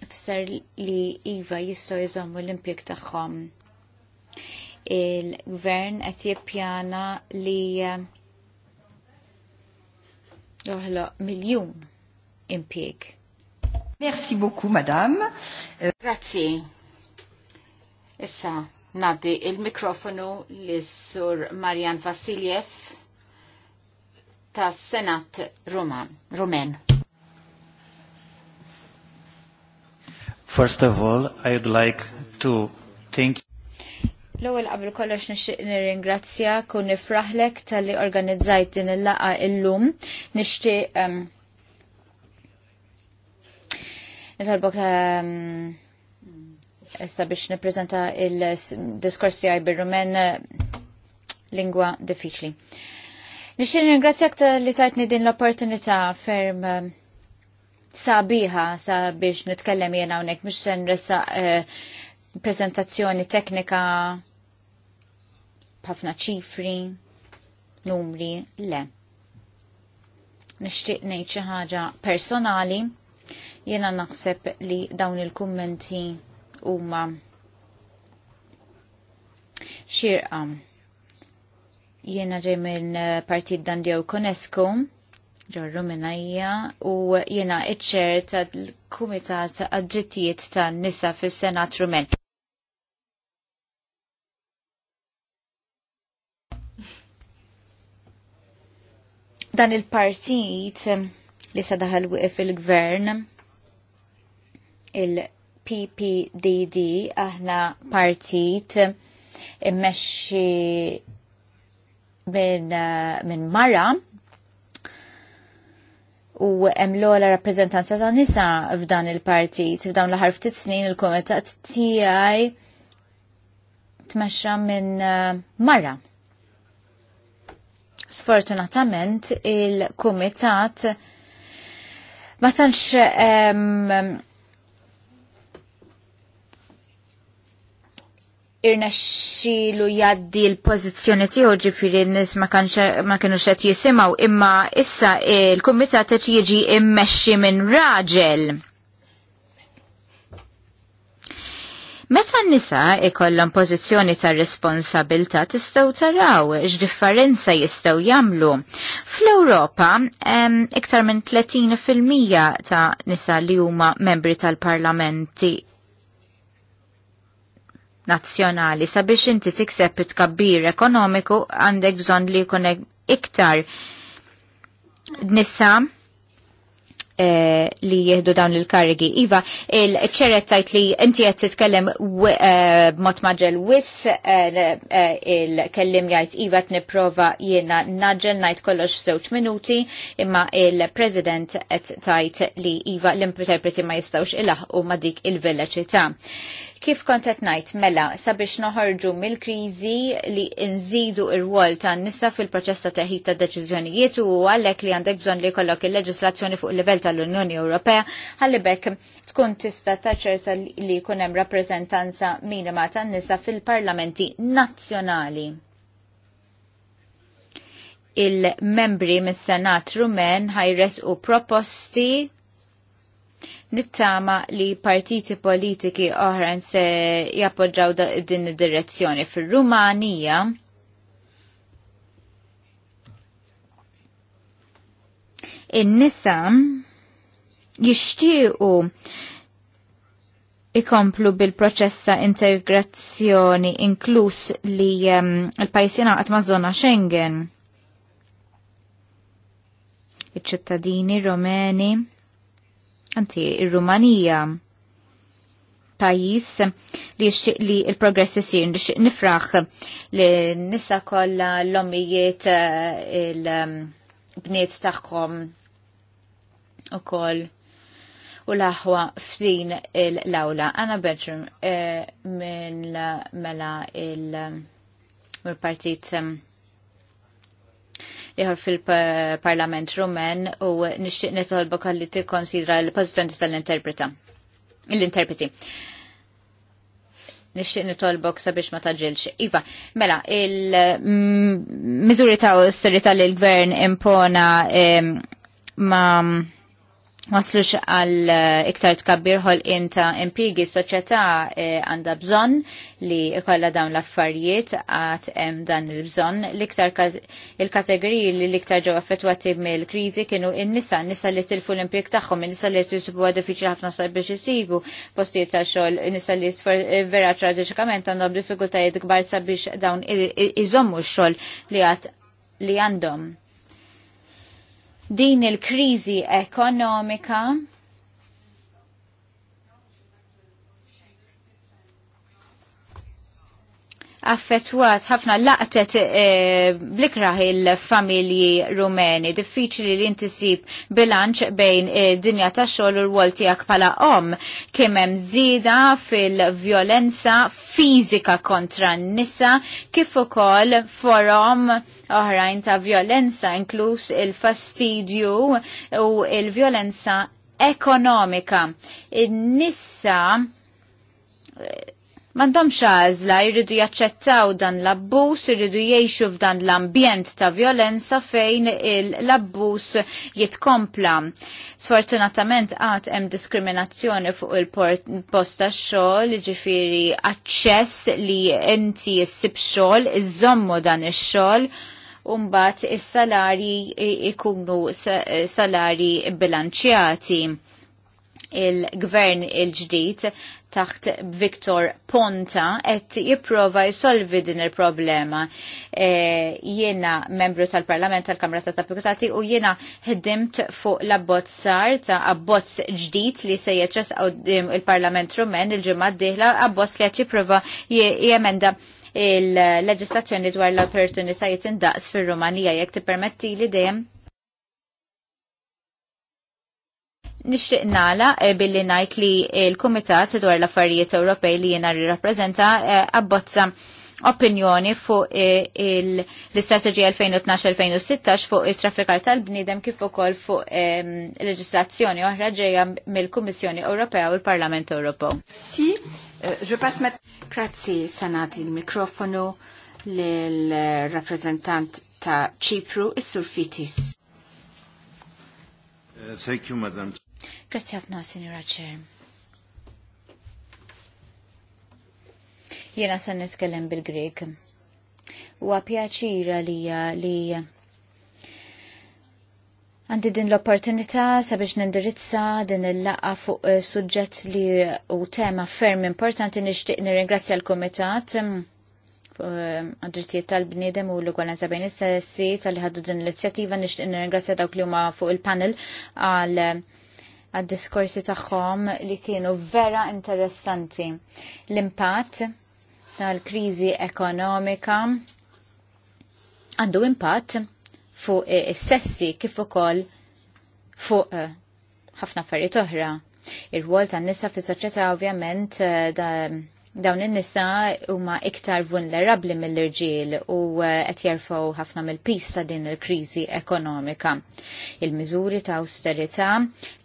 fisser li Iva jistgħu jizommu l-impjeg tagħhom. Il-gvern qed jippjana li joħloq miljon impieg. Merci beaucoup, madame. Euh, Grazie. Issa, nadi il-mikrofonu l-sur Marian Vasiljev ta' Senat Roman, Rumen. First of all, I would like to thank you. L-ewwel qabel kollox nixtieq nirringrazzja kun nifraħlek tal-li organizzajt din il laqgħa illum. Nixtieq nitolbok issa biex nippreżenta il-diskors tiegħi bir-Rumen eh, lingwa diffiċli. Nixtieq nirringrazzjak tal-li tajtni din l-opportunità ferm sabiħa sabiex nitkellem jena hawnhekk mhux se nressaq eh, prezentazzjoni teknika b'ħafna ċifri, numri, le. Nixtieq ngħid xi ħaġa personali, jiena naħseb li dawn il-kummenti huma xirqa. Jiena ġej minn partit Dandjew Konesku, ġorru minnajja, u jiena iċċert tal-Kumitat għad-drittijiet tan-nisa fis-Senat Rumen. Dan il-partit li sa daħal wieqef il-gvern il-PPDD aħna partit immexxi minn uh, min mara u hemm l-ola rappreżentanza ta' nisa f'dan il-partit. F'dawn l-ħar ftit snin il-kumitat tiegħi tmexxa minn uh, mara Sfortunatament il-kumitat ma tantx um, irna xilu jaddi l-pozizjoni tiegħu ġifieri n-nies ma kienu qed jisimgħu imma issa il-kumitat qed jiġi immexxi minn raġel. Meta n-nisa ikollhom pożizzjoni ta' responsabilta tistgħu taraw x'differenza jistgħu jagħmlu. Fl-Ewropa iktar minn 30% ta' nisa li huma membri tal-parlamenti nazzjonali sabiex inti tikseb it-kabbir ekonomiku għandek bżonn li jkunek iktar nisa Eh, li jihdu dawn il-karigi. Iva, il-ċeret tajt li inti għed titkellem eh, b'mod maġel wis, eh, il-kellim jajt Iva t-niprofa jena naġel najt kollox zewċ minuti, imma il-president għed tajt li Iva l-interpreti ma jistawx il-laħ u ma dik il ċita. Kif kontet najt mela sabiex noħarġu mill-krizi li nżidu ir-wol ta' nisa fil-proċess ta' teħid ta' deċiżjonijiet u għallek li għandek bżon li kollok il-leġislazzjoni fuq il-livell tal-Unjoni Ewropea ħallibek tkun tista' taċċerta li jkun hemm rappreżentanza minima tan-nisa fil-parlamenti nazzjonali il-membri mis-Senat Rumen ħajres u proposti nittama li partiti politiki oħran se jappoġġaw din id-direzzjoni fil-Rumanija. In-nisa jixtiequ ikomplu bil-proċess ta' integrazzjoni inkluż li um, l-pajsina qatt maż-żona Schengen. Iċ-ċittadini Romeni Anti il rumanija pajis li xtiq li il-progress jisir, nixtiq nifraħ li nisa kolla l-omijiet eh, il-bniet taħkom u koll u laħwa f'din il-lawla. Anna Bedrum eh, minn mela il-partit il eh, liħor fil-Parlament Rumen u nixtieq nitolbok ti tikkonsidra l-pożizzjoni tal-interpreta. L-interpreti. Nixtieq nitolbok sabiex ma taġilx. Iva, mela, il-miżuri mm, ta' s-serita li l-gvern impona ma' waslux għal eh, iktar tkabbir ħol inta impigi soċjetà eh, għandha bżonn li kolla dawn l-affarijiet għat hemm dan il-bżonn l-iktar il-kategoriji li l-iktar ġew affettwati mill-kriżi kienu in-nisa, nisa li tilfu l-impjeg tagħhom, nisa li tisibu diffiċli ħafna sar biex postijiet ta' xogħol, nisa li vera traġikament għandhom diffikultajiet kbar sabiex dawn iżommu x-xogħol li għat li għandhom din il-kriżi ekonomika affettwat ħafna laqtet e, blikraħ il-familji rumeni. Diffiċli li intisib bilanċ bejn e, dinja ta' xogħol u rwol tiegħek bħala om kemem zida fil-vjolenza fizika kontra n-nisa kif ukoll forom oħrajn ta' vjolenza inkluż il-fastidju u il-vjolenza ekonomika. In-nisa Mandom xażla jridu jaċċettaw dan l-abbus, jridu jiexu f'dan l-ambjent ta' violenza fejn l-abbus jitkompla. Sfortunatament għat hemm diskriminazzjoni fuq il-posta xogħol, ġifiri aċċess li inti jissib xogħol, iżommu dan ix-xogħol umbat is-salari ikunu salari bilanċjati il-gvern il-ġdid taħt Viktor Ponta et jipprova jisolvi din il-problema. E, jiena membru tal-Parlament tal-Kamra ta' Deputati u jiena ħeddimt fuq l-abbozzar ta' abbozz ġdid li se jitres il-Parlament Rumen il-ġimgħa d-dieħla abbozz li qed jipprova jemenda il-leġislazzjoni dwar l-opportunitajiet indaqs fir-Rumanija jekk tippermetti li dejjem Nishtiq nala eh, billi najt li il kumitat dwar l-Affarijiet Ewropej li jena rirrappreżenta eh, abbozza opinjoni fuq eh, l-Istrateġija 2012-2016 fuq it-traffikar tal-bnidem kif ukoll fuq ehm, leġislazzjoni oħra ġejja mill-Kummissjoni Ewropea u l-Parlament Ewropew. Si, je pass met Grazzi sanati il-mikrofonu lill-rappreżentant ta' Ċipru, is-Sur Fitis. Thank you, Madam. Grazzi ħafna, Signora Chair. Jena se nitkellem bil-Grek. Huwa pjaċira li li għandi din l-opportunità sabiex nindirizza din il-laqqa fuq eh, suġġett li u tema ferm importanti nixtieq nirringrazzja l-Kumitat eh, eh, għad tal-bniedem u l-ugwalanza bejn is-sessi tal-ħaddu din l-inizjattiva nixtieq nirringrazzja dawk li huma fuq il-panel għal għad-diskorsi tagħhom li kienu vera interessanti. L-impatt tal-kriżi ekonomika għandu impatt fuq is-sessi kif ukoll fuq eh, ħafna affarijiet oħra. Ir-rwol tan-nisa fis-soċjetà ovvjament eh, da dawn in-nisa huma iktar vulnerabbli mill-irġiel u eh, qed jerfgħu ħafna mill-pis ta' din il-kriżi ekonomika. Il-miżuri ta' austerità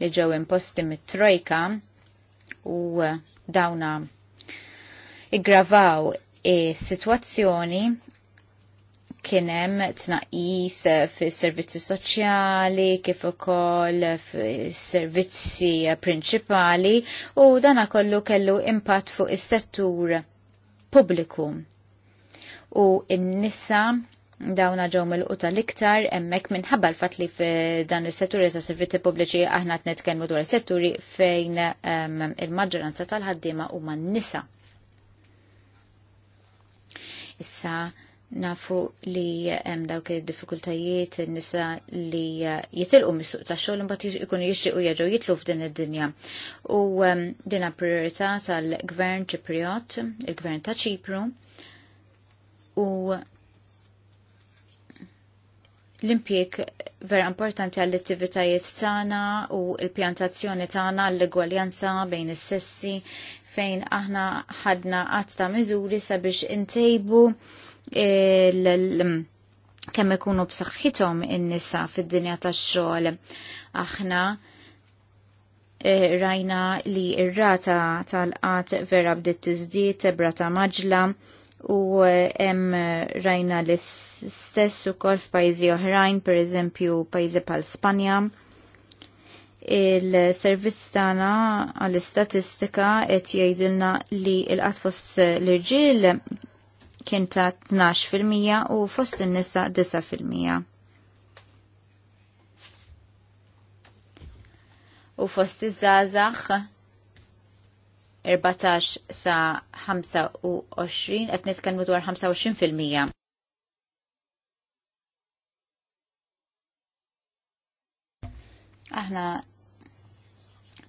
li ġew imposti mit-trojka u eh, dawna iggravaw is-sitwazzjoni kienem tnaqis eh, fis servizzi soċjali kif ukoll fis-servizzi eh, prinċipali u dana kollu kellu impatt fuq is-settur pubbliku. U n-nisa dawna ġew mill-quta l-iktar hemmhekk minħabba l-fatt li f'dan is-setturi ta' servizzi pubbliċi aħna qed nitkellmu dwar setturi fejn ehm, il-maġġoranza tal-ħaddiema huma n-nisa. Issa nafu li hemm dawk id-diffikultajiet nisa li eh, jitilqu mis-suq tax-xogħol imbagħad ikunu jixtiequ jerġgħu jitlu f'din id-dinja. U dinha priorità tal-Gvern Ċipriot, il-Gvern ta' Ċipru, u l-impjek vera importanti għall-attivitajiet tagħna u l-pjantazzjoni tagħna l-egwaljanza bejn is-sessi fejn aħna ħadna qatt ta' miżuri sabiex intejbu kemm ikunu b'saħħithom in-nisa fid-dinja tax-xogħol. Aħna eh, rajna li r-rata tal-qat vera bdiet tiżdied ta' maġla u eh, hemm rajna l-istess ukoll f'pajjiżi oħrajn, pereżempju pajjiżi bħal Spanja. Il-servizz tagħna għall-istatistika qed jgħidilna li l-qatt fost l-irġiel kien ta' 12% u fost in-nisa 9%. U fost iż żazax 14 sa 25 qed nitkellmu dwar 25%. Aħna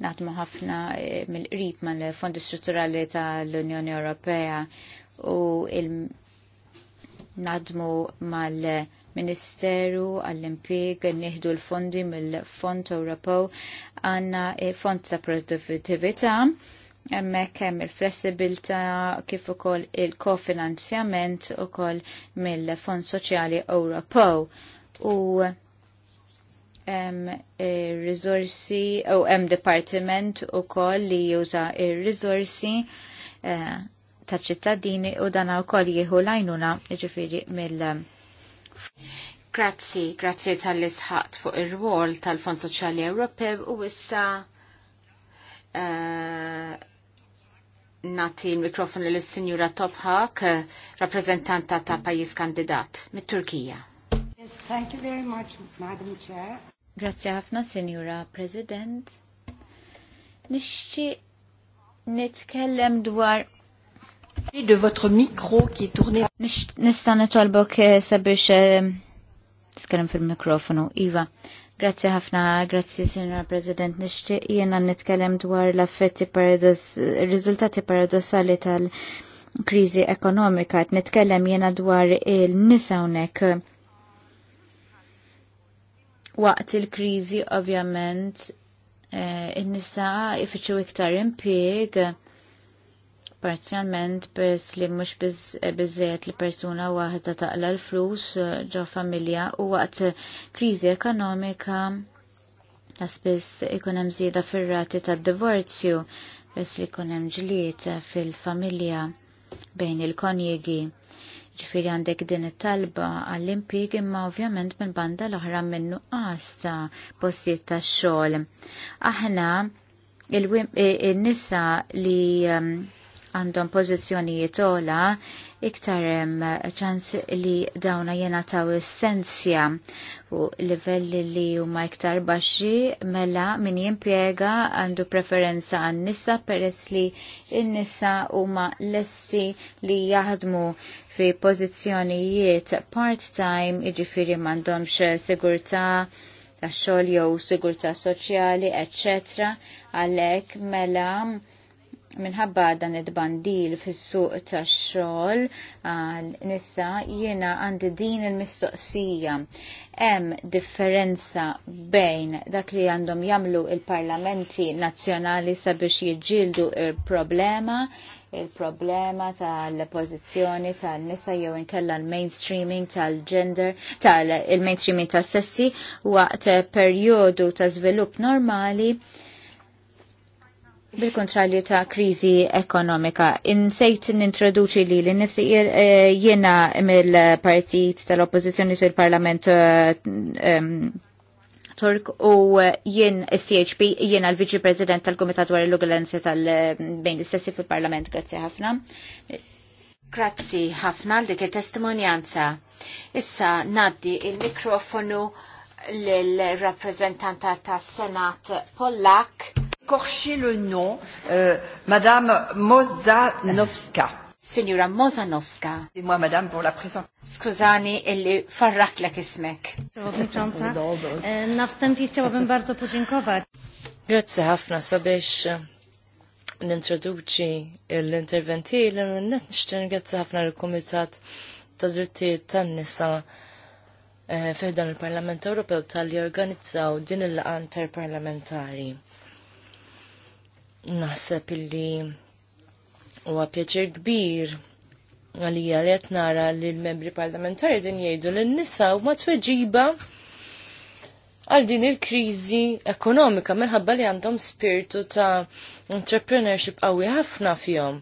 naħdmu ħafna eh, mill-qrib mal-Fondi Strutturali tal-Unjoni Ewropea u il- nadmu mal-Ministeru għall-impieg nieħdu l-fondi mill-Fond Ewropew għanna fond ta' produttività hemmhekk hemm il-flessibilità kif ukoll il-kofinanzjament ukoll mill-Fond Soċjali Ewropew u hemm ir-riżorsi u hemm dipartiment ukoll li juża ir-riżorsi eh, ta' ċittadini u dan wkoll jieħu lajnuna ġifiri mill- Grazzi, grazzi tal-isħat fuq ir-rwol tal-Fond Soċjali Ewropew u issa uh, nati l-mikrofon l-Sinjura Tophak, rappresentanta ta' pajis kandidat mit-Turkija. Yes, thank you very much, Madam Chair. Grazzi ħafna, Sinjura President. Nixċi nitkellem dwar De votre micro qui est tourné. Nista nitolbok eh, sabiex eh, tkellem fil-mikrofonu. Iva, Grazzi ħafna, grazie Signor President. Nixtieq jiena nitkellem dwar l-affetti paradoss, riżultati paradossali tal-kriżi ekonomika. Nitkellem jiena dwar il-nisa hawnhekk. Waqt il-kriżi ovvjament eh, in-nisa ifittxu iktar impieg parzjalment peress li mhux eh, biżżejjed li persuna waħda taqla l-flus eh, ġo familja u waqt kriżi ekonomika ta' spiss ikun hemm żieda fir-rati tad-divorzju peress li jkun hemm ġlied fil-familja bejn il-konjigi. Ġifiri għandek din it-talba għall-impjieg imma ovvjament minn banda l-oħra minn nuqqas ta' postijiet tax xogħol. Aħna eh, il-nisa li ehm, għandhom pożizzjonijiet ola iktar hemm ċans li dawna jena taw essenzja u livelli li huma iktar baxxi mela min jimpjega għandu preferenza għan nisa peress li n-nisa huma lesti li jaħdmu fi pożizzjonijiet part-time jiġifieri m'għandhomx sigurtà tax-xogħol jew sigurtà soċjali, eċċetra, għalhekk mela minħabba dan id-bandil fis-suq tax-xogħol għal ah, nisa jiena għandi din il-mistoqsija. Hemm differenza bejn dak li għandhom jagħmlu il-parlamenti nazzjonali sabiex jiġġieldu il-problema il-problema tal pożizzjoni tal-nisa jew inkella l-mainstreaming tal-gender tal-mainstreaming tal-sessi waqt perjodu ta' żvilupp normali Bil-kontrarju ta' krizi ekonomika, insejt nintroduċi li li nifsi eh, jiena mill-partit tal-oppozizjoni fil-parlament eh, Turk u eh, jien CHP, jien għal-Viċi President tal-Komitat dwar l-Ugalenzja tal-Bejn Sessi fil-Parlament. Grazzi ħafna. Grazzi ħafna għal dik testimonjanza Issa naddi il-mikrofonu l-rappresentanta tas-Senat Pollak corché le nom, euh, Madame Mozanowska. Signora Mozanowska. moi Madame, pour la présentation. Skużani, illi farrak l ismek. Przewodnicząca, e, na wstępie chciałabym bardzo podziękować. Grazie ħafna sabiex e, nintroduċi l-interventi l minnet nishtin grazie ħafna l-Komitat ta' drittijiet tan-nisa e, fiħdan il-Parlament Ewropew tal-li organizzaw din il-laqan parlamentari Naħseb illi huwa pjaċir kbir għalija li qed nara li l-membri parlamentari din jgħidu l nisa huma tweġiba għal din il-kriżi ekonomika minħabba li għandhom spiritu ta' entrepreneurship qawwi ħafna fihom.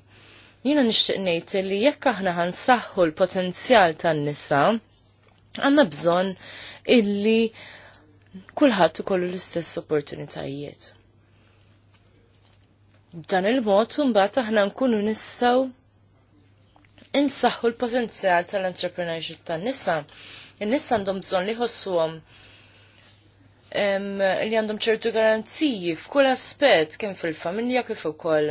Jiena nixtieq ngħid li jekk aħna ħansaħħu l-potenzjal tan-nisa, għandna bżonn illi kulħadd ikollu l-istess opportunitajiet. B'dan il-mod mbagħad aħna nkunu nistgħu insaħħu l-potenzjal tal-entrepreneurship tan-nisa. In-nisa għandhom bżonn li ħossuhom li għandhom ċertu garanziji f'kull aspett kemm fil-familja kif ukoll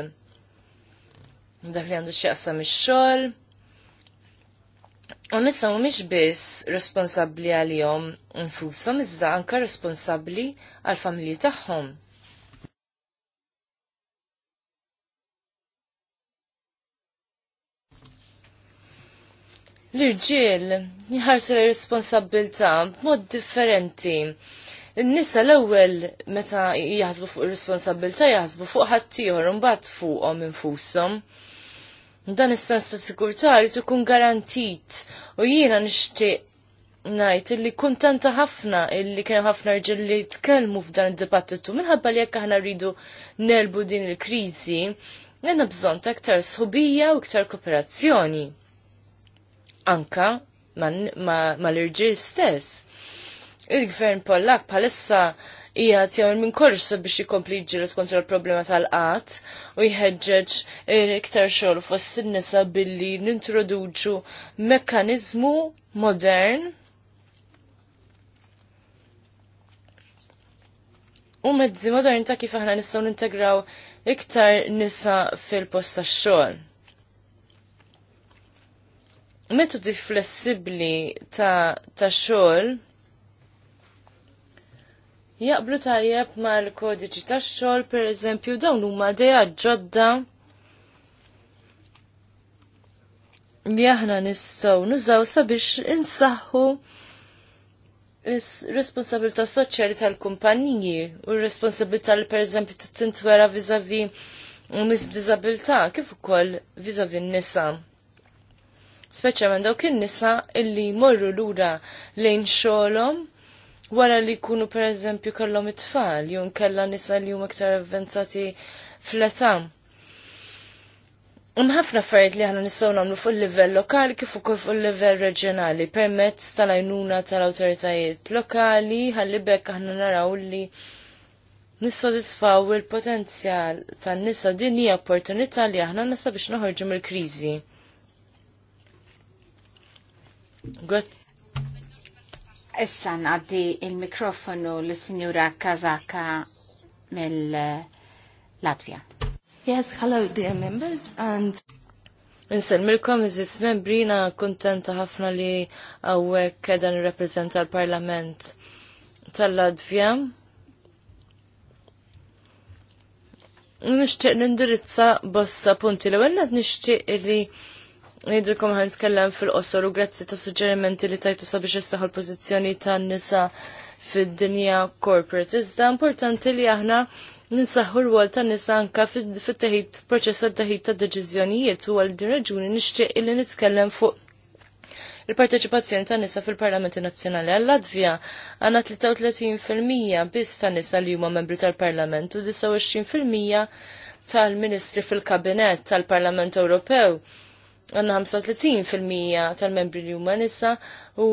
dak li għandu qasam ix-xogħol. U nisa mhumiex biss responsabbli għalihom infushom iżda anke responsabbli għall familji tagħhom. l-irġiel jħarsu l-responsabilta mod differenti. N-nisa l-ewwel meta jaħsbu fuq ir-responsabilità jaħsbu fuq ħaddieħor fuq fuqhom infushom. Dan is ta' sigurtà tu ikun garantit u jiena nixtieq najt illi kuntanta ħafna illi kena ħafna rġel li tkellmu f'dan id-dibattitu minħabba li jekk aħna rridu nelbu din il-kriżi, għandna bżonn ta' iktar sħubija u iktar kooperazzjoni anka mal-irġiel stess. Il-gvern Pollak palissa hija jagħmel minn korsa biex jikompli ġilet kontra l-problema tal qat u jħeġġeġ iktar xogħol fost in-nisa billi nintroduċu mekkaniżmu modern u mezzi moderni ta' kif aħna nistgħu nintegraw iktar nisa fil posta tax-xogħol metodi flessibli ta', ta xogħol jaqblu tajjeb mal-kodiċi ta' xogħol pereżempju dawn huma dejja ġodda li aħna nistgħu nużaw sabiex insaħħu responsabilità soċjali tal-kumpaniji u r-responsabilità li pereżempju tintwera viżavi mis-diżabilità kif ukoll viżavi n-nisa speċjalment dawk in-nisa illi morru lura lejn xogħolhom wara li jkunu pereżempju kellhom it-tfal jew nkella nisa li huma iktar avvenzati fl-età. ħafna affarijiet li ħana nistgħu nagħmlu fuq livell lokali kif ukoll fuq il-livell reġjonali permezz tal-għajnuna tal-awtoritajiet lokali ħalli bekk aħna naraw li nissodisfaw il-potenzjal tan-nisa din hija opportunità li aħna nista biex noħorġu mill-kriżi. Grazzi. Issa għaddi il-mikrofonu l-Sinjura Kazaka mill latvia Yes, hello dear members and milkom iżis membrina kontenta ħafna li għawek keda reprezenta l-Parlament tal-Latvja. Nishtiq nindirizza bosta punti l-għennet nishtiq li Nidilkom ħan nitkellem fil-qosor u grazzi ta' suġġerimenti li tajtu sabiex jissaħu l-pozizjoni ta' nisa fid-dinja corporate. Iżda importanti li aħna ninsaħħu l-wol ta' nisa anka fit-teħid proċess tad-teħid ta' deċiżjonijiet u għal din raġuni nixtieq li nitkellem fuq il-parteċipazzjoni ta' nisa fil-Parlamenti Nazzjonali għal Latvija għandna 33% biss ta' nisa li huma membri tal-Parlament u 29% tal-Ministri fil-Kabinett tal-Parlament Ewropew għanna 35% tal-membri li huma nisa u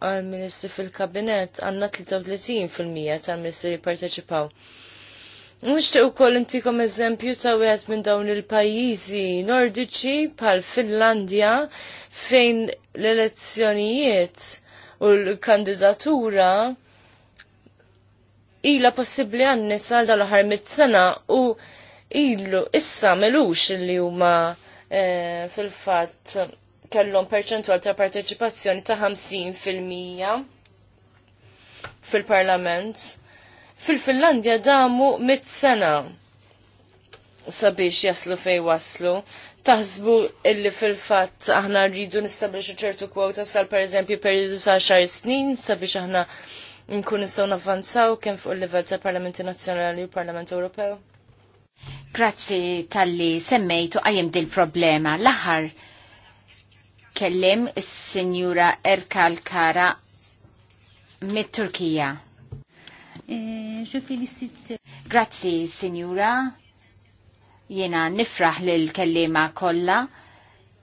għal-ministri fil-kabinet għanna 33% tal-ministri li parteċipaw. Nishtiq u koll intikom eżempju ta' wieħed minn dawn il-pajjiżi nordiċi pal Finlandja fejn l-elezzjonijiet u l-kandidatura ila possibli għannis għal dal-ħar mit-sena u illu issa melux li huma eh, fil-fatt kellhom perċentwal ta' parteċipazzjoni ta' 50% fil-mija fil-parlament. Fil-Finlandja damu mit sena sabiex jaslu fej waslu. Taħsbu illi fil-fatt aħna rridu nistabliċu ċertu kwota sal per eżempju periodu ta' xar snin sabiex aħna nkun nistgħu navvanzaw kemm fuq il-livell ta' Parlamenti Nazzjonali u Parlament Ewropew. Grazzi tal-li semmejtu għajem dil-problema. l kellim il-Sinjura Erkal Kara mit-Turkija. Eh, Grazzi, Sinjura. Jena nifraħ lil kellima kolla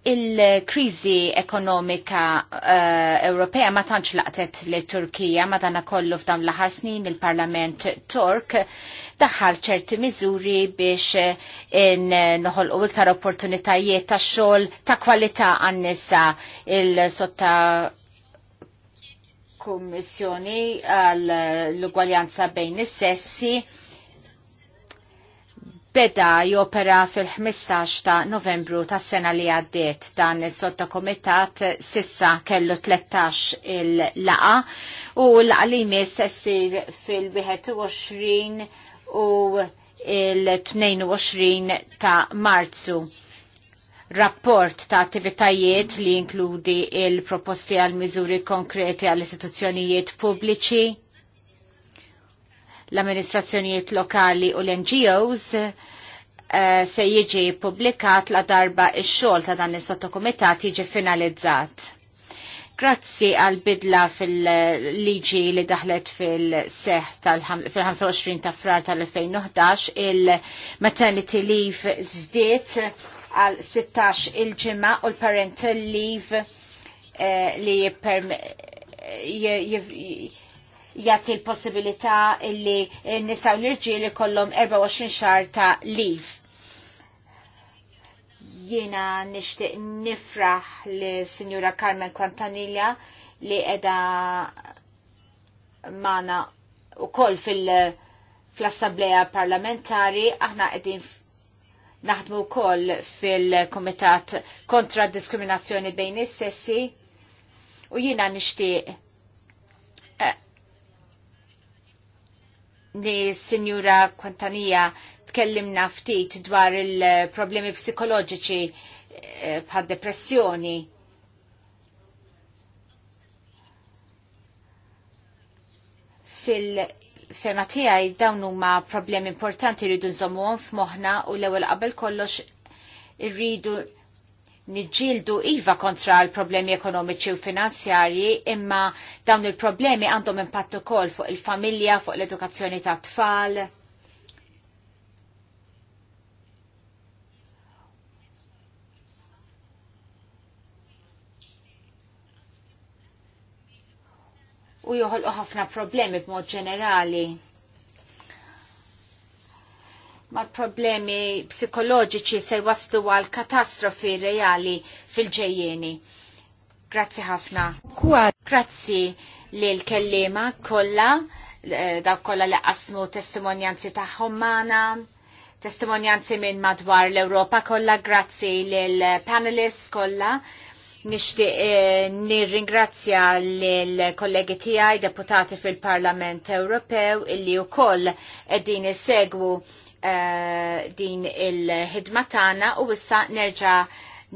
il-krizi ekonomika uh, Ewropea ma tantx laqtet li Turkija ma dana kollu f'dawn l-aħar snin il-Parlament Tork daħal ċerti miżuri biex eh, in eh, noħol u iktar opportunitajiet ta' xogħol ta' kwalità għan-nisa il-sotta kummissjoni għall-ugwaljanza bejn is-sessi beda jopera fil-15 ta' novembru ta' sena li għaddiet dan is komitat sissa kellu 13 il-laqa u l għalimi s sessir fil-21 u il-22 ta' marzu rapport ta' attivitajiet li inkludi il-proposti għal miżuri konkreti għall istituzzjonijiet pubbliċi l-amministrazzjonijiet lokali u l-NGOs eh, se jiġi publikat la darba ix-xogħol ta' dan is-sottokumitat jiġi finalizzat. Grazzi għal bidla fil-liġi li daħlet fil-seħ fil-25 ta' frar tal-2011 il-maternity leave zdiet għal 16 il-ġimma u l-parental leave eh, li jgħati l-possibilità li nisaw l-irġiel ikollhom 24 xar ta' leave. Jiena nixtieq nifraħ li Sinjura Carmen Quantanilla li qiegħda mana wkoll fil-Assemblea Parlamentari aħna qegħdin naħdmu koll fil-Komitat kontra diskriminazzjoni bejn is-sessi u jina nishtiq Ni s-Sinjura Quantania tkellimna ftit dwar il-problemi psikoloġiċi eh, bħad depressjoni. fil-fema tiegħi dawn huma problemi importanti rridu nżommuhom f'moħħna u l-ewwel qabel kollox irridu niġġieldu iva kontra l-problemi ekonomiċi u finanzjarji, imma dawn il-problemi għandhom impatt ukoll fuq il-familja, fuq l-edukazzjoni ta' tfal. U joħolqu ħafna problemi b'mod ġenerali mal problemi psikoloġiċi se waslu għal katastrofi reali fil-ġejjeni. Grazzi ħafna. Grazzi li l-kellima kolla, eh, daw kolla li qasmu testimonjanzi ta' ħommana, testimonjanzi minn madwar l-Europa kolla, grazzi li l-panelists kolla. Nishti eh, nirringrazzja l-kollegi tijaj deputati fil-Parlament Ewropew illi u koll din segwu Eh, din il-ħidma tagħna u issa nerġa'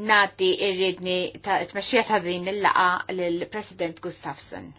ngħaddi ir-ridni ta' t tmexxija ta' din il-laqa lill-President Gustafsson.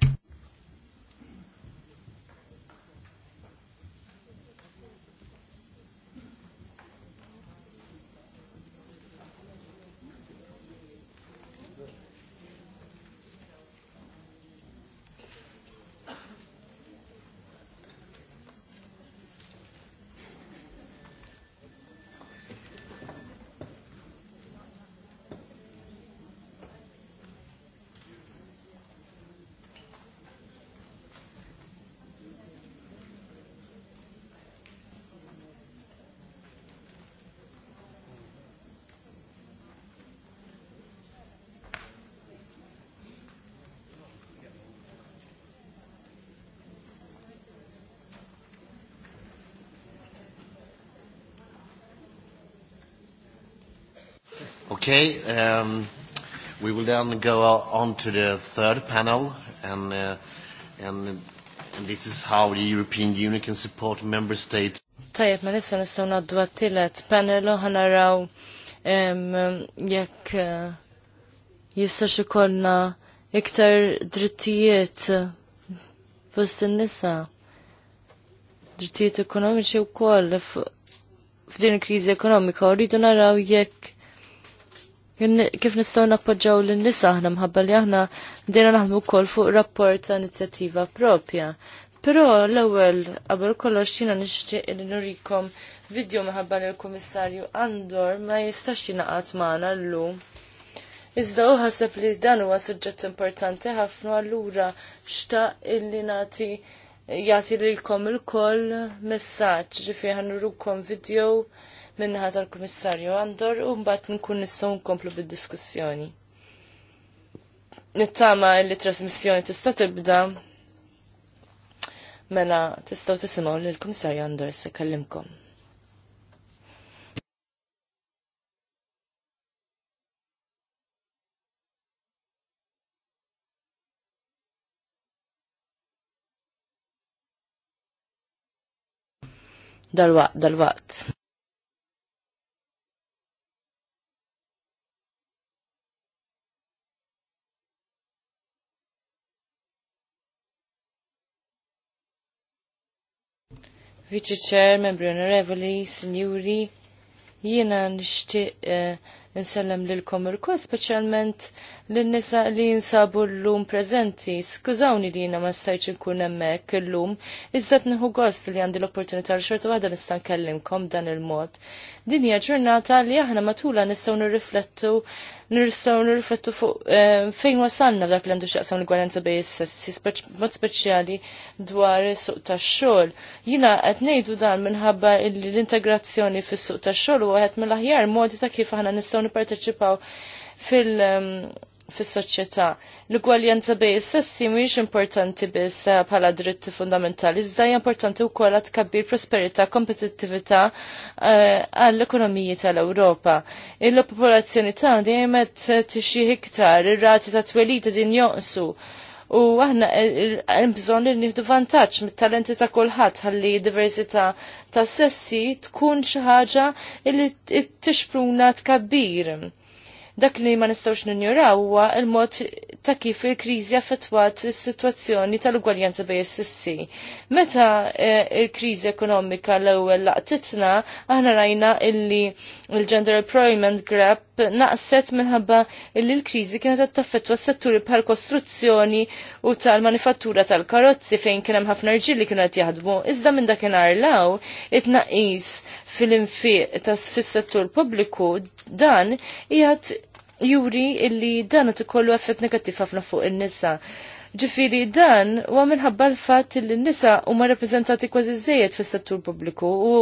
Okay, um, we will then go on to the third panel, and, uh, and, and this is how the European Union can support member states. Tajab, ma nissa nissa unaddu għattilet panel ħanaraw jekk uh, jissa ikollna iktar drittijiet uh, fost nissa Drittijiet ekonomiċi wkoll f'din krizi ekonomika u rridu naraw jekk kif nistgħu nappoġġaw lin-nisa aħna mħabba li aħna bdejna naħdmu wkoll fuq rapport ta' inizjattiva propja. Però l-ewwel qabel kollox jiena nixtieq li nurikom video mħabba li l-Kummissarju Andor ma jistax jingħaqad magħna llum. Iżda u ħaseb li dan huwa suġġett importanti ħafna allura xtaq illi nagħti jagħti lilkom ilkoll messaġġ ġifier nurukom video minnaħa tal-Kummissarju Andor u mbagħad nkun nistgħu nkomplu bid-diskussjoni. Nittama li trasmissjoni tista' tibda mela tistgħu tisimgħu l kummissarju Andor se kellimkom. dal-waqt, dal-waqt. Vice Chair, Membri Onorevoli, Signuri, jiena nixtieq eh, nsellem lilkom il-kos, speċjalment l-nisa li jinsabu l-lum prezenti. Skużawni li jina ma stajċ nkun emmek l-lum, izzat nħu gost li għandi l-opportunità li xortu għada nistan kellimkom dan il-mod. Din hija ġurnata li aħna matula nistgħu nirriflettu nirsaw nirriflettu fuq eh, fejn wasalna dak li għandu xaqsam l-gwalenza bej s-sessi, mod speċjali dwar is-suq tax-xogħol. Jiena qed ngħidu dan minħabba l-integrazzjoni fis-suq tax-xogħol u għet mill-aħjar modi ta' kif aħna nistgħu nipparteċipaw fil- ehm, fis-soċjetà. L-ugwaljanza bej is-sessi mhijiex importanti biss eh, bħala dritti fundamentali, iżda hija importanti wkoll għad tkabbir prosperità, kompetittività eh, għall-ekonomiji tal-Ewropa. Il-popolazzjoni tagħna jemet qed tixi iktar, ir-rati ta' twelida din joqsu. U aħna eh, bżon li nifdu vantaġġ mit-talenti ta' kulħadd ħalli diversità ta' sessi tkun xi ħaġa li tixpruna tkabbir Dak li ma nistawx ninjuraw huwa il-mod ta' kif il-kriżi affettwat is-sitwazzjoni tal-ugwaljanza bej s sissi Meta eh, il-kriżi ekonomika l-ewwel laqtitna, aħna rajna illi il-Gender Employment grab naqset minħabba illi l-kriżi kienet taffettwa s-setturi bħal kostruzzjoni u tal-manifattura tal-karozzi fejn kien hemm ħafna rġili kienu qed jaħdmu. Iżda minn dakinhar law it-tnaqqis fil-infiq tas fis-settur pubbliku dan jgħat juri illi dan qed ikollu effett negattiv ħafna fuq in-nisa. Ġifiri dan huwa minħabba l-fatt li n-nisa huma rappreżentati kważi żejjed fis-settur pubbliku u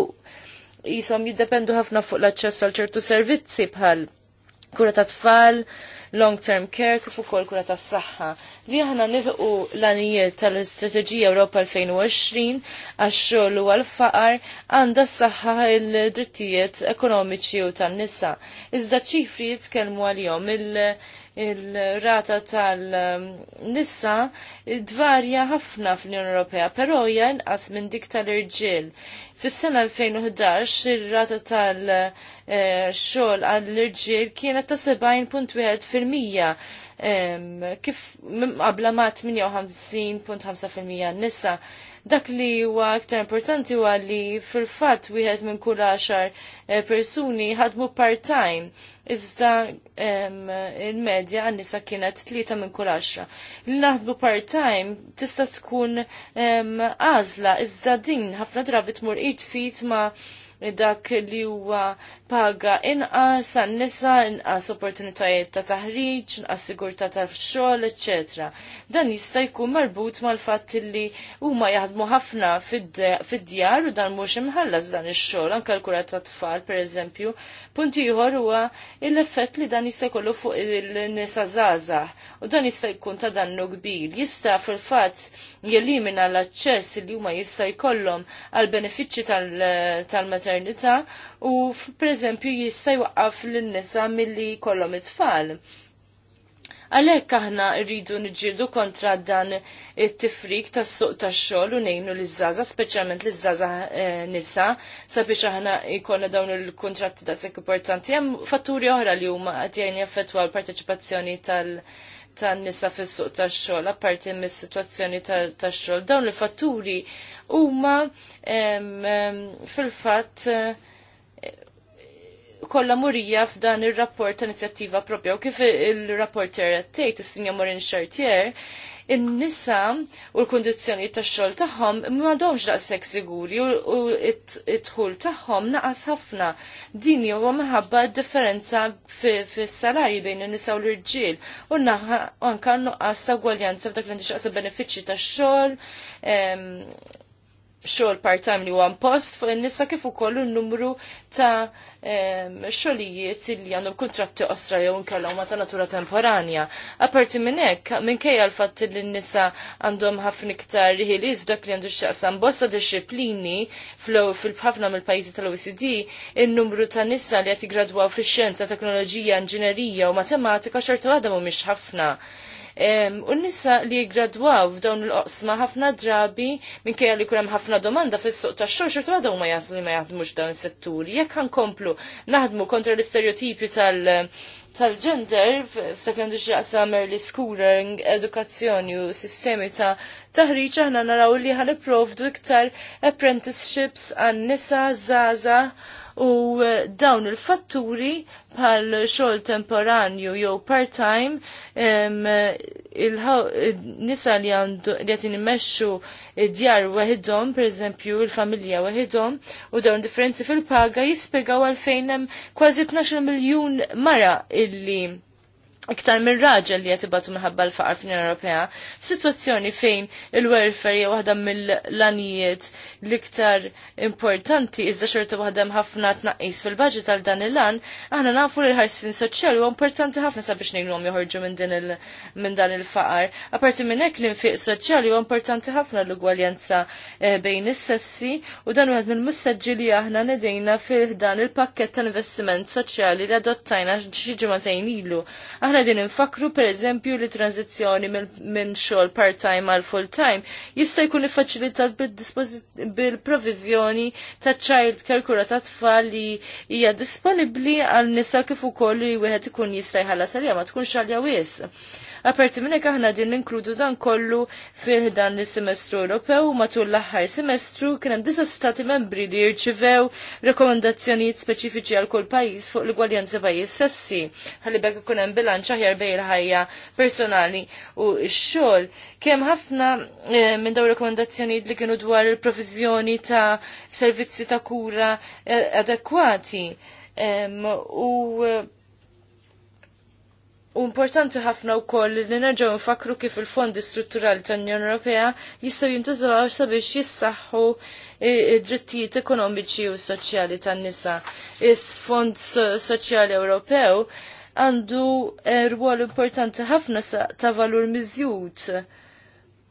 jisom jiddependu ħafna fuq l-aċċess għal ċertu servizzi bħal kura ta' tfal, long-term care, kif ukoll kura ta' s-saħħa. Li aħna nilħu l-anijiet tal-Istrateġija Ewropa 2020 għax-xogħol u għall-faqar għandha s-saħħa il drittijiet ekonomiċi u tan-nisa. Iżda ċifri jitkellmu għalihom il- il-rata tal-nissa dvarja ħafna fl-Unjoni Ewropea, però hija inqas minn dik tal-irġiel. Fis-sena 2011 ir-rata tal-xogħol għall-irġiel kienet ta' 70.1 fil-mija kif qabla ma' 58.5% nisa Dak li huwa aktar importanti huwa li fil-fatt wieħed minn kull għaxar eh, persuni ħadmu part-time. Iżda il-medja għannisa kienet tlieta minn kull għaxra. l naħdmu part-time tista' tkun għażla iżda din ħafna drabi tmur id fit ma' dak li huwa paga inqas għan-nisa, inqas opportunitajiet ta' taħriġ, inqas sigurtà ta xogħol etc. Dan jista' jkun marbut mal-fatt li huma jaħdmu ħafna fid-djar u dan mhux imħallas dan ix-xogħol, anke l-kura ta' tfal pereżempju. Punt ieħor huwa l-effett li dan jista' jkollu fuq il-nisa żgħażagħ u dan jista' jkun ta' dannu kbir. Jista' fil-fatt jelimina l-aċċess li huma jista' jkollhom għal benefiċċji tal materjal maternità u pereżempju jista' jwaqqaf lin-nisa milli jkollhom it-tfal. Għalhekk aħna rridu niġġieldu kontra dan it-tifrik tas-suq tax-xogħol u ngħinu liż-żaża, speċjalment liż-żaża eh, nisa, sabiex aħna jkollna dawn il-kuntratti da sekk importanti. Hemm fatturi oħra li huma qed jgħin jaffettwa l-parteċipazzjoni tal- tan-nisa fis-suq tax-xogħol apparti mis-sitwazzjoni tax-xogħol. Dawn il-fatturi huma fil-fatt eh, kollha murija f'dan ir-rapport ta' inizjattiva propja u kif il-rapporter qed tgħid is-Sinja Morin Chartier in-nisa u l-kondizzjoni tax-xogħol tagħhom m'għadhomx daqshekk siguri u t-dħul tagħhom naqas ħafna. Din huwa minħabba differenza fis-salarji bejn in-nisa u l-irġiel u n-naħa, anke nuqqas ta' gwaljanza f'dak li xaqsa benefiċċji tax-xogħol xogħol part-time li huwa impost fuq in-nisa kif ukoll il numru ta' xogħlijiet li għandhom kuntratti osra jew inkella huma ta' natura temporanja. Aparti minn hekk, minkejja l-fatt li n-nisa għandhom ħafna iktar ħiliet f'dak li għandu x'jaqsam bosta disċiplini fil-ħafna mill-pajjiżi tal-OECD, in-numru ta' nisa li qed jiggradwaw fix-xjenza, teknoloġija, inġinerija u matematika xorta waħda mhumiex ħafna. U nisa li jgradwaw f'dawn il-qosma ħafna drabi minkejja li kunem ħafna domanda fis-suq tax-xogħol xorta għadhom ma jasli li ma jaħdmux dawn is-setturi. Jekk ħankomplu naħdmu kontra l-istereotipju tal- tal-ġender f'dak l jaqsam early schooling, edukazzjoni u sistemi ta' taħriġ aħna naraw li ħan iprovdu iktar apprenticeships għan nisa, zaza u eh, dawn il-fatturi pal xogħol temporanju jew part-time il-nisa li qed immexxu id-djar per pereżempju il-familja weħidhom, u dawn differenzi fil-paga jispjegaw għalfejn hemm kważi 12 miljun mara illi iktar minn raġel li jatibatu meħabba l-faqar fl Ewropea, situazzjoni fejn il-welfare hija waħda mill-lanijiet l-iktar importanti, iżda xorta waħda ħafna tnaqqis fil-budget għal dan il-lan, aħna nafu li l-ħarsin soċjali huwa importanti ħafna sabiex ngħidlhom joħorġu minn din minn dan il-faqar. Aparti minn hekk l-infiq soċjali huwa importanti ħafna l-ugwaljanza eh, bejn is-sessi u dan wieħed mill-messaġġi li aħna nedejna fil dan il-pakkett tal investiment soċjali li adottajna xi ġimgħatejn ilu. Aħna aħna din infakru per eżempju li tranzizjoni minn xogħol part-time għal full-time jista' jkun iffaċilitat bil-provizjoni ta' child care kura ta' tfal li hija disponibbli għal nisa kif ukoll li wieħed ikun jista' jħallas għalija ma tkunx għalja wisq. Aperti minnek aħna din ninkludu dan kollu fil dan is-semestru Ewropew matul l-aħħar semestru kien hemm disa' stati membri li jirċivew rekomendazzjonijiet speċifiċi għal kull pajjiż fuq l-igwaljanza pajjiż sessi. Ħalli bekk ikun hemm bilanċ aħjar bejn l ħajja personali u x-xogħol. Kemm ħafna eh, minn dawn rekomendazzjonijiet li kienu dwar il-provizjoni ta' servizzi ta' kura eh, adekwati. U eh, U importanti ħafna u koll li nerġaw nfakru kif il-fondi strutturali tal-Unjoni Ewropea jistaw jintużaw sabiex jissaħħu id-drittijiet ekonomiċi u soċjali tan-nisa. Is-Fond Soċjali Ewropew għandu eh, rwol importanti ħafna ta' valur miżjud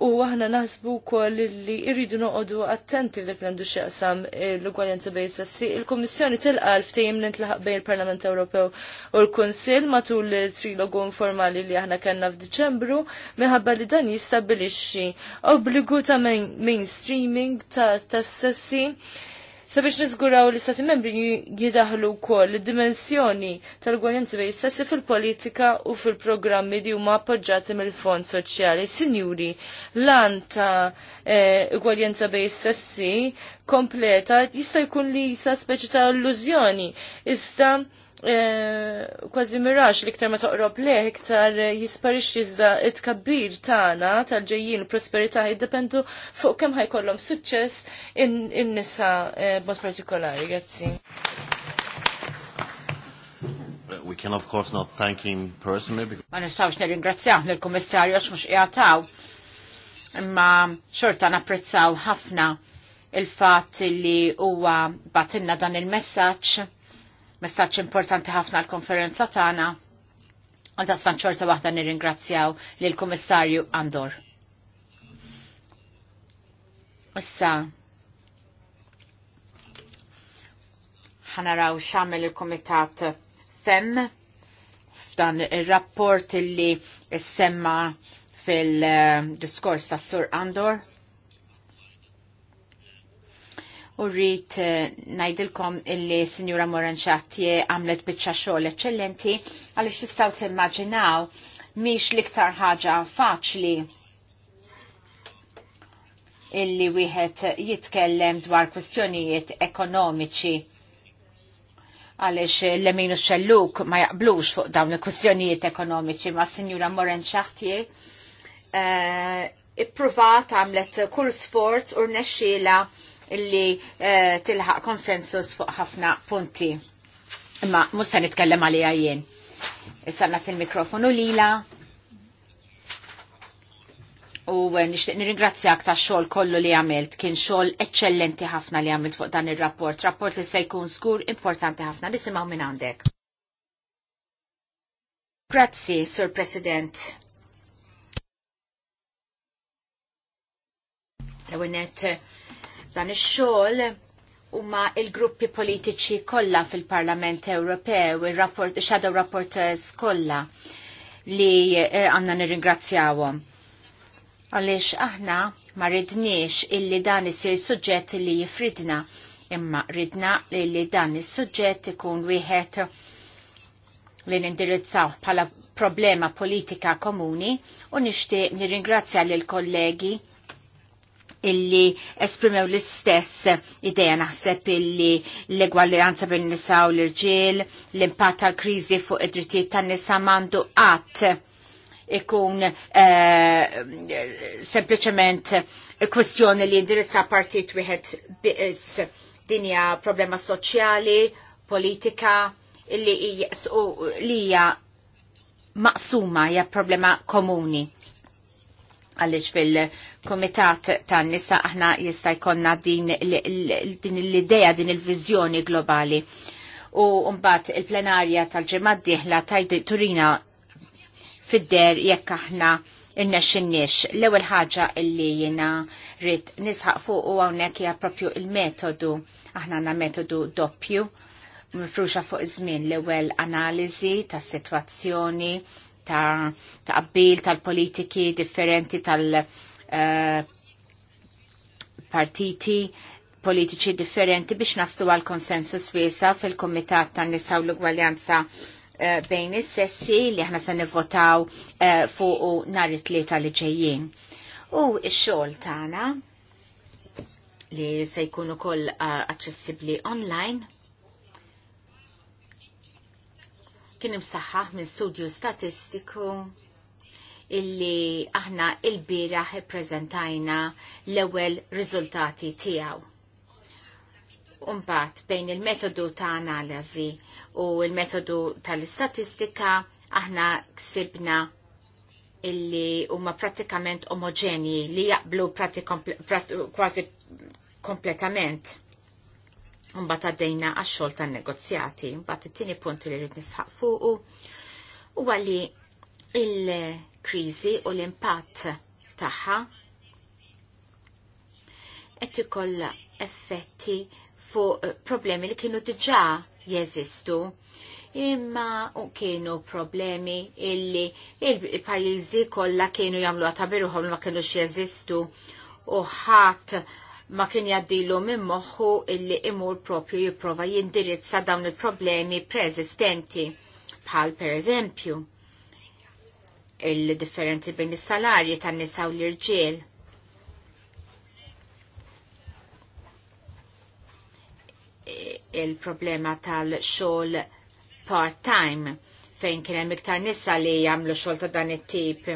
U aħna naħsbu wkoll li irridu noqogħdu attenti f'dak l għandu xaqsam l-ugwaljanza bejn sassi. Il-Kummissjoni tilqa ftehim l ntlaħaq bejn il-Parlament Ewropew u l-Kunsill matul il-trilogu informali li aħna kellna f'Diċembru minħabba li dan jistabilixi obbligu ta' mainstreaming ta' sessi sabiex nizguraw li stati membri jidaħlu wkoll id-dimensjoni tal-gwanjanzi bej sessi fil-politika u fil-programmi li huma appoġġati mill-Fond Soċjali. Sinjuri, lan ta' eh, bej sessi kompleta jista' jkun li jisa speċi ta' illużjoni. Iżda Eh, kważi mirax li ktar ma toqrob leħ, iktar jisparixxi iżda it-kabbir tagħna tal-ġejjin prosperità jiddependu fuq kemm ħajkollhom suċċess in-nisa eh, bot partikolari. Grazzi. We can of course not thank him personally. Ma nistgħux nirringrazzjah lill-Kummissarju għax mhux qiegħataw. Imma xorta napprezzaw ħafna il-fatt li huwa batinna dan il-messaġġ messaċ importanti ħafna l-konferenza tagħna. Għadda sanċorta waħda nirringrazzjaw l kummissarju Andor. Issa, ħanaraw xamil il-komitat FEM f'dan il-rapport illi semma fil-diskors ta' Sur Andor u rrit eh, najdilkom illi Signora Moran Xatje għamlet bieċa xogħol eccellenti għaliex tistgħu timmaġinaw miex liktar ħaġa faċli illi wieħed jitkellem dwar kwestjonijiet ekonomiċi għalix l-eminu xelluk ma jaqblux fuq dawn il-kwestjonijiet ekonomiċi ma' Signora Moren Xaħtie. Uh, eh, i-provat għamlet kull sforz u rnexxiela Illi eh, tilħaq konsensus fuq ħafna punti. Imma mhux nitkellem għalija jien. Issa nagħti il-mikrofonu lila. U eh, nixtieq nirringrazzjak tax xogħol kollu li għamilt. Kien xogħol eċċellenti ħafna li għamilt fuq dan ir-rapport. Rapport li se jkun skur importanti ħafna. Nisimgħu minn għandek. Grazzi, Sur President. L-għinet dan ix-xogħol huma il-gruppi politiċi kollha fil-Parlament Ewropew, ir-rapport shadow rapporteurs kollha li eh, għandna eh, nirringrazzjawhom. Għaliex aħna ma ridniex illi dan isir suġġett li jifridna imma ridna li dan is-suġġett ikun wieħed li nindirizzaw bħala problema politika komuni u nixtieq nirringrazzja lil kollegi illi esprimew l-istess ideja naħseb illi l-egwaljanza bejn nisa u l-irġiel, l-impatt tal-kriżi fuq id-drittijiet tan-nisa m'għandu qatt ikun eh, sempliċement kwestjoni li indirizza partit wieħed biss dinja problema soċjali, politika, li hija maqsuma hija problema komuni għalix fil-komitat ta' nisa aħna jista' jkonna din l-ideja, din il-vizjoni globali. U mbagħad il-plenarja tal-ġimgħa d-dieħla tajdi Turina fid-der jekk aħna irnexxinniex. L-ewwel ħaġa li jiena rrid nisħaq fuq u hawnhekk hija propju il-metodu. Aħna għandna metodu doppju mifruxa fuq iż-żmien l-ewwel analiżi tas-sitwazzjoni ta' taqbil tal-politiki differenti tal-partiti eh, politiċi differenti biex naslu għal konsensus wiesa fil-Komitat tan-Nisa u l-Ugwaljanza eh, bejn is-sessi li aħna se nivvotaw eh, fuq nhar it-tlieta li ġejjin. U x-xogħol tagħna li se jkun ukoll aċċessibbli online kien imsaħħa minn studju statistiku illi aħna il bira ħiprezentajna l-ewel riżultati tiegħu. Umbat bejn il-metodu ta' analiżi u il-metodu tal-istatistika aħna ksibna illi huma pratikament omogeni li jaqblu kważi kompletament. Mbagħad għaddejna għax-xogħol tan-negozjati. Mbagħad it-tieni punt li rrid nisħaq fuqu huwa li il-kriżi u l-impatt tagħha qed ikollha effetti fuq problemi li kienu diġà jeżistu imma u kienu problemi illi il pajjiżi kollha kienu jagħmluha għatabiru li ma kienu jeżistu u ħadd ma kien jaddilu minn moħħu illi imur propju jipprova jindirizza dawn il-problemi preżistenti bħal per eżempju il-differenzi bejn is-salarji tan-nisa u l-irġiel. il-problema tal-xogħol part-time fejn kien hemm iktar nisa li jagħmlu xogħol ta' dan it-tip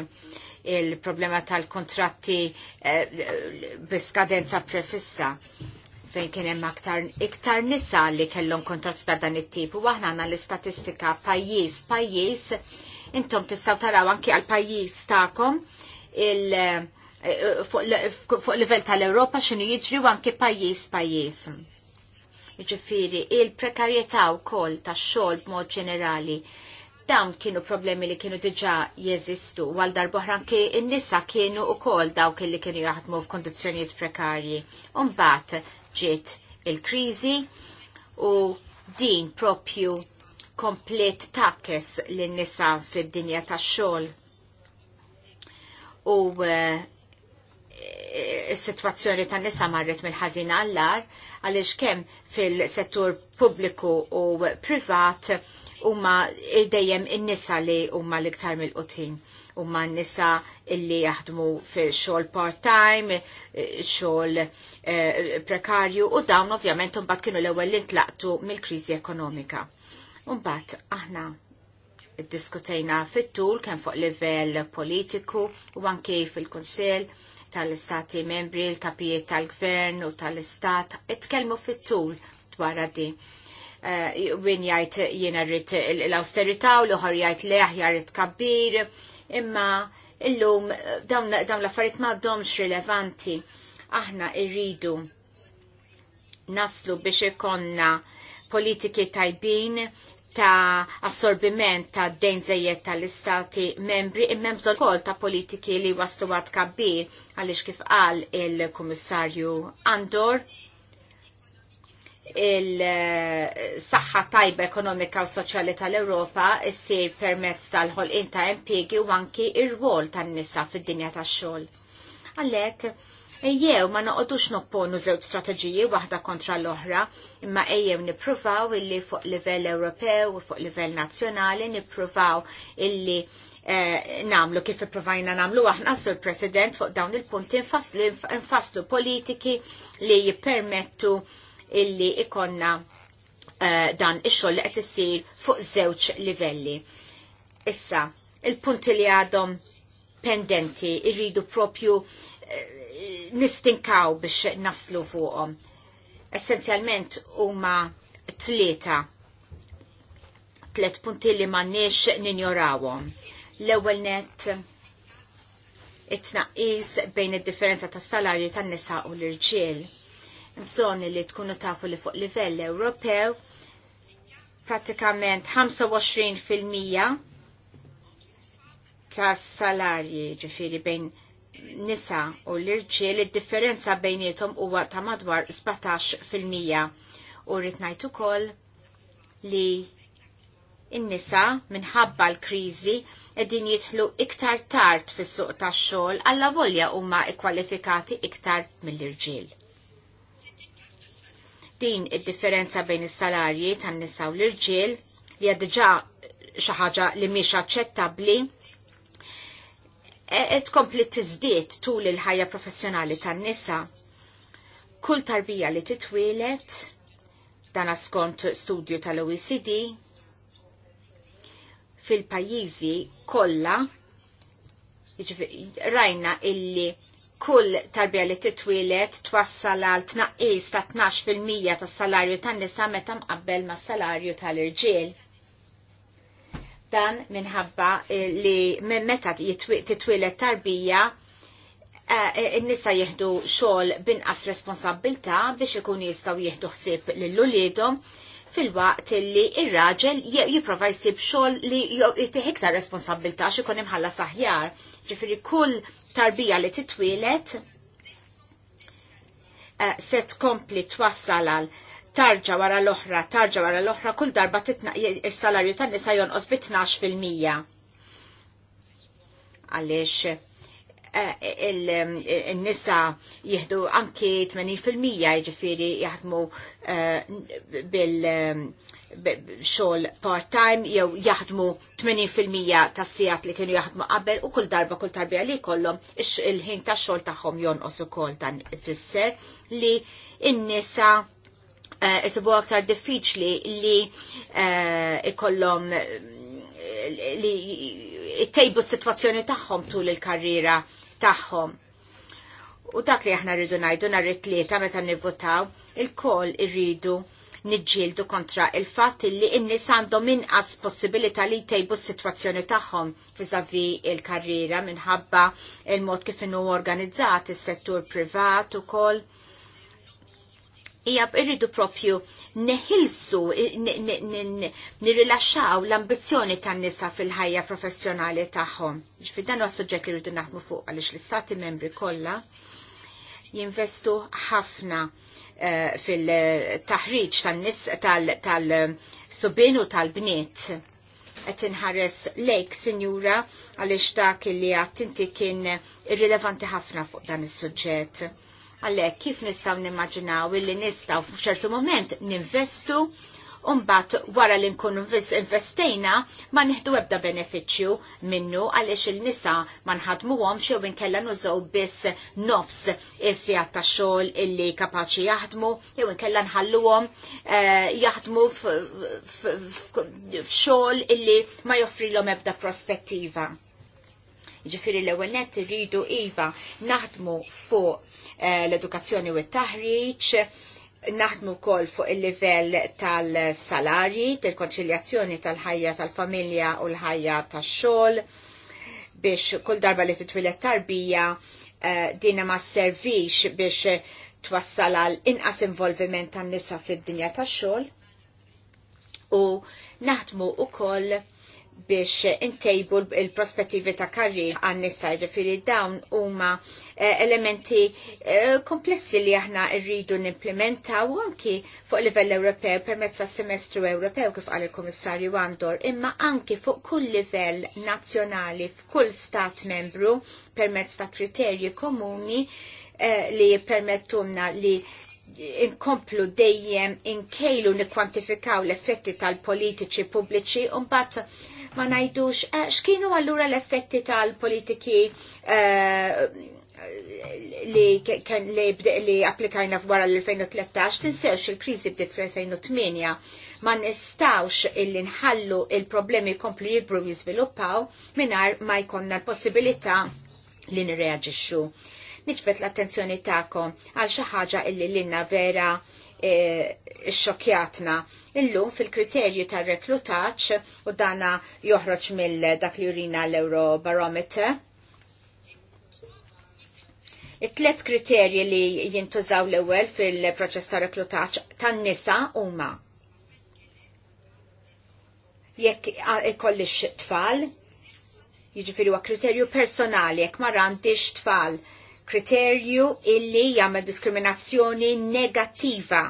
il-problema tal-kontratti eh, skadenza prefissa fejn kien hemm aktar iktar nisa li kellhom kontratti ta' dan it-tip u aħna għandna l-istatistika pajjiż pajjiż intom tistgħu taraw anki għal pajjiż tagħkom il eh, fuq livell tal-Ewropa x'inhu jiġri u anki pajjiż pajjiż. Jiġifieri il-prekarjetà wkoll tax-xogħol b'mod ġenerali Dawn kienu problemi li kienu diġa jeżistu, għal darboħran ki n-nisa kienu u kol dawk li kienu jaħdmu f'kondizjonijiet prekarji. Umbat ġiet il-krizi u din propju komplet takkes n nisa fid-dinja tax-xogħol. U eh, situazzjoni tan nisa marret mill-ħazin għallar, għalix kem fil-settur pubbliku u privat huma dejjem in-nisa li huma l-iktar mill-qutin huma n-nisa illi jaħdmu fil xogħol part-time, eh, xogħol eh, prekarju u dawn ovvjament un kienu l-ewwel li ntlaqtu mill-kriżi ekonomika. Mbagħad aħna diskutejna fit-tul kemm fuq livell politiku u anke fil-Kunsill tal-istati membri, l-kapijiet tal-gvern u tal-istat, itkellmu fit-tul dwar din Eh, win jgħid jiena rrit l austerita u l-oħor jajt leħ aħjar kabbir, imma illum dawn l-affarijiet domx rilevanti. Aħna irridu naslu biex ikonna politiki tajbin ta' assorbiment ta' dejn zejjed tal-istati membri imma bżonn ukoll ta' politiki li waslu għad kabbir għaliex kif qal il-Kummissarju Andor il-saħħa tajba ekonomika u soċjali tal-Ewropa ssir permezz tal-ħolqien ta' impjiegi u anki ir-rwol tan-nisa fid-dinja tax-xogħol. Għalhekk Ejjew ma noqogħdux nopponu żewġ strateġiji waħda kontra l-oħra, imma ejjew nippruvaw illi fuq livell Ewropew u fuq livell nazzjonali nippruvaw illi nagħmlu eh, namlu kif ippruvajna namlu aħna sur President fuq dawn il-punti infaslu politiki li jippermettu illi ikonna uh, dan ix-xogħol li qed isir fuq żewġ livelli. Issa, il-punti li għadhom pendenti irridu propju uh, nistinkaw biex naslu fuqhom. Essenzjalment huma tlieta tliet punti li m'għandniex ninjorawhom. L-ewwel net it-tnaqqis bejn id-differenza tas salarji tan-nisa u l-irġiel bżoni li tkunu tafu li fuq livell Ewropew pratikament 25% ta' salarji ġifiri bejn nisa u l-irġiel id-differenza bejnietom huwa ta' madwar 17% u rrid ngħid ukoll li in-nisa minħabba l-kriżi qegħdin jidħlu iktar tard fis-suq tax-xogħol alla volja huma ikkwalifikati iktar mill-irġiel din id-differenza bejn is-salarji tan-nisa u l-irġiel li hija diġà xi ħaġa li mhix aċċettabbli qed e, tkompli tiżdied tul il-ħajja professjonali tan-nisa. Kull tarbija li titwielet dan skont studju tal-OECD fil-pajjiżi kollha jiġifieri, rajna illi kull tarbija li titwilet twassal għal tnaqqis ta' 12% tas salarju tan-nisa meta mqabbel ma' salarju tal-irġiel. Dan minħabba eh, li minn meta titwilet tarbija eh, eh, n-nisa jihdu xogħol binqas responsabilta biex ikun jistgħu jieħdu ħsieb lil uliedhom fil-waqt li ir-raġel jipprova jsib xogħol li jtieħ iktar responsabilta x'ikun imħalla saħjar. Ġifieri kull tarbija li titwilet eh, se tkompli twassal għal tarġa wara l-oħra, tarġa wara l-oħra, kull darba il-salarju tan-nisa jonqos bi 12%. Għaliex eh, il-nisa jihdu anki 80% ġifiri jaħdmu eh, bil- xogħol part-time jew jaħdmu 80% tas sijat li kienu jaħdmu qabel u kull darba kull tarbija li jkollhom il-ħin tax-xogħol tagħhom jonqos ukoll dan fisser li innisa nisa eh, uh, aktar diffiċli li eh, ikollhom li jtejbu s-sitwazzjoni tagħhom tul il-karriera tagħhom. U dak li aħna rridu ngħidu nhar it-tlieta meta nivvotaw, il-koll irridu il niġġieldu kontra il-fatt li n għandhom inqas possibilità li jtejbu s-sitwazzjoni tagħhom viżavi il-karriera minħabba il-mod kif inhu organizzat is-settur privat ukoll. Ija irridu propju neħilsu, nirilaxxaw l-ambizjoni tan nisa fil-ħajja professjonali tagħhom. Ġifier dan huwa suġġett li rridu naħdmu fuq għaliex l-istati membri kollha jinvestu ħafna Eh, fil-taħriġ tal-subin u tal-bniet. Qed inħares lejk, sinjura, għaliex dak li għattinti kien irrilevanti ħafna fuq dan is-suġġett. Għalhekk kif nistgħu nimmaġinaw li nistgħu f'ċertu moment ninvestu umbat wara li nkunu investejna ma nieħdu ebda beneficju minnu għaliex il-nisa ma nħadmuhom jew inkella nużaw biss nofs is-sijat ta' xogħol illi kapaċi jaħdmu jew inkella nħalluhom eh, jaħdmu f'xogħol illi ma joffrilhom ebda prospettiva ġifiri l ewwel nett irridu iva naħdmu fuq eh, l-edukazzjoni u t taħriġ naħdmu kol fuq il-livell tal-salari, tal-konċiljazzjoni tal-ħajja tal-familja u l-ħajja tax-xogħol biex kull darba li titwilet tarbija uh, dina ma servix biex twassal għal inqas involviment tan nisa fid-dinja tax-xogħol u naħdmu ukoll biex intejbu il-prospettivi ta' karri għan nisa ġifiri dawn huma eh, elementi eh, komplessi li aħna rridu nimplementaw anki fuq livell Ewropew permezz tas semestru Ewropew kif qal il-Kummissarju Andor, imma anki fuq kull livell nazzjonali f'kull stat membru permezz ta' kriterji komuni eh, li permettunna li inkomplu dejjem inkejlu nikkwantifikaw l-effetti tal-politiċi pubbliċi un bat ma najdux eh, x'kienu allura l-effetti tal-politiki eh, li, kan, li, li applikajna f'wara l-2013, tinsewx il-krizi bdiet fl-2008, ma nistawx illi nħallu il-problemi komplu jibru jizviluppaw minar ma jkonna l-possibilità li nirreagġixxu. Niġbet l-attenzjoni ta'kom għal xi ħaġa illi l vera E, xokjatna. Illum fil-kriterju ta' reklutaċ u dana joħroġ mill dak li jurina l-Eurobarometer. It-tlet kriterji li jintużaw l-ewwel fil-proċess ta' reklutaċ tan-nisa huma jekk ikollix tfal, jiġifieri huwa kriterju personali jekk ma randix tfal kriterju illi jagħmel diskriminazzjoni negattiva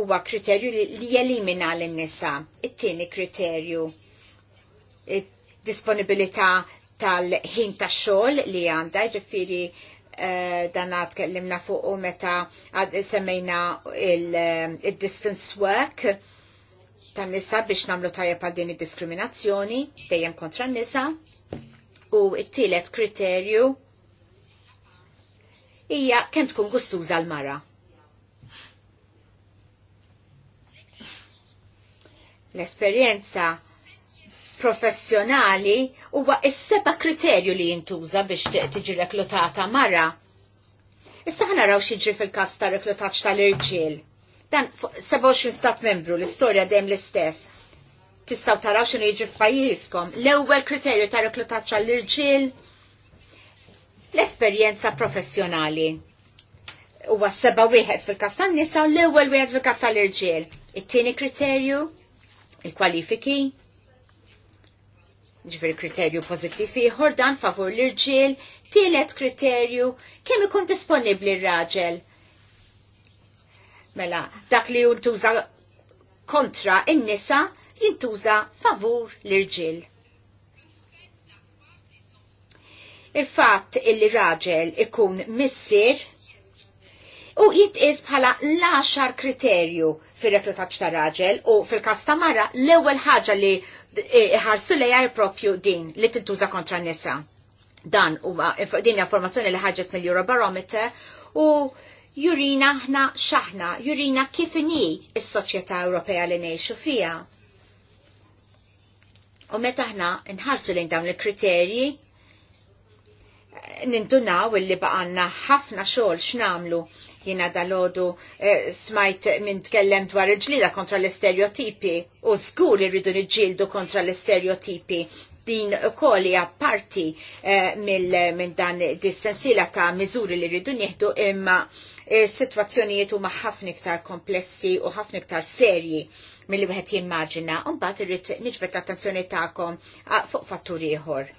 huwa kriterju li jelimina l-nisa. It-tieni kriterju disponibilità tal-ħin ta' xogħol li għandha, ġifieri uh, eh, dan tkellimna fuq meta għad semmejna eh, il-distance il work tan nisa biex namlu tajja għal din id-diskriminazzjoni dejjem kontra nisa U it tielet kriterju hija kemm tkun gustuża l-mara. L-esperjenza professjonali huwa s-seba kriterju li jintuża biex tiġi reklutata mara. Issa ħana raw xieġri fil-kas ta' reklutaċ tal-irġiel. Dan 27 stat membru, l-istoria dem l-istess. Tistaw taraw xinu jiġri f'pajjiżkom. L-ewwel kriterju ta' reklutaċ tal-irġiel l-esperjenza professjonali. Huwa seba wieħed fil-kas tan-nisa u l-ewwel wieħed fil-kas tal-irġiel. It-tieni kriterju, il-kwalifiki, ġifir kriterju pozittiv ieħor dan favur l-irġiel, tielet kriterju kemm ikun disponibbli r-raġel. Mela, dak li jintuża kontra in-nisa jintuża favur l-irġiel. il-fatt li raġel ikun missier u jitqis bħala l kriterju fil-reklutaċ ta' raġel u fil kastamara ta' mara l-ewwel ħaġa li eh, ħarsu lejha propju din li tintuża kontra nisa. Dan huwa din informazzjoni li ħarġet mill-Eurobarometer u jurina ħna xaħna, jurina kif inhi s-soċjetà Ewropea li ngħixu fiha. U meta ħna nħarsu lejn dawn il-kriterji, nindunaw illi baqanna ħafna xol x'namlu jina dal eh, smajt minn tkellem dwar il-ġlida kontra l-istereotipi u żgur irridu niġġieldu kontra l-istereotipi din ukoll hija eh, minn dan dis ta' miżuri li rridu nieħdu imma eh, situazzjonijiet huma ħafna iktar komplessi u ħafna iktar serji mill-li wieħed jimmaġina u mbagħad irrid niġbed l-attenzjoni tagħkom ah, fuq fatturi ieħor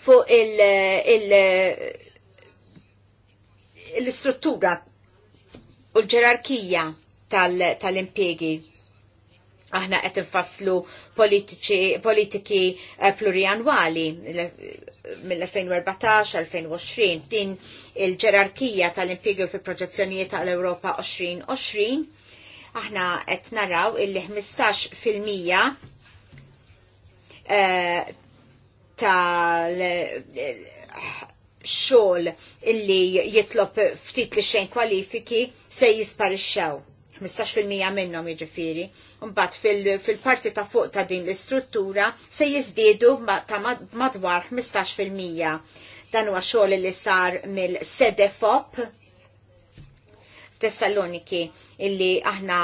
fuq l-istruttura u l-ġerarkija tal-impiegi. Aħna qed infasslu politiki eh, plurianwali mill-2014-2020 din il-ġerarkija tal impiegi fi proġezzjonijiet tal-Europa 2020 aħna qed naraw il-15% tal eh, xogħol illi jitlob ftit li xejn kwalifiki se jisparixxew. 15% minnhom jiġifieri. Mbagħad fil-parti ta' fuq ta' din l-istruttura se jiżdiedu ta' madwar 15%. Dan huwa xogħol li sar mill-SEDEFOP f'Tessaloniki illi aħna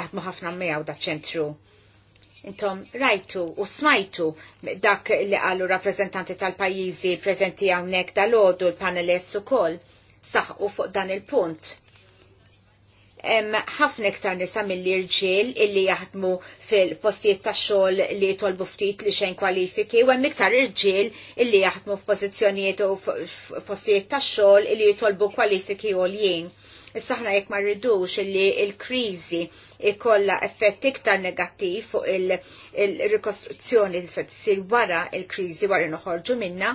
naħdmu ħafna miegħu da' ċentru intom rajtu u smajtu dak li għallu rappresentanti tal-pajizi prezenti għawnek dal-ħodu l panelist u saħ u fuq dan il-punt. ħafna iktar nisa mill-irġiel illi jaħdmu fil-postijiet ta' xogħol li jitolbu ftit li xejn kwalifiki u hemm iktar irġiel illi jaħdmu f'pożizzjonijiet u f'postijiet ta' xogħol illi jitolbu kwalifiki għoljien Issa aħna jekk ma rridux li l-kriżi ikolla effett iktar negattiv fuq il-rikostruzzjoni li se tsir wara l-kriżi wara noħorġu minna,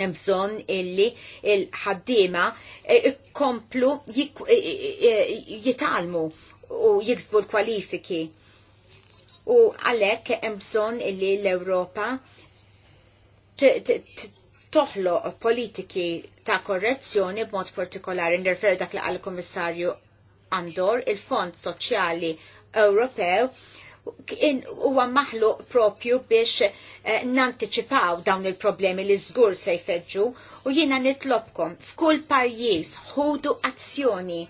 hemm bżonn illi il-ħaddiema jkomplu eh, eh, eh, jitalmu u jiksbu l-kwalifiki. U għalhekk hemm bżonn illi l-Ewropa toħloq politiki ta' korrezzjoni b'mod partikolari nirfer dak li għal Kommissarju Andor, il-Fond Soċjali Ewropew huwa maħluq propju biex eh, nantiċipaw dawn il-problemi li żgur se jfeġġu u jiena nitlobkom f'kull pajjiż ħudu azzjoni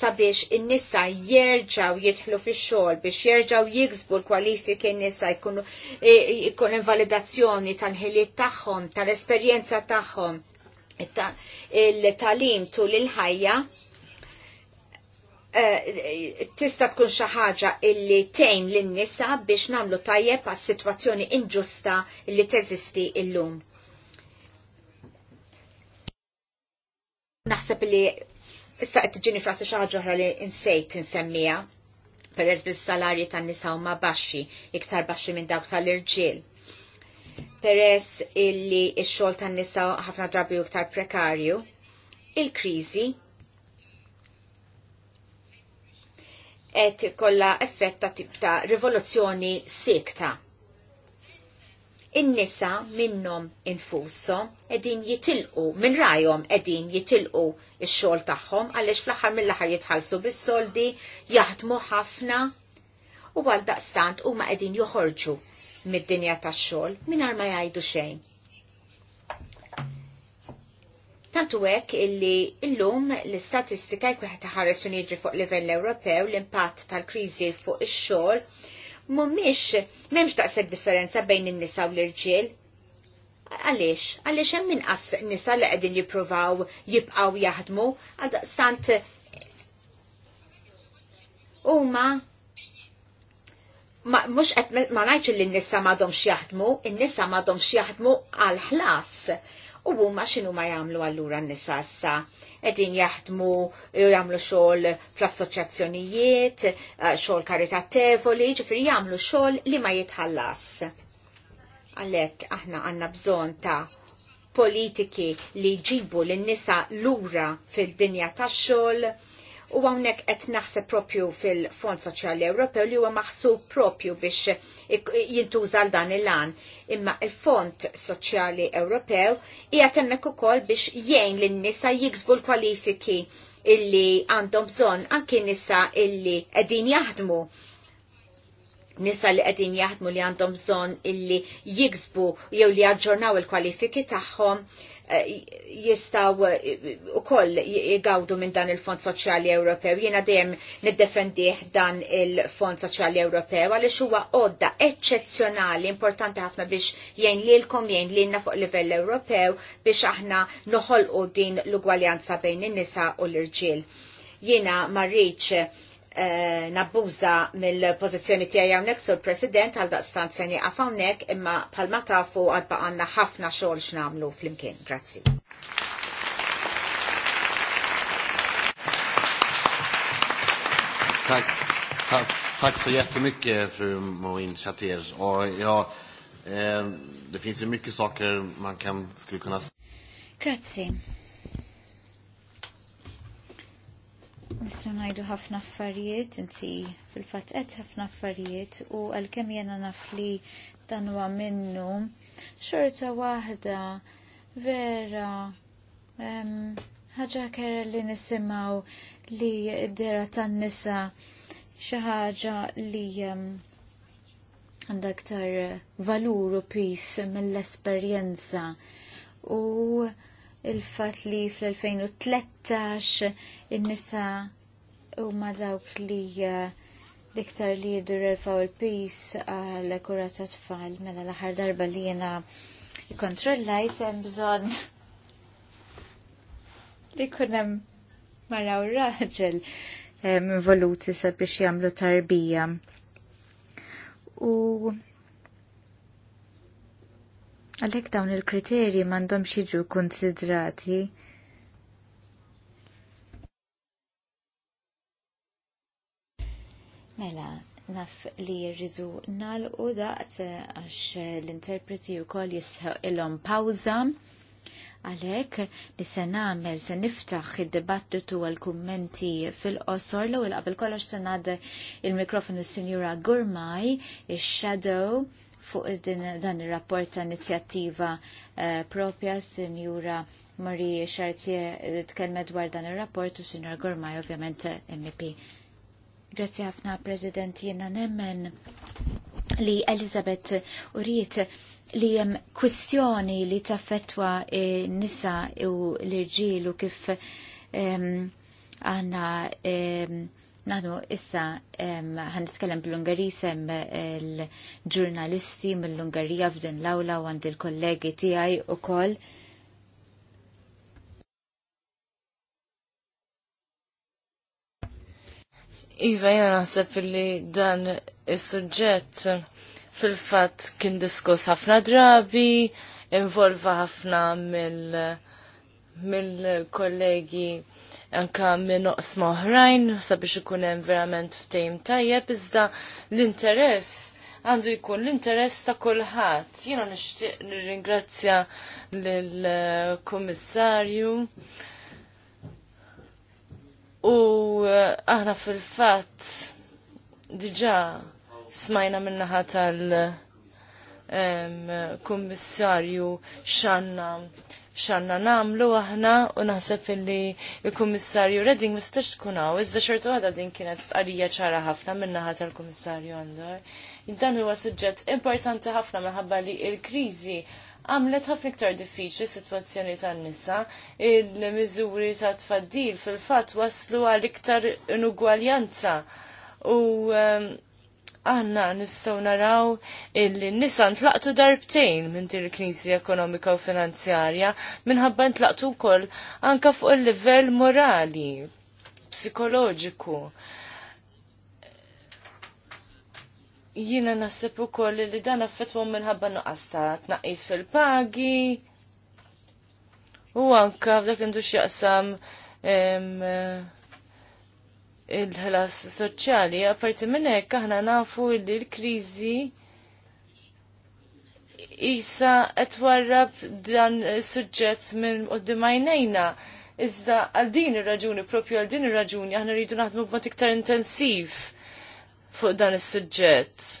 sabiex in-nisa jerġaw jitħlu fi xogħol biex jerġaw jiksbu l-kwalifiki n-nisa jkunu eh, jkun invalidazzjoni tal-ħiliet tagħhom, tal-esperjenza tagħhom il-talim tul il-ħajja eh, tista tkun xi ħaġa illi tgħin lin-nisa biex nagħmlu tajjeb għas sitwazzjoni inġusta li teżisti llum. Naħseb li issa qed tiġini frasi xi ħaġa oħra li insejt insemmija peress li s-salarji tan-nisa huma baxxi, iktar baxxi minn dawk tal-irġiel peress illi x-xogħol tan-nisa ħafna drabi u ktar prekarju. Il-kriżi qed kollha effett ta' rivoluzzjoni sikta. In-nisa minnhom infusso edin jitilqu minn rajhom qegħdin jitilqu ix-xogħol tagħhom għaliex fl-aħħar mill-aħħar jitħallsu bis-soldi, jaħdmu ħafna u għal daqstant huma qegħdin joħorġu mid-dinja tax-xogħol mingħajr ma jgħidu xejn. Tantu hekk illi illum l-istatistika jkun qed iħares jiġri fuq livell Ewropew l-impatt tal-kriżi fuq ix-xogħol mhumiex m'hemmx daqshekk differenza bejn in-nisa u l-irġiel. Għaliex, għaliex hemm inqas nisa li qegħdin jippruvaw jibqgħu jaħdmu għal stant huma mux qed ma ngħidx li n-nisa m'għadhomx jaħdmu, n nisa m'għadhomx jaħdmu għal ħlas. U huma x'inhu ma jagħmlu allura n-nisa issa? Qegħdin jaħdmu jagħmlu xogħol fl-assoċjazzjonijiet, eh, xogħol karitatevoli, ġifieri jagħmlu xogħol li ma jitħallas. Għalhekk aħna għandna bżonn ta' politiki li jġibu lin nisa lura fil-dinja tax-xogħol u għawnek qed naħseb propju fil-Fond Soċjali Ewropew li huwa maħsub propju biex jintuża l dan il-lan. Imma il-Fond Soċjali Ewropew hija temmek ukoll biex jgħin lin nisa jiksbu l-kwalifiki illi għandhom bżonn anki nisa illi qegħdin jaħdmu nisa li qegħdin jaħdmu li għandhom bżonn illi jiksbu jew li jaġġornaw il-kwalifiki tagħhom jistaw u koll jgawdu minn dan il-Fond Soċjali Ewropew. Jena dejjem niddefendih dan il-Fond Soċjali Ewropew għaliex huwa għodda eċċezzjonali importanti ħafna biex jgħin l-kom jgħin lilna fuq livell Ewropew biex aħna noħolqu din l-ugwaljanza bejn in-nisa u l-irġiel. Jena marriċ Eh, nabbuża mill-pożizzjoni tiegħi hawnhekk sur President għal daqstant se nieqaf hawnhekk imma bħalma tafu għad għandna ħafna xogħol x'nagħmlu flimkien. Grazzi. Tack, tack, tack så jättemycket fru Moin Chatier. Och ja, eh, det finns ju mycket saker man kan, skulle kunna... Grazie. Nista' ngħidu ħafna affarijiet, inti fil-fatt qed ħafna affarijiet u għalkemm jiena naf li dan huwa minnu xorta waħda vera ħaġa kera li nisimgħu li d-dera tan-nisa xi ħaġa li għandha aktar valur u pis mill-esperjenza u il-fat li fl-2013 il-nisa u ma dawk li eh, liktar li jirdirfaw il-pis għal kura ta' tfal mela l-aħħar darba li jena kontrollajt hemm bżonn li kunem u raġel eh, involuti sabiex jagħmlu tarbija. U Għalhekk dawn il-kriterji m'għandhomx jiġu konsidrati Mela, naf li jirridu u daqt għax l-interpreti wkoll jisħu om pawza għalek li se namel se niftaħ id-dibattitu għal-kummenti fil-qosor l-ewwel kollox se il-mikrofon il sinjura Gurmaj, il shadow fuq dan ir-rapport ta' inizjattiva eh, propja, Sinjura Marie Xartie tkellmet dwar dan ir-rapport u Sinjur Gormaj ovvjament MP. Grazzi ħafna President jiena nemmen li Elizabeth uriet li jem kwistjoni li taffetwa eh, nisa u l u kif ehm, għanna um, Naħdmu issa ħanitkellem bl-Ungaris hemm il-ġurnalisti mill-Ungarija f'din l-awla u għand il-kollegi tiegħi ukoll. Iva, jena naħseb li dan is-suġġett fil-fatt kien diskuss ħafna drabi, involva ħafna mill-kollegi mil anka minn oqsma oħrajn sabiex ikun hemm verament ftejm tajjeb iżda l-interess għandu jkun l-interess ta' kulħadd. Jiena nixtieq nirringrazzja lill-Kummissarju. U eh, aħna fil-fatt diġà smajna minnaħa tal-Kummissarju x'għandna xanna namlu aħna u naħseb illi il-Kummissarju Redding mistax tkun hawn, iżda xortu għadha din kienet tqarrija ċara ħafna min-naħa tal-Kummissarju Andor. Dan huwa suġġett importanti ħafna minħabba li l-kriżi għamlet ħafna iktar diffiċli situazzjoni tan-nisa, il-miżuri ta' tfaddil fil-fatt waslu għal iktar inugwaljanza u ehm, aħna nistgħu naraw illi nisa ntlaqtu darbtejn minn dir il Ekonomika u Finanzjarja minħabba ntlaqtu wkoll anka fuq il-livell morali, psikoloġiku. Jiena naħseb ukoll li dan affetwa minħabba nuqqas ta' tnaqqis fil-pagi u anka f'dak li jaqsam il-ħlas soċjali, apparti minn hekk aħna nafu li l-kriżi isa qed warrab dan is-suġġett minn qudiem għajnejna. Iżda għal din ir-raġuni, propju għal din ir-raġuni, aħna rridu naħdmu b'mod iktar intensiv fuq dan is-suġġett.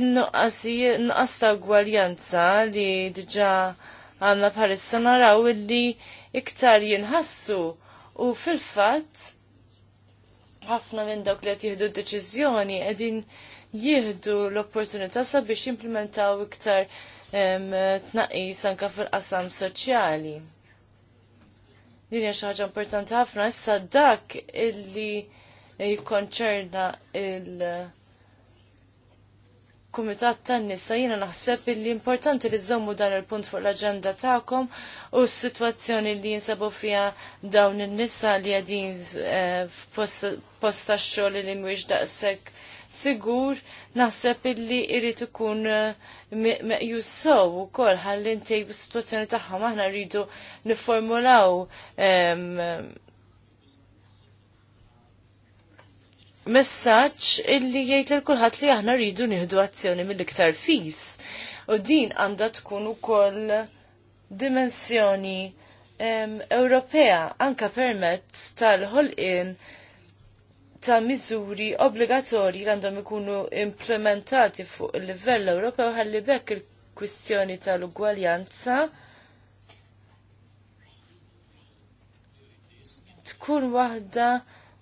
In-nuqqas ta' gwaljanza li diġa għandna bħalissa naraw illi iktar jinħassu u fil-fatt ħafna minn dawk li qed jieħdu d-deċiżjoni qegħdin jieħdu l-opportunità sabiex jimplementaw iktar tnaqqis anke fil-qasam soċjali. Din hija xi ħaġa importanti ħafna issa dak illi jikkonċerna il- kumitat tan-nisa jiena naħseb li importanti li żommu dan il-punt fuq l-aġenda tagħkom u s-sitwazzjoni li jinsabu fiha dawn in-nisa li qegħdin eh, f'post tax-xogħol li mhuwiex daqshekk sigur naħseb illi irrid ikun eh, meqjus sow ukoll ħalli ntejbu s-sitwazzjoni tagħhom aħna rridu nifformulaw ehm, messaġġ illi jgħid l kulħadd li aħna rridu nieħdu azzjoni mill-iktar fis. U din għandha tkun ukoll dimensjoni Ewropea anka permezz tal-ħolqien ta' miżuri obbligatorji li għandhom ikunu implementati fuq il-livell Ewropew ħalli bekk il-kwistjoni tal-ugwaljanza tkun waħda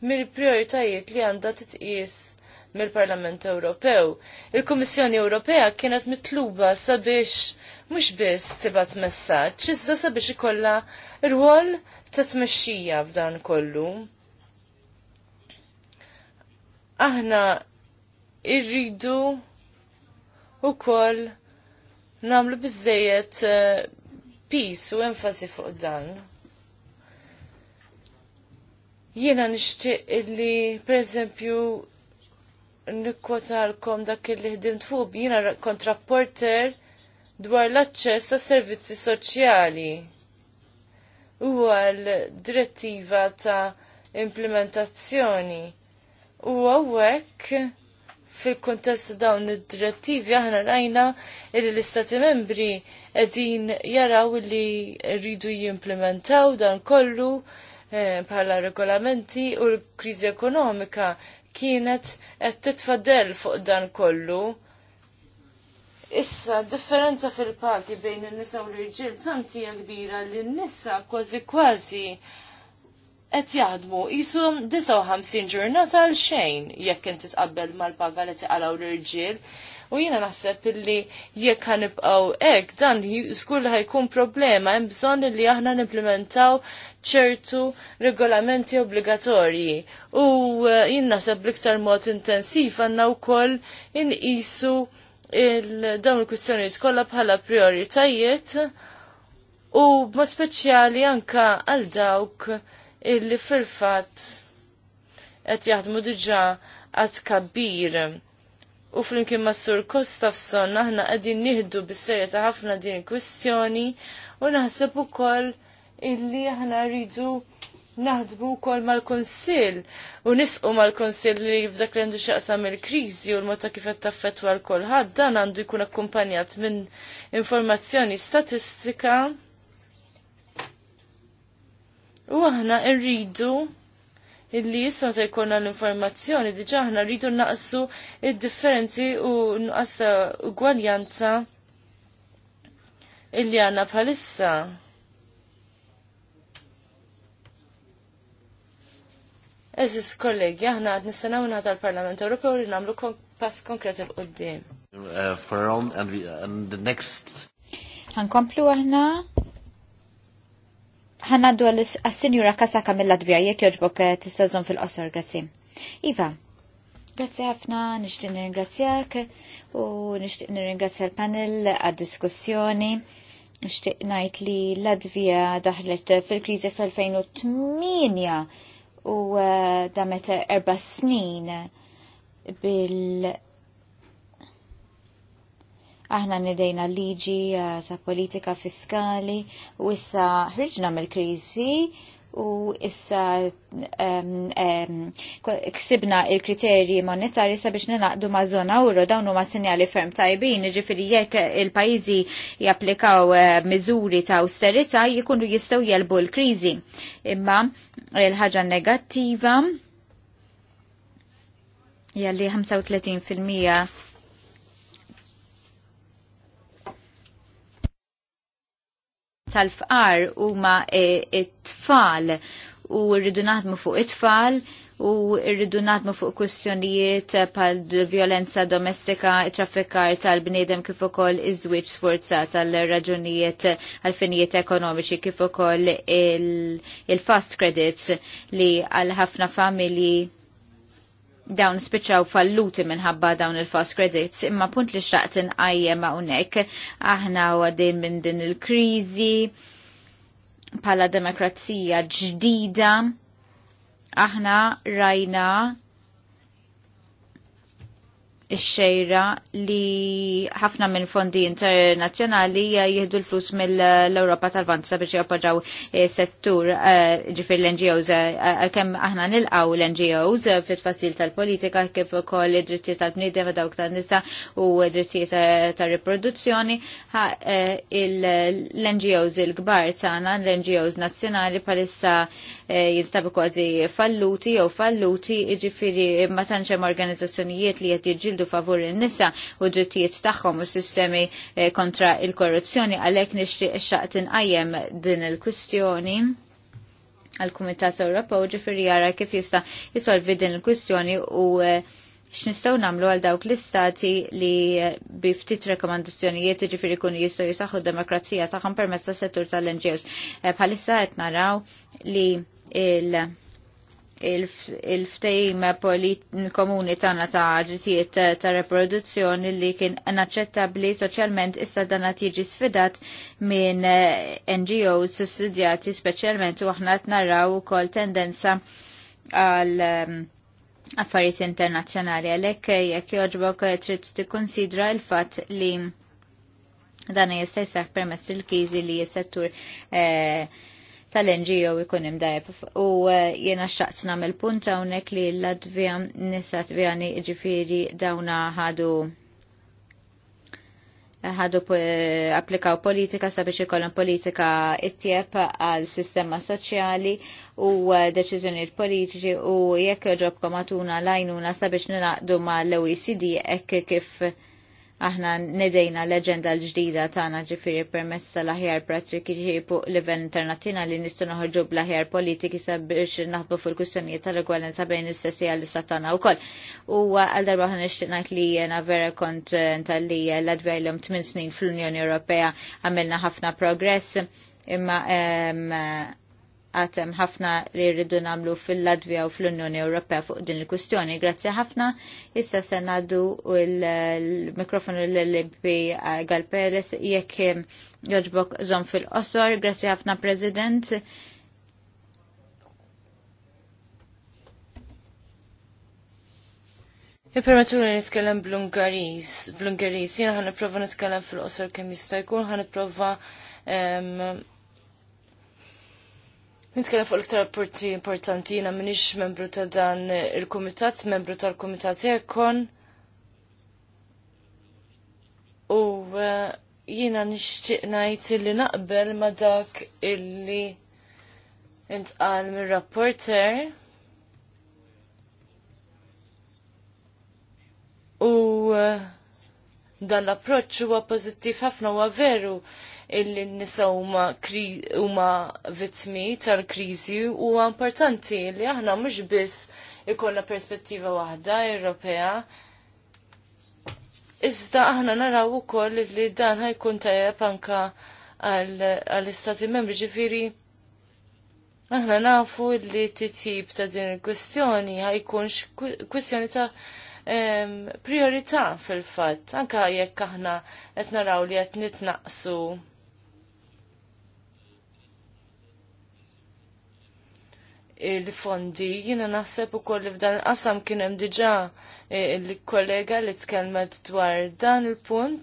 mill-prioritajiet li għandha titqies mill-Parlament Ewropew. Il-Kummissjoni Ewropea kienet mitluba sabiex mhux biss tibgħat messaġġ, iżda sabiex ikollha rwol ta' tmexxija f'dan kollu. Aħna irridu ukoll nagħmlu biżejjed eh, peace u enfasi fuq dan. Jiena nixtieq illi pereżempju nikkwotalkom dak illi ħdimt fuq jiena kontrapporter dwar l-aċċess għas servizzi soċjali u għal direttiva ta' implementazzjoni. U għawek fil-kontest dawn id-direttivi aħna rajna li l-istati membri edin jaraw li rridu jimplementaw dan kollu Eh, bħala regolamenti u l-kriżi ekonomika kienet qed titfadel fuq dan kollu. Issa, differenza fil-pagi bejn il-nisa u l-irġil tant hija kbira li n-nisa kważi kważi qed jaħdmu qisu 59 ġurnata għal xejn jekk inti tqabbel mal-paga li tiqalaw l-irġiel. U jiena naħseb illi jekk ħanibqgħu hekk dan żgur li ħajkun problema hemm bżonn li aħna nimplementaw ċertu regolamenti obbligatorji. U eh, jien naħseb l-iktar mod intensiv għandna wkoll inqisu il-dawn il-kwistjonijiet kollha bħala prioritajiet u mod speċjali anka għal dawk illi fil-fatt qed jaħdmu diġà għad kabbir u flimkien ma' Sur Kostafson aħna qegħdin nieħdu bis-serjetà ħafna din il-kwistjoni u naħseb ukoll illi aħna rridu naħdbu wkoll mal-Kunsill u nisqu mal-Kunsill li f'dak li għandu x'aqsam il-kriżi u l-mod ta' kif qed taffettwa l kulħadd dan għandu jkun akkumpanjat minn informazzjoni statistika u aħna rridu illi jissa ta' jkollna l-informazzjoni diġa aħna rridu naqsu id-differenzi u nqassa ugwaljanza illi għanna bħalissa. Eżis kollegi, aħna għad nistanaw naħta l-Parlament Ewropew li namlu pass konkret il-qoddim. Uh, For and, the next. Għankomplu aħna ħanaddu għas-sinjura Kasaka mill-Latvija, jek joġbok eh, tistazon fil-qosor, grazie. Iva, grazzi ħafna, nishtin ringrazzjak u nishtin ringrazzja l-panel għad-diskussjoni. Nishtiq najt li Latvija daħlet fil-krizi fil 2008 u eh, damet erba snin bil- aħna nidejna liġi eh, ta' politika fiskali u issa ħriġna mill-kriżi u issa um, um, ksibna il-kriterji monetari sabiex nenaqdu ma' zona euro dawn huma sinjali ferm tajbin, ġifiri jekk il-pajjiżi japplikaw eh, miżuri ta' austerità jikunu jistgħu jelbu l-kriżi. Imma l-ħaġa negattiva jalli 35% tal-fqar huma e, it-tfal u rridu naħdmu fuq it-tfal u rridu naħdmu fuq kwistjonijiet pal violenza domestika, traffikar tal-bnedem kif ukoll iż-żwieġ sforzat tal-raġunijiet għal-finijiet ekonomiċi kif ukoll il-fast credits li għal ħafna familji dawn spiċċaw falluti minħabba dawn il-fast credits, imma punt li xtaqt inqajjem hawnhekk aħna għadin minn din il-kriżi bħala demokrazija ġdida aħna rajna xejra li ħafna minn fondi internazzjonali jihdu l-flus mill-Europa tal-Vant sabiex jappoġġaw eh, settur eh, ġifir l-NGOs eh, Kem aħna nilqaw l-NGOs fit-fasil tal-politika kif ukoll id-drittijiet tal-bniedem dawk tan-nisa u id-drittijiet tar-riproduzzjoni l-NGOs il-kbar tagħna l-NGOs nazzjonali palissa jinstabu kważi falluti jew falluti ġifiri ma tantx hemm organizzazzjonijiet li qed jiġġieldu niġġieldu favur il nisa u drittijiet tagħhom u sistemi eh, kontra il-korruzzjoni għalhekk nixtieq xaqt inqajjem din il-kwistjoni għal-Kumitat u ġifiri jara kif jista' jisolvi din il-kwistjoni u eh, x'nistgħu nagħmlu għal dawk l-istati li eh, bi ftit rekomandazzjonijiet ġifieri jkunu jistgħu jisaħħu d-demokrazija tagħhom permezz tas-settur tal-NGOs. Bħalissa qed naraw li il- il-ftejim komuni tana ta' ġitiet ta' reproduzzjoni li kien inaċċettabli soċjalment issa dan tiġi sfidat minn eh, NGOs studjati speċjalment u aħna naraw ukoll tendenza għal ehm, affarijiet internazzjonali għalhekk jekk jogħġbok eh, trid tikkonsidra l-fatt li dan jista' jseħħ permezz il-kiżi li s-settur eh, tal-NGO ikun imdajb. U eh, jena xaqt namel punta unek li l-Latvija, nisat vjani ġifiri dawna ħadu ħadu eh, applikaw politika sabiex ikollhom politika ittieb għal sistema soċjali u eh, deċiżjonijiet politiċi u jekk ġobkom għatuna lajnuna sabiex ninaqdu mal oecd hekk kif aħna nedejna l-agenda l-ġdida tagħna ġifieri permezz tal-aħjar prattiċi fuq livell internazzjonali nistgħu noħorġu bl-aħjar politiki sabiex naħbu fil-kustjonijiet tal-egwalenza bejn is-sessi għal istat tagħna wkoll. U għal darba ħan nixtieq li jiena vera eh, tal li l advejlum tmien snin fl-Unjoni Ewropea għamilna ħafna progress imma għatem ħafna li rridu namlu fil ladvija u fl-Unjoni Ewropea fuq din il-kustjoni. Grazzi ħafna, issa se nadu il-mikrofonu l-LP Galperes jekk joġbok zon fil-qosor. Grazzi ħafna, President. il li nitkellem bl-Ungariż, bl-Ungariż, jiena ħan nipprova nitkellem fil-qosor kemm jista' jkun, ħan Nitkellem fuq l-iktar rapporti importanti jiena m'iniex membru ta' dan il-kumitat, membru tal-kumitat Ekon. U eh, jiena nixtieq ngħid li naqbel ma' dak illi intqal mir-rapporter. U eh, dan l-approċċ huwa pożittiv ħafna huwa veru illi n-nisa huma vittmi tal-kriżi huwa importanti li aħna mhux biss ikollna perspettiva waħda Ewropea. Iżda aħna naraw ukoll li dan ħajkun tajjeb anka għall-istati membri ġifiri aħna nafu li t ta' din il-kwestjoni jkunx kwestjoni ta' priorità fil-fatt, anka jekk aħna qed naraw li qed nitnaqsu il-fondi. Jina naħseb u koll f'dan qasam kien hemm diġà eh, il-kollega li tkellmet dwar dan il-punt.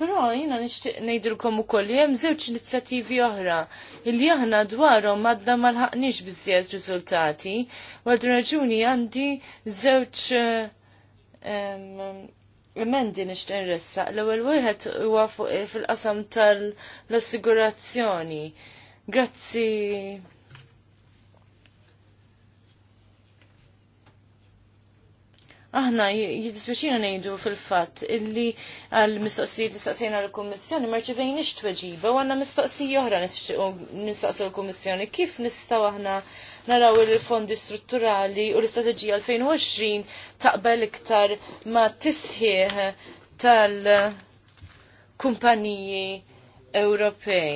Però jina nixtieq ngħidilkom ukoll li hemm żewġ inizjattivi oħra li aħna dwarhom għadna ma lħaqniex biżjed riżultati. Għal raġuni għandi żewġ eh, emendi nixtieq nressaq. L-ewwel wieħed huwa eh, fil-qasam tal-assigurazzjoni. Grazzi aħna jidispeċina nejdu fil-fat illi għal-mistoqsijiet li staqsejna l-Kommissjoni marċivejniex tweġiba u għanna mistoqsija oħra nistaqsu l-Kommissjoni kif nistaw aħna naraw il-fondi strutturali u l-istrateġija 2020 taqbel iktar ma tisħieħ tal-kumpaniji Ewropej.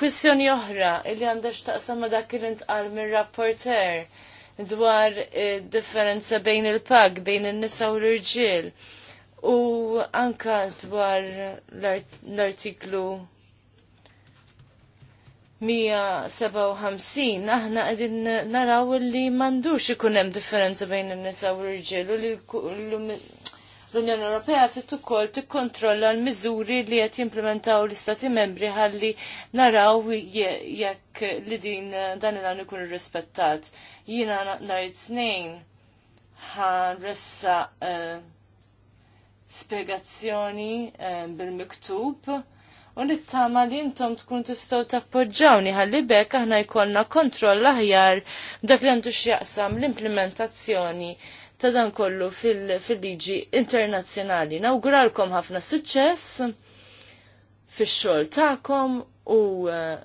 Kwissjoni oħra illi għandha x'taqsam ma' dak li ntqal mir-rapporter dwar eh, differenza bejn il-pag, bejn in-nisa u l-irġiel. U anka dwar l-artiklu 157 aħna qegħdin naraw li m'għandux ikun hemm differenza bejn in-nisa u l-irġiel u li l-Unjoni Ewropea trid ukoll tikkontrolla l-miżuri li qed jimplementaw l-Istati Membri ħalli naraw jekk li din dan il-għan ikun irrispettat. Jiena nhar it-tnejn ħarressa eh, spjegazzjoni eh, bil-miktub u nittama li intom tkun tistgħu tappoġġawni ħalli bekk aħna jkollna kontroll aħjar dak li għandu x'jaqsam l-implementazzjoni ta' dan kollu fil-liġi fil internazzjonali. Nawguralkom ħafna suċċess fix-xogħol tagħkom u eh,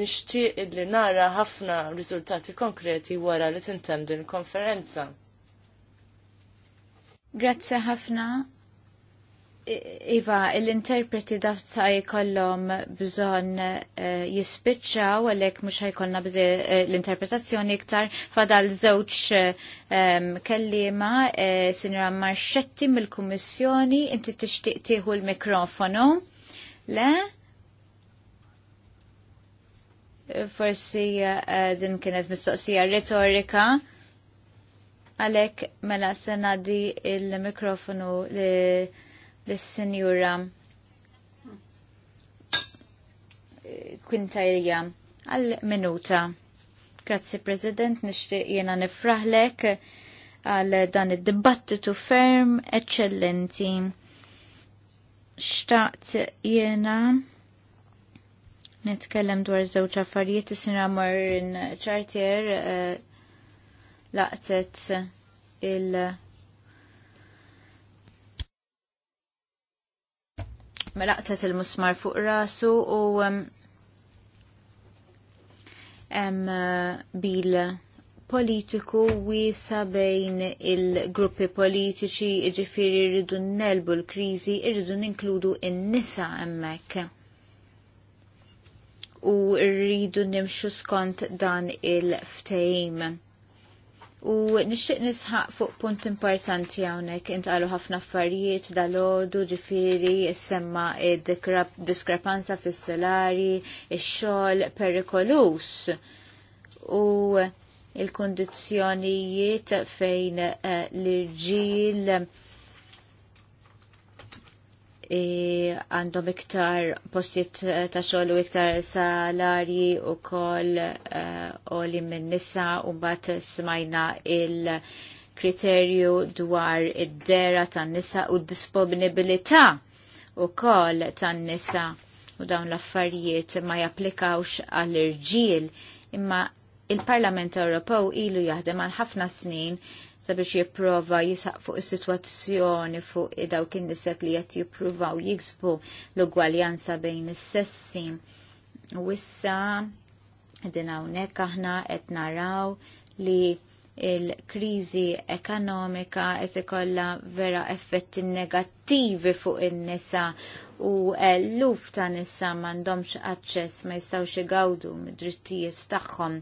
nixtieq li nara ħafna riżultati konkreti wara li tintemm din il-konferenza. Grazie ħafna Iva, l-interpreti dafta jkollhom bżonn eh, jispiċċaw għalhekk mhux ħajkollna bżi eh, l-interpretazzjoni iktar fadal żewġ ehm, kellima eh, sinjora Marxetti mill-Kummissjoni inti tixtieq tieħu l-mikrofonu. Le? Forsi din kienet mistoqsija retorika għalhekk mela se ngħaddi il-mikrofonu li l-Sinjura Quintajja għal-minuta. Grazzi, President, nixtieq jena nifraħlek għal dan id-dibattitu ferm eccellenti. Xtaqt jena nitkellem dwar żewġ affarijiet is-sena Marin Chartier eh, laqtet il- laqtet mela, il-musmar fuq rasu u hemm bil politiku wiesa bejn il-gruppi politiċi jiġifieri rridu nelbu l-kriżi, irridu ninkludu in-nisa hemmhekk. U rridu nimxu skont dan il-ftehim U nixtieq nisħaq fuq punt importanti hawnhekk intqalu ħafna affarijiet dal-għodu ġifieri semma diskrepanza fis-salari, ix-xogħol perikolus u il-kondizzjonijiet fejn eh, l-irġiel għandhom iktar postiet eh, ta' xogħol u iktar salarji u koll eh, u li minn nisa u mbagħad smajna il-kriterju dwar id-dera tan nisa u disponibilità u koll tan nisa u dawn l-affarijiet ma japplikawx għall-irġiel imma il-Parlament Ewropew ilu jaħdem għal ħafna snin sabiex jipprova jisaq fuq is-sitwazzjoni fuq dawk in-niset li qed jippruvaw jiksbu l-ugwaljanza bejn is-sessi. U issa din hawnhekk aħna qed naraw li il-kriżi ekonomika qed ikollha vera effetti negattivi fuq in-nisa u l-luf ta' nisa m'għandhomx aċċess ma jistgħux igawdu mid-drittijiet tagħhom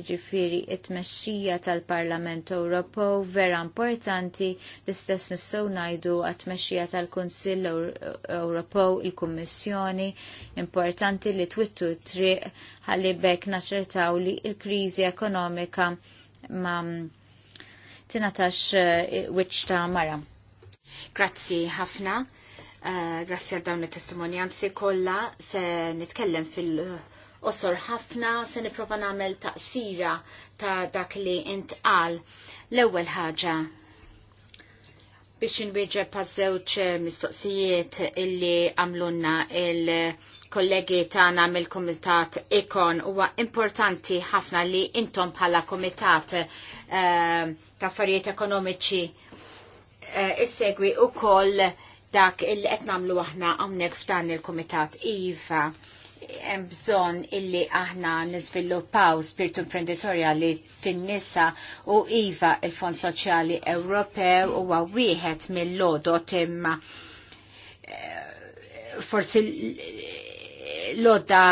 Jiġifieri it-tmexxija tal-Parlament Ewropew vera importanti l-istess nistgħu ngħidu għat-tmexxija tal-Kunsill Ewropew il-Kummissjoni importanti li twittu triq ħalli bekk naċertaw li l-kriżi ekonomika ma tinatax eh, wiċċ ta' mara. Grazzi ħafna. Eh, grazzi għal dawn it-testimonjanzi kollha se nitkellem fil- osor ħafna se nipprova nagħmel taqsira ta' dak li intqal. L-ewwel ħaġa biex inwieġeb għaż-żewġ mistoqsijiet illi għamlunna il- kollegi tagħna mill kumitat ikon huwa importanti ħafna li intom bħala Kumitat eh, ta' affarijiet ekonomiċi eh, issegwi wkoll dak il qed nagħmlu aħna hawnhekk f'dan il kumitat Iva hemm bżonn illi aħna niżviluppaw spiritu imprenditorjali fin-nisa u iva il-Fond Soċjali Ewropew huwa wieħed mill-lodot imma eh, forsi l-lodda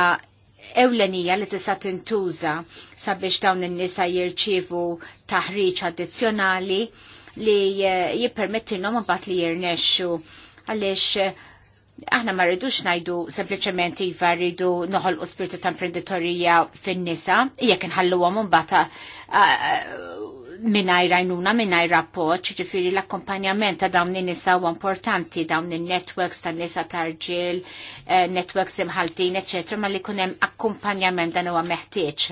ewlenija li tista' tintuża sabiex dawn in-nisa jirċievu taħriġ addizzjonali li eh, jippermettilhom imbagħad li jirnexxu għaliex eh, aħna ma rridux najdu sempliciment iva rridu noħol u spiritu ta' imprenditorija fin-nisa, jekk inħallu għom mbata uh, uh, minnaj rajnuna, minnaj rapport, ġifiri l-akkompanjament ta' dawn nisa u importanti, dawn in networks ta' nisa ta' rġil, eh, networks imħaltin, eccetera, ma li kunem akkompanjament dan huwa meħtieġ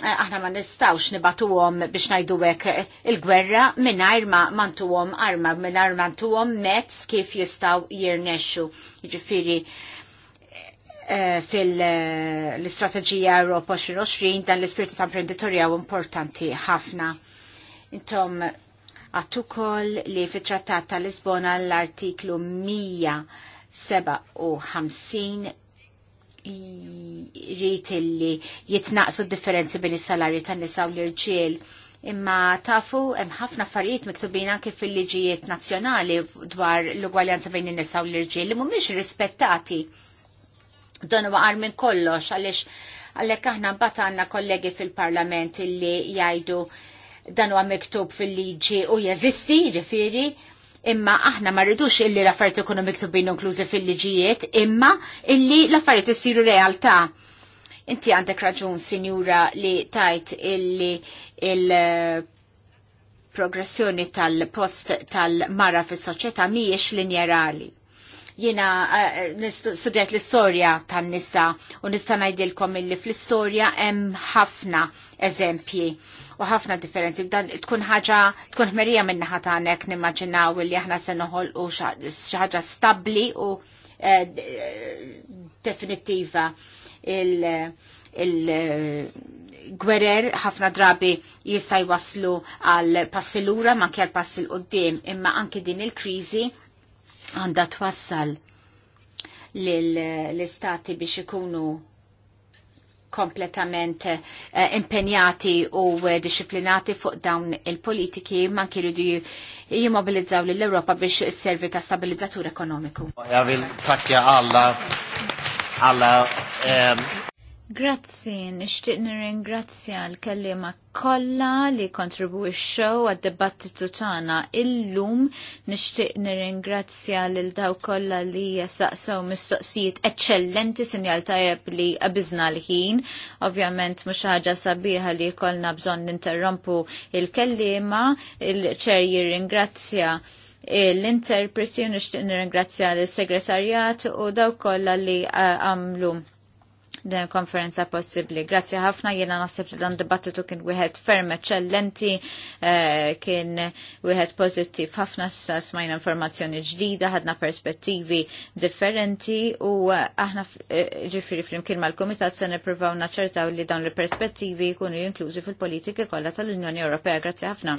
Eh, aħna ma nistawx nibatuhom biex ngħidu hekk eh, il-gwerra mingħajr ma mantuhom arma mingħajr mantuhom mezz kif jistgħu jirnexxu. Jiġifieri eh, fil-istrateġija Europa 2020 dan l-ispirtu ta' imprenditorja u importanti ħafna. Intom għattu kol li fit-trattat l Lisbona l-artiklu 157 jrit illi jitnaqsu differenzi bini salarji tan nisa u l-irġiel. Imma tafu hemm ħafna affarijiet miktubin anke fil-liġijiet nazzjonali dwar l-ugwaljanza bejn in-nisa u l-irġiel li mhumiex rispettati. Dan huwa qar minn kollox għaliex għalhekk aħna mbagħad għandna kollegi fil-Parlament illi jgħidu dan huwa miktub fil-liġi u jeżisti, ġifieri, imma aħna ma rridux illi l-affarijiet to be inklużi fil-liġijiet, imma illi l-affarijiet issiru realtà. Inti għandek raġun, sinjura, li tajt illi il-progressjoni tal-post tal-mara fis soċjetà mhijiex linjerali. Jiena eh, studjat l-istorja tan-nisa u nista' ngħidilkom illi fl-istorja hemm ħafna eżempji u ħafna differenzi. b'dan tkun ħaġa, tkun ħmerija minna ħatanek nimmaġinaw li aħna se noħol u xaħġa stabli u eh, eh, definitiva il-gwerer ħafna drabi jistaj waslu għal passilura ma kjer passil qoddim imma anki din il-krizi għanda twassal l-istati biex ikunu kompletament eh, impenjati u eh, disciplinati fuq dawn il-politiki man di jimmobilizzaw l-Europa biex servi ta' stabilizzatur ekonomiku. Ja vil takja alla, alla um... Grazzi, nishtiq nirringrazzja l-kellima kollha li kontribuixxew għad-dibattitu tagħna illum nixtieq nirringrazzja lil daw kollha li jasaqsew mistoqsijiet eċċellenti sinjal tajjeb li qabiżna l-ħin. Ovvjament mhux ħaġa sabiħa li jkollna bżonn ninterrompu il-kellima, il-ċer jirringrazzja l-interpreti u nixtieq nirringrazzja l-segretarjat u daw kollha li eh, għamlu din konferenza possibli. Grazzi ħafna, jena nasib li dan dibattitu kien wieħed ferm eccellenti, eh, kien wieħed pozittiv ħafna sa smajna informazzjoni ġdida, ħadna perspettivi differenti u eh, aħna eh, ġifiri flimkien mal-Komitat se nippruvaw naċċertaw li dawn il-perspettivi jkunu jinklużi fil-politika kollha tal-Unjoni Ewropea. Grazzi ħafna.